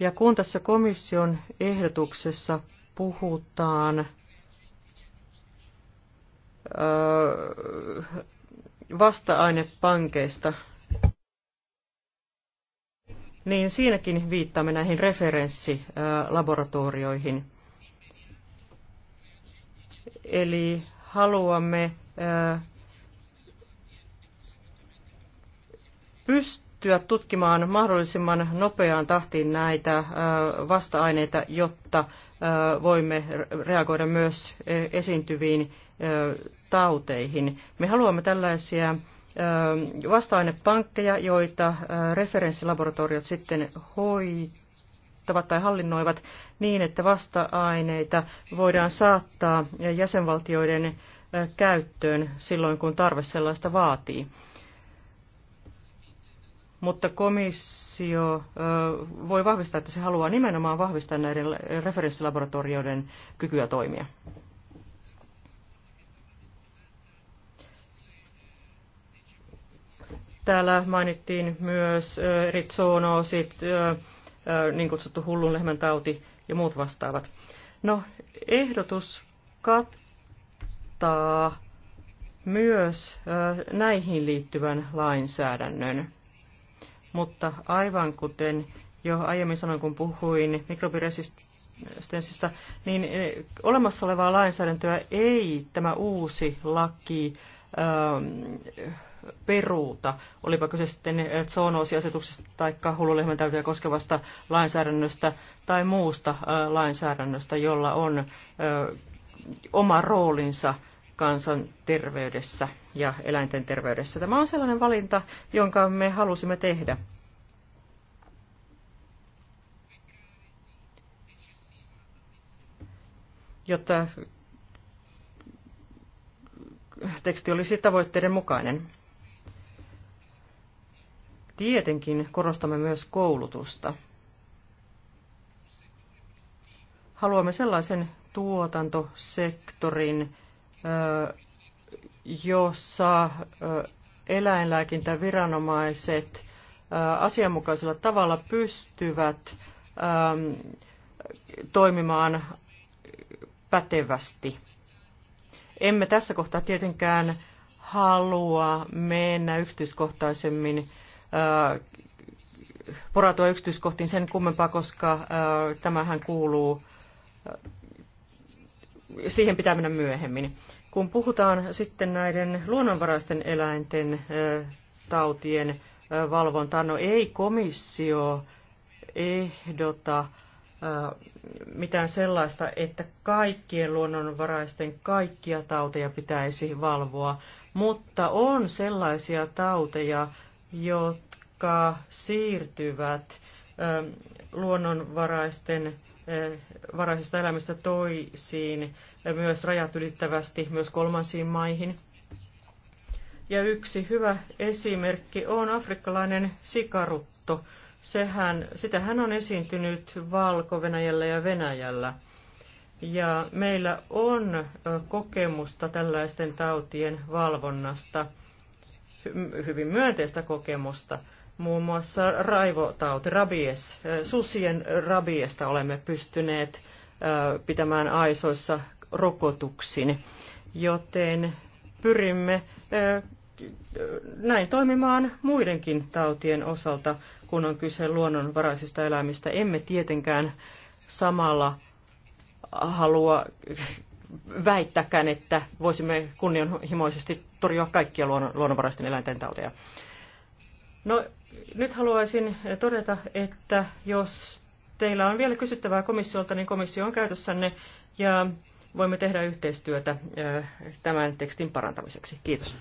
Speaker 3: Ja kun tässä komission ehdotuksessa puhutaan öö, vasta-ainepankeista, niin siinäkin viittaamme näihin referenssilaboratorioihin. Eli haluamme pystyä ryhtyä tutkimaan mahdollisimman nopeaan tahtiin näitä vasta-aineita, jotta voimme reagoida myös e, esiintyviin tauteihin. Me haluamme tällaisia vasta-ainepankkeja, joita referenssilaboratoriot sitten hoitavat tai hallinnoivat niin, että vasta-aineita voidaan saattaa jäsenvaltioiden käyttöön silloin, kun tarve sellaista vaatii mutta komissio voi vahvistaa, että se haluaa nimenomaan vahvistaa näiden referenssilaboratorioiden kykyä toimia. Täällä mainittiin myös eri zoonoosit, niin kutsuttu hullun lehmän tauti ja muut vastaavat. No, ehdotus kattaa myös näihin liittyvän lainsäädännön mutta aivan kuten jo aiemmin sanoin, kun puhuin mikrobiresistenssistä, niin eh, olemassa olevaa lainsäädäntöä ei tämä uusi laki ähm, peruuta, olipa kyse sitten eh, zoonoosiasetuksesta tai hululehmän täytyä koskevasta lainsäädännöstä tai muusta äh, lainsäädännöstä, jolla on äh, oma roolinsa kansan terveydessä ja eläinten terveydessä. Tämä on sellainen valinta, jonka me halusimme tehdä. Jotta teksti olisi tavoitteiden mukainen. Tietenkin korostamme myös koulutusta. Haluamme sellaisen tuotantosektorin, jossa eläinlääkintäviranomaiset asianmukaisella tavalla pystyvät toimimaan pätevästi. Emme tässä kohtaa tietenkään halua mennä yksityiskohtaisemmin, poratua yksityiskohtiin sen kummempaa, koska tämähän kuuluu, siihen pitää mennä myöhemmin. Kun puhutaan sitten näiden luonnonvaraisten eläinten tautien valvontaan, no ei komissio ehdota mitään sellaista, että kaikkien luonnonvaraisten kaikkia tauteja pitäisi valvoa, mutta on sellaisia tauteja, jotka siirtyvät luonnonvaraisten Eh, varaisesta elämästä toisiin, eh, myös rajat ylittävästi, myös kolmansiin maihin. Ja yksi hyvä esimerkki on afrikkalainen sikarutto. Sehän, sitähän on esiintynyt Valko-Venäjällä ja Venäjällä. Ja meillä on eh, kokemusta tällaisten tautien valvonnasta, hyvin myönteistä kokemusta – muun muassa raivotauti, rabies, susien rabiesta olemme pystyneet pitämään aisoissa rokotuksin, joten pyrimme näin toimimaan muidenkin tautien osalta, kun on kyse luonnonvaraisista eläimistä. Emme tietenkään samalla halua väittäkään, että voisimme kunnianhimoisesti torjua kaikkia luonnonvaraisten eläinten tauteja. No, nyt haluaisin todeta, että jos teillä on vielä kysyttävää komissiolta, niin komissio on käytössänne ja voimme tehdä yhteistyötä eh, tämän tekstin parantamiseksi. Kiitos.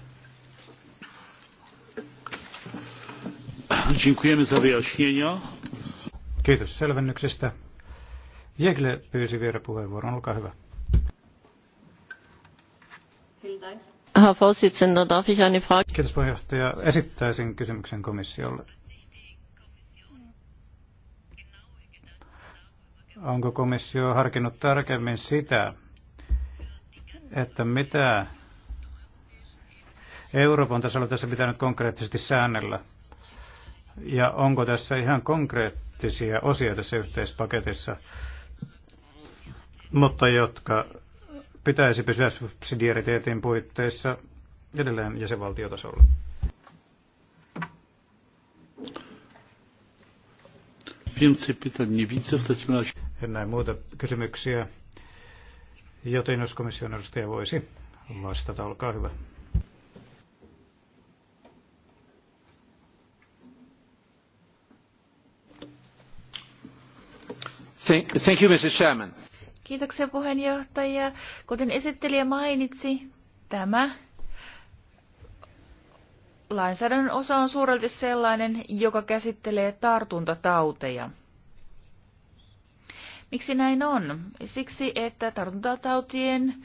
Speaker 1: Kiitos selvennyksestä. Jekle pyysi vielä puheenvuoron. Olkaa hyvä. Vielen Herr Vorsitzender, darf ich eine Frage? Kiitos puheenjohtaja. Esittäisin kysymyksen komissiolle. Onko komissio harkinnut tarkemmin sitä, että mitä Euroopan tasolla tässä pitää nyt konkreettisesti säännellä? Ja onko tässä ihan konkreettisia osia tässä yhteispaketissa, mutta jotka pitäisi pysyä subsidiariteetin puitteissa edelleen jäsenvaltiotasolla. En näe muuta kysymyksiä, joten jos komission edustaja voisi vastata, olkaa hyvä. Thank, thank you, Mr. Chairman.
Speaker 4: Kiitoksia puheenjohtajia. Kuten esittelijä mainitsi, tämä lainsäädännön osa on suurelti sellainen, joka käsittelee tartuntatauteja. Miksi näin on? Siksi, että tartuntatautien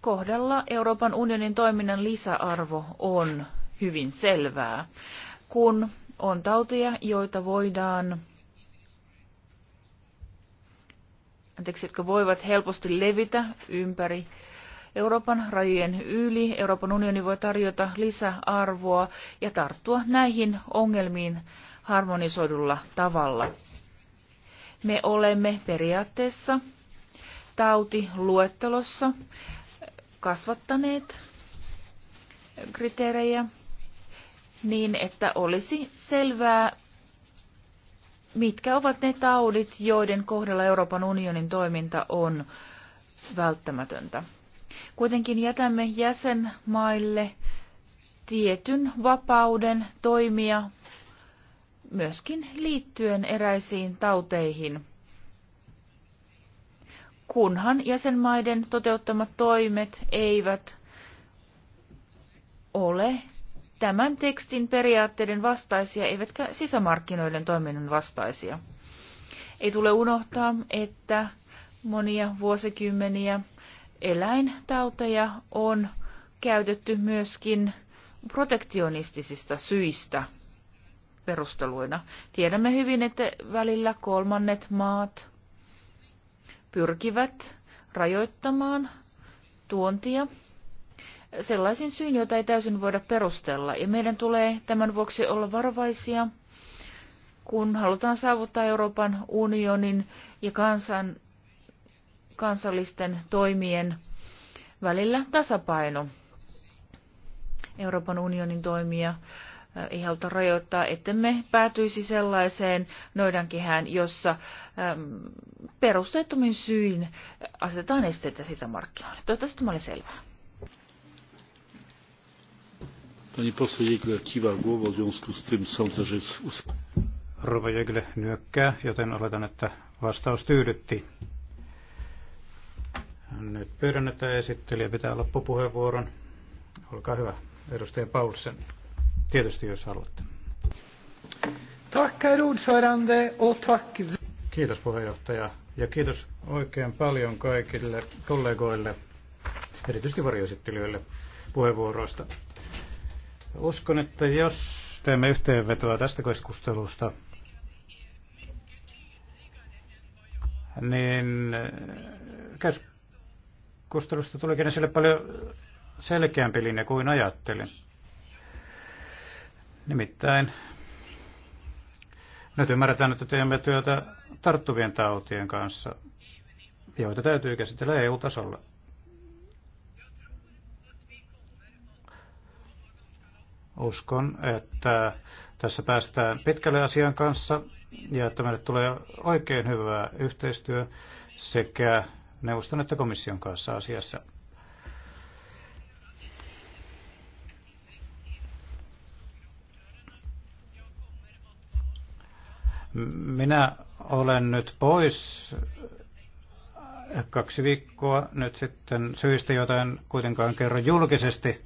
Speaker 4: kohdalla Euroopan unionin toiminnan lisäarvo on hyvin selvää. Kun on tautia, joita voidaan anteeksi, jotka voivat helposti levitä ympäri Euroopan rajojen yli. Euroopan unioni voi tarjota lisäarvoa ja tarttua näihin ongelmiin harmonisoidulla tavalla. Me olemme periaatteessa tautiluettelossa kasvattaneet kriteerejä niin, että olisi selvää, mitkä ovat ne taudit, joiden kohdalla Euroopan unionin toiminta on välttämätöntä. Kuitenkin jätämme jäsenmaille tietyn vapauden toimia myöskin liittyen eräisiin tauteihin, kunhan jäsenmaiden toteuttamat toimet eivät ole tämän tekstin periaatteiden vastaisia, eivätkä sisämarkkinoiden toiminnan vastaisia. Ei tule unohtaa, että monia vuosikymmeniä eläintauteja on käytetty myöskin protektionistisista syistä perusteluina. Tiedämme hyvin, että välillä kolmannet maat pyrkivät rajoittamaan tuontia sellaisin syyn, jota ei täysin voida perustella. Ja meidän tulee tämän vuoksi olla varovaisia, kun halutaan saavuttaa Euroopan unionin ja kansan, kansallisten toimien välillä tasapaino. Euroopan unionin toimia äh, ei haluta rajoittaa, ettemme päätyisi sellaiseen noidankehään, jossa ähm, perusteettomin syin asetetaan esteitä sisämarkkinoille. Toivottavasti tämä oli selvää.
Speaker 2: Pani poseł Jegle kiwa głową, w związku z tym sądzę, że jest...
Speaker 1: Rova Jegle nyökkää, joten oletan, että vastaus tyydytti. Nyt pyydän, että esittelijä pitää loppupuheenvuoron. Olkaa hyvä, edustaja Paulsen. Tietysti, jos haluatte. Tack, herr ordförande, och tack... Kiitos puheenjohtaja ja kiitos oikein paljon kaikille kollegoille, erityisesti varjoesittelijöille puheenvuoroista. Uskon, että jos teemme yhteenvetoa tästä keskustelusta, niin äh, keskustelusta tulikin esille paljon selkeämpi linja kuin ajattelin. Nimittäin nyt ymmärretään, että teemme työtä tarttuvien tautien kanssa, joita täytyy käsitellä EU-tasolla. Uskon, että tässä päästään pitkälle asian kanssa ja että meille tulee oikein hyvää yhteistyö sekä neuvoston että komission kanssa asiassa. Minä olen nyt pois kaksi viikkoa nyt sitten syistä, joita en kuitenkaan kerro julkisesti.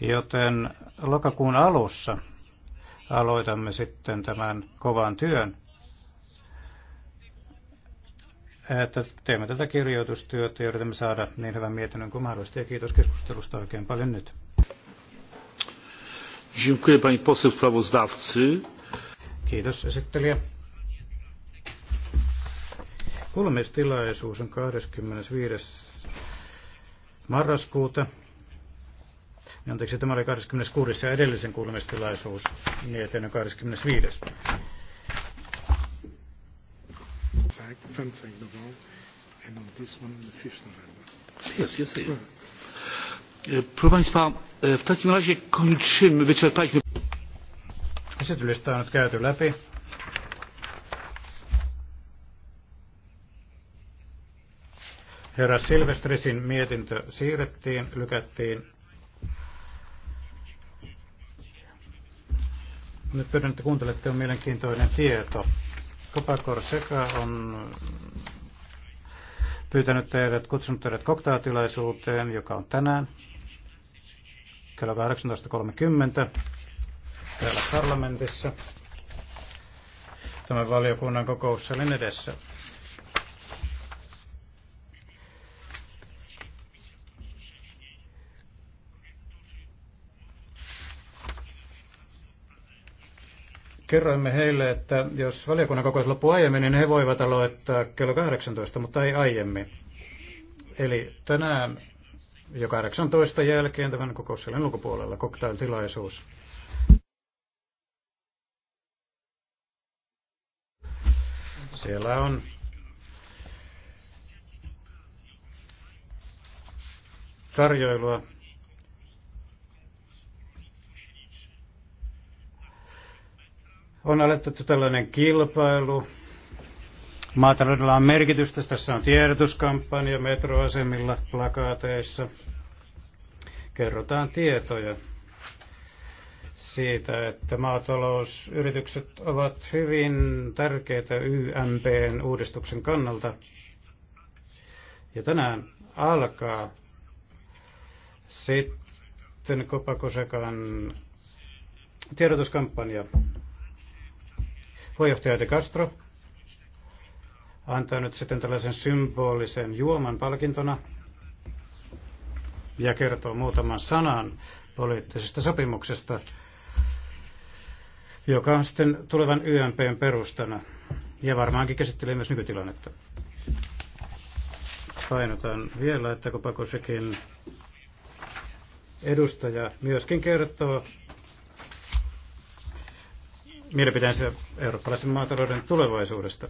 Speaker 1: Joten lokakuun alussa aloitamme sitten tämän kovan työn, että teemme tätä kirjoitustyötä ja yritämme saada niin hyvän mietinnön kuin mahdollista. Ja kiitos keskustelusta oikein paljon nyt.
Speaker 2: Dziękuję pani poseł sprawozdawcy. Kiitos
Speaker 1: esittelijä. Kuulemistilaisuus on 25. marraskuuta niin, anteeksi, tämä oli 26. ja edellisen kuulemistilaisuus, mietinnä niin 25.
Speaker 2: Proszę Państwa, w takim razie kończymy, wyczerpaliśmy.
Speaker 1: Esitystä on nyt käyty läpi. Herra Silvestresin mietintö siirrettiin, lykättiin Nyt pyydän, että kuuntelette, on mielenkiintoinen tieto. Kopakor Seka on pyytänyt teidät, kutsunut teidät koktaatilaisuuteen, joka on tänään kello 18.30 täällä parlamentissa tämän valiokunnan kokoussalin edessä. Kerroimme heille, että jos valiokunnan kokous loppuu aiemmin, niin he voivat aloittaa kello 18, mutta ei aiemmin. Eli tänään jo 18 jälkeen tämän kokouksen ulkopuolella cocktailtilaisuus. Siellä on tarjoilua On alettu tällainen kilpailu. Maataloudella on merkitystä. Tässä on tiedotuskampanja metroasemilla, plakaateissa. Kerrotaan tietoja siitä, että maatalousyritykset ovat hyvin tärkeitä YMPn uudistuksen kannalta. Ja tänään alkaa sitten Kopakosekan tiedotuskampanja Puheenjohtaja De Castro antaa nyt sitten tällaisen symbolisen juoman palkintona ja kertoo muutaman sanan poliittisesta sopimuksesta, joka on sitten tulevan YMPn perustana ja varmaankin käsittelee myös nykytilannetta. Painotan vielä, että Kopakosekin edustaja myöskin kertoo
Speaker 3: mielipiteensä eurooppalaisen maatalouden tulevaisuudesta.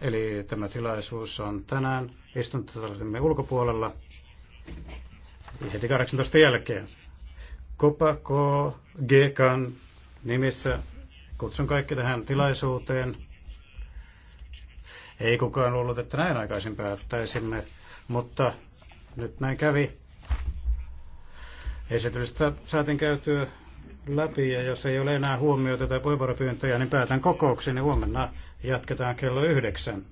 Speaker 1: Eli tämä tilaisuus on tänään istuntotalotemme ulkopuolella heti 18 jälkeen. Kopa K. kan, nimissä kutsun kaikki tähän tilaisuuteen. Ei kukaan ollut, että näin aikaisin päättäisimme, mutta nyt näin kävi. Esitystä saatiin käytyä läpi ja jos ei ole enää huomioita tai puheenvuoropyyntöjä, niin päätän kokoukseni. Huomenna jatketaan kello yhdeksän.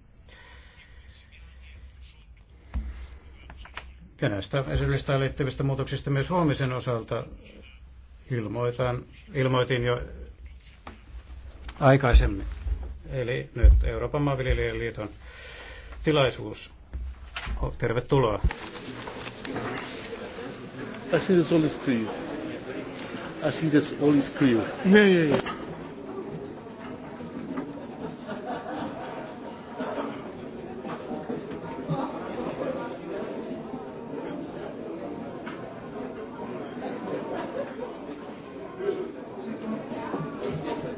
Speaker 1: Ja näistä esityslistaan liittyvistä muutoksista myös huomisen osalta ilmoitan, ilmoitin jo aikaisemmin. Eli nyt Euroopan maanviljelijän liiton tilaisuus. Tervetuloa. I think that's all is clear. I think that's is clear. Yeah, yeah, yeah.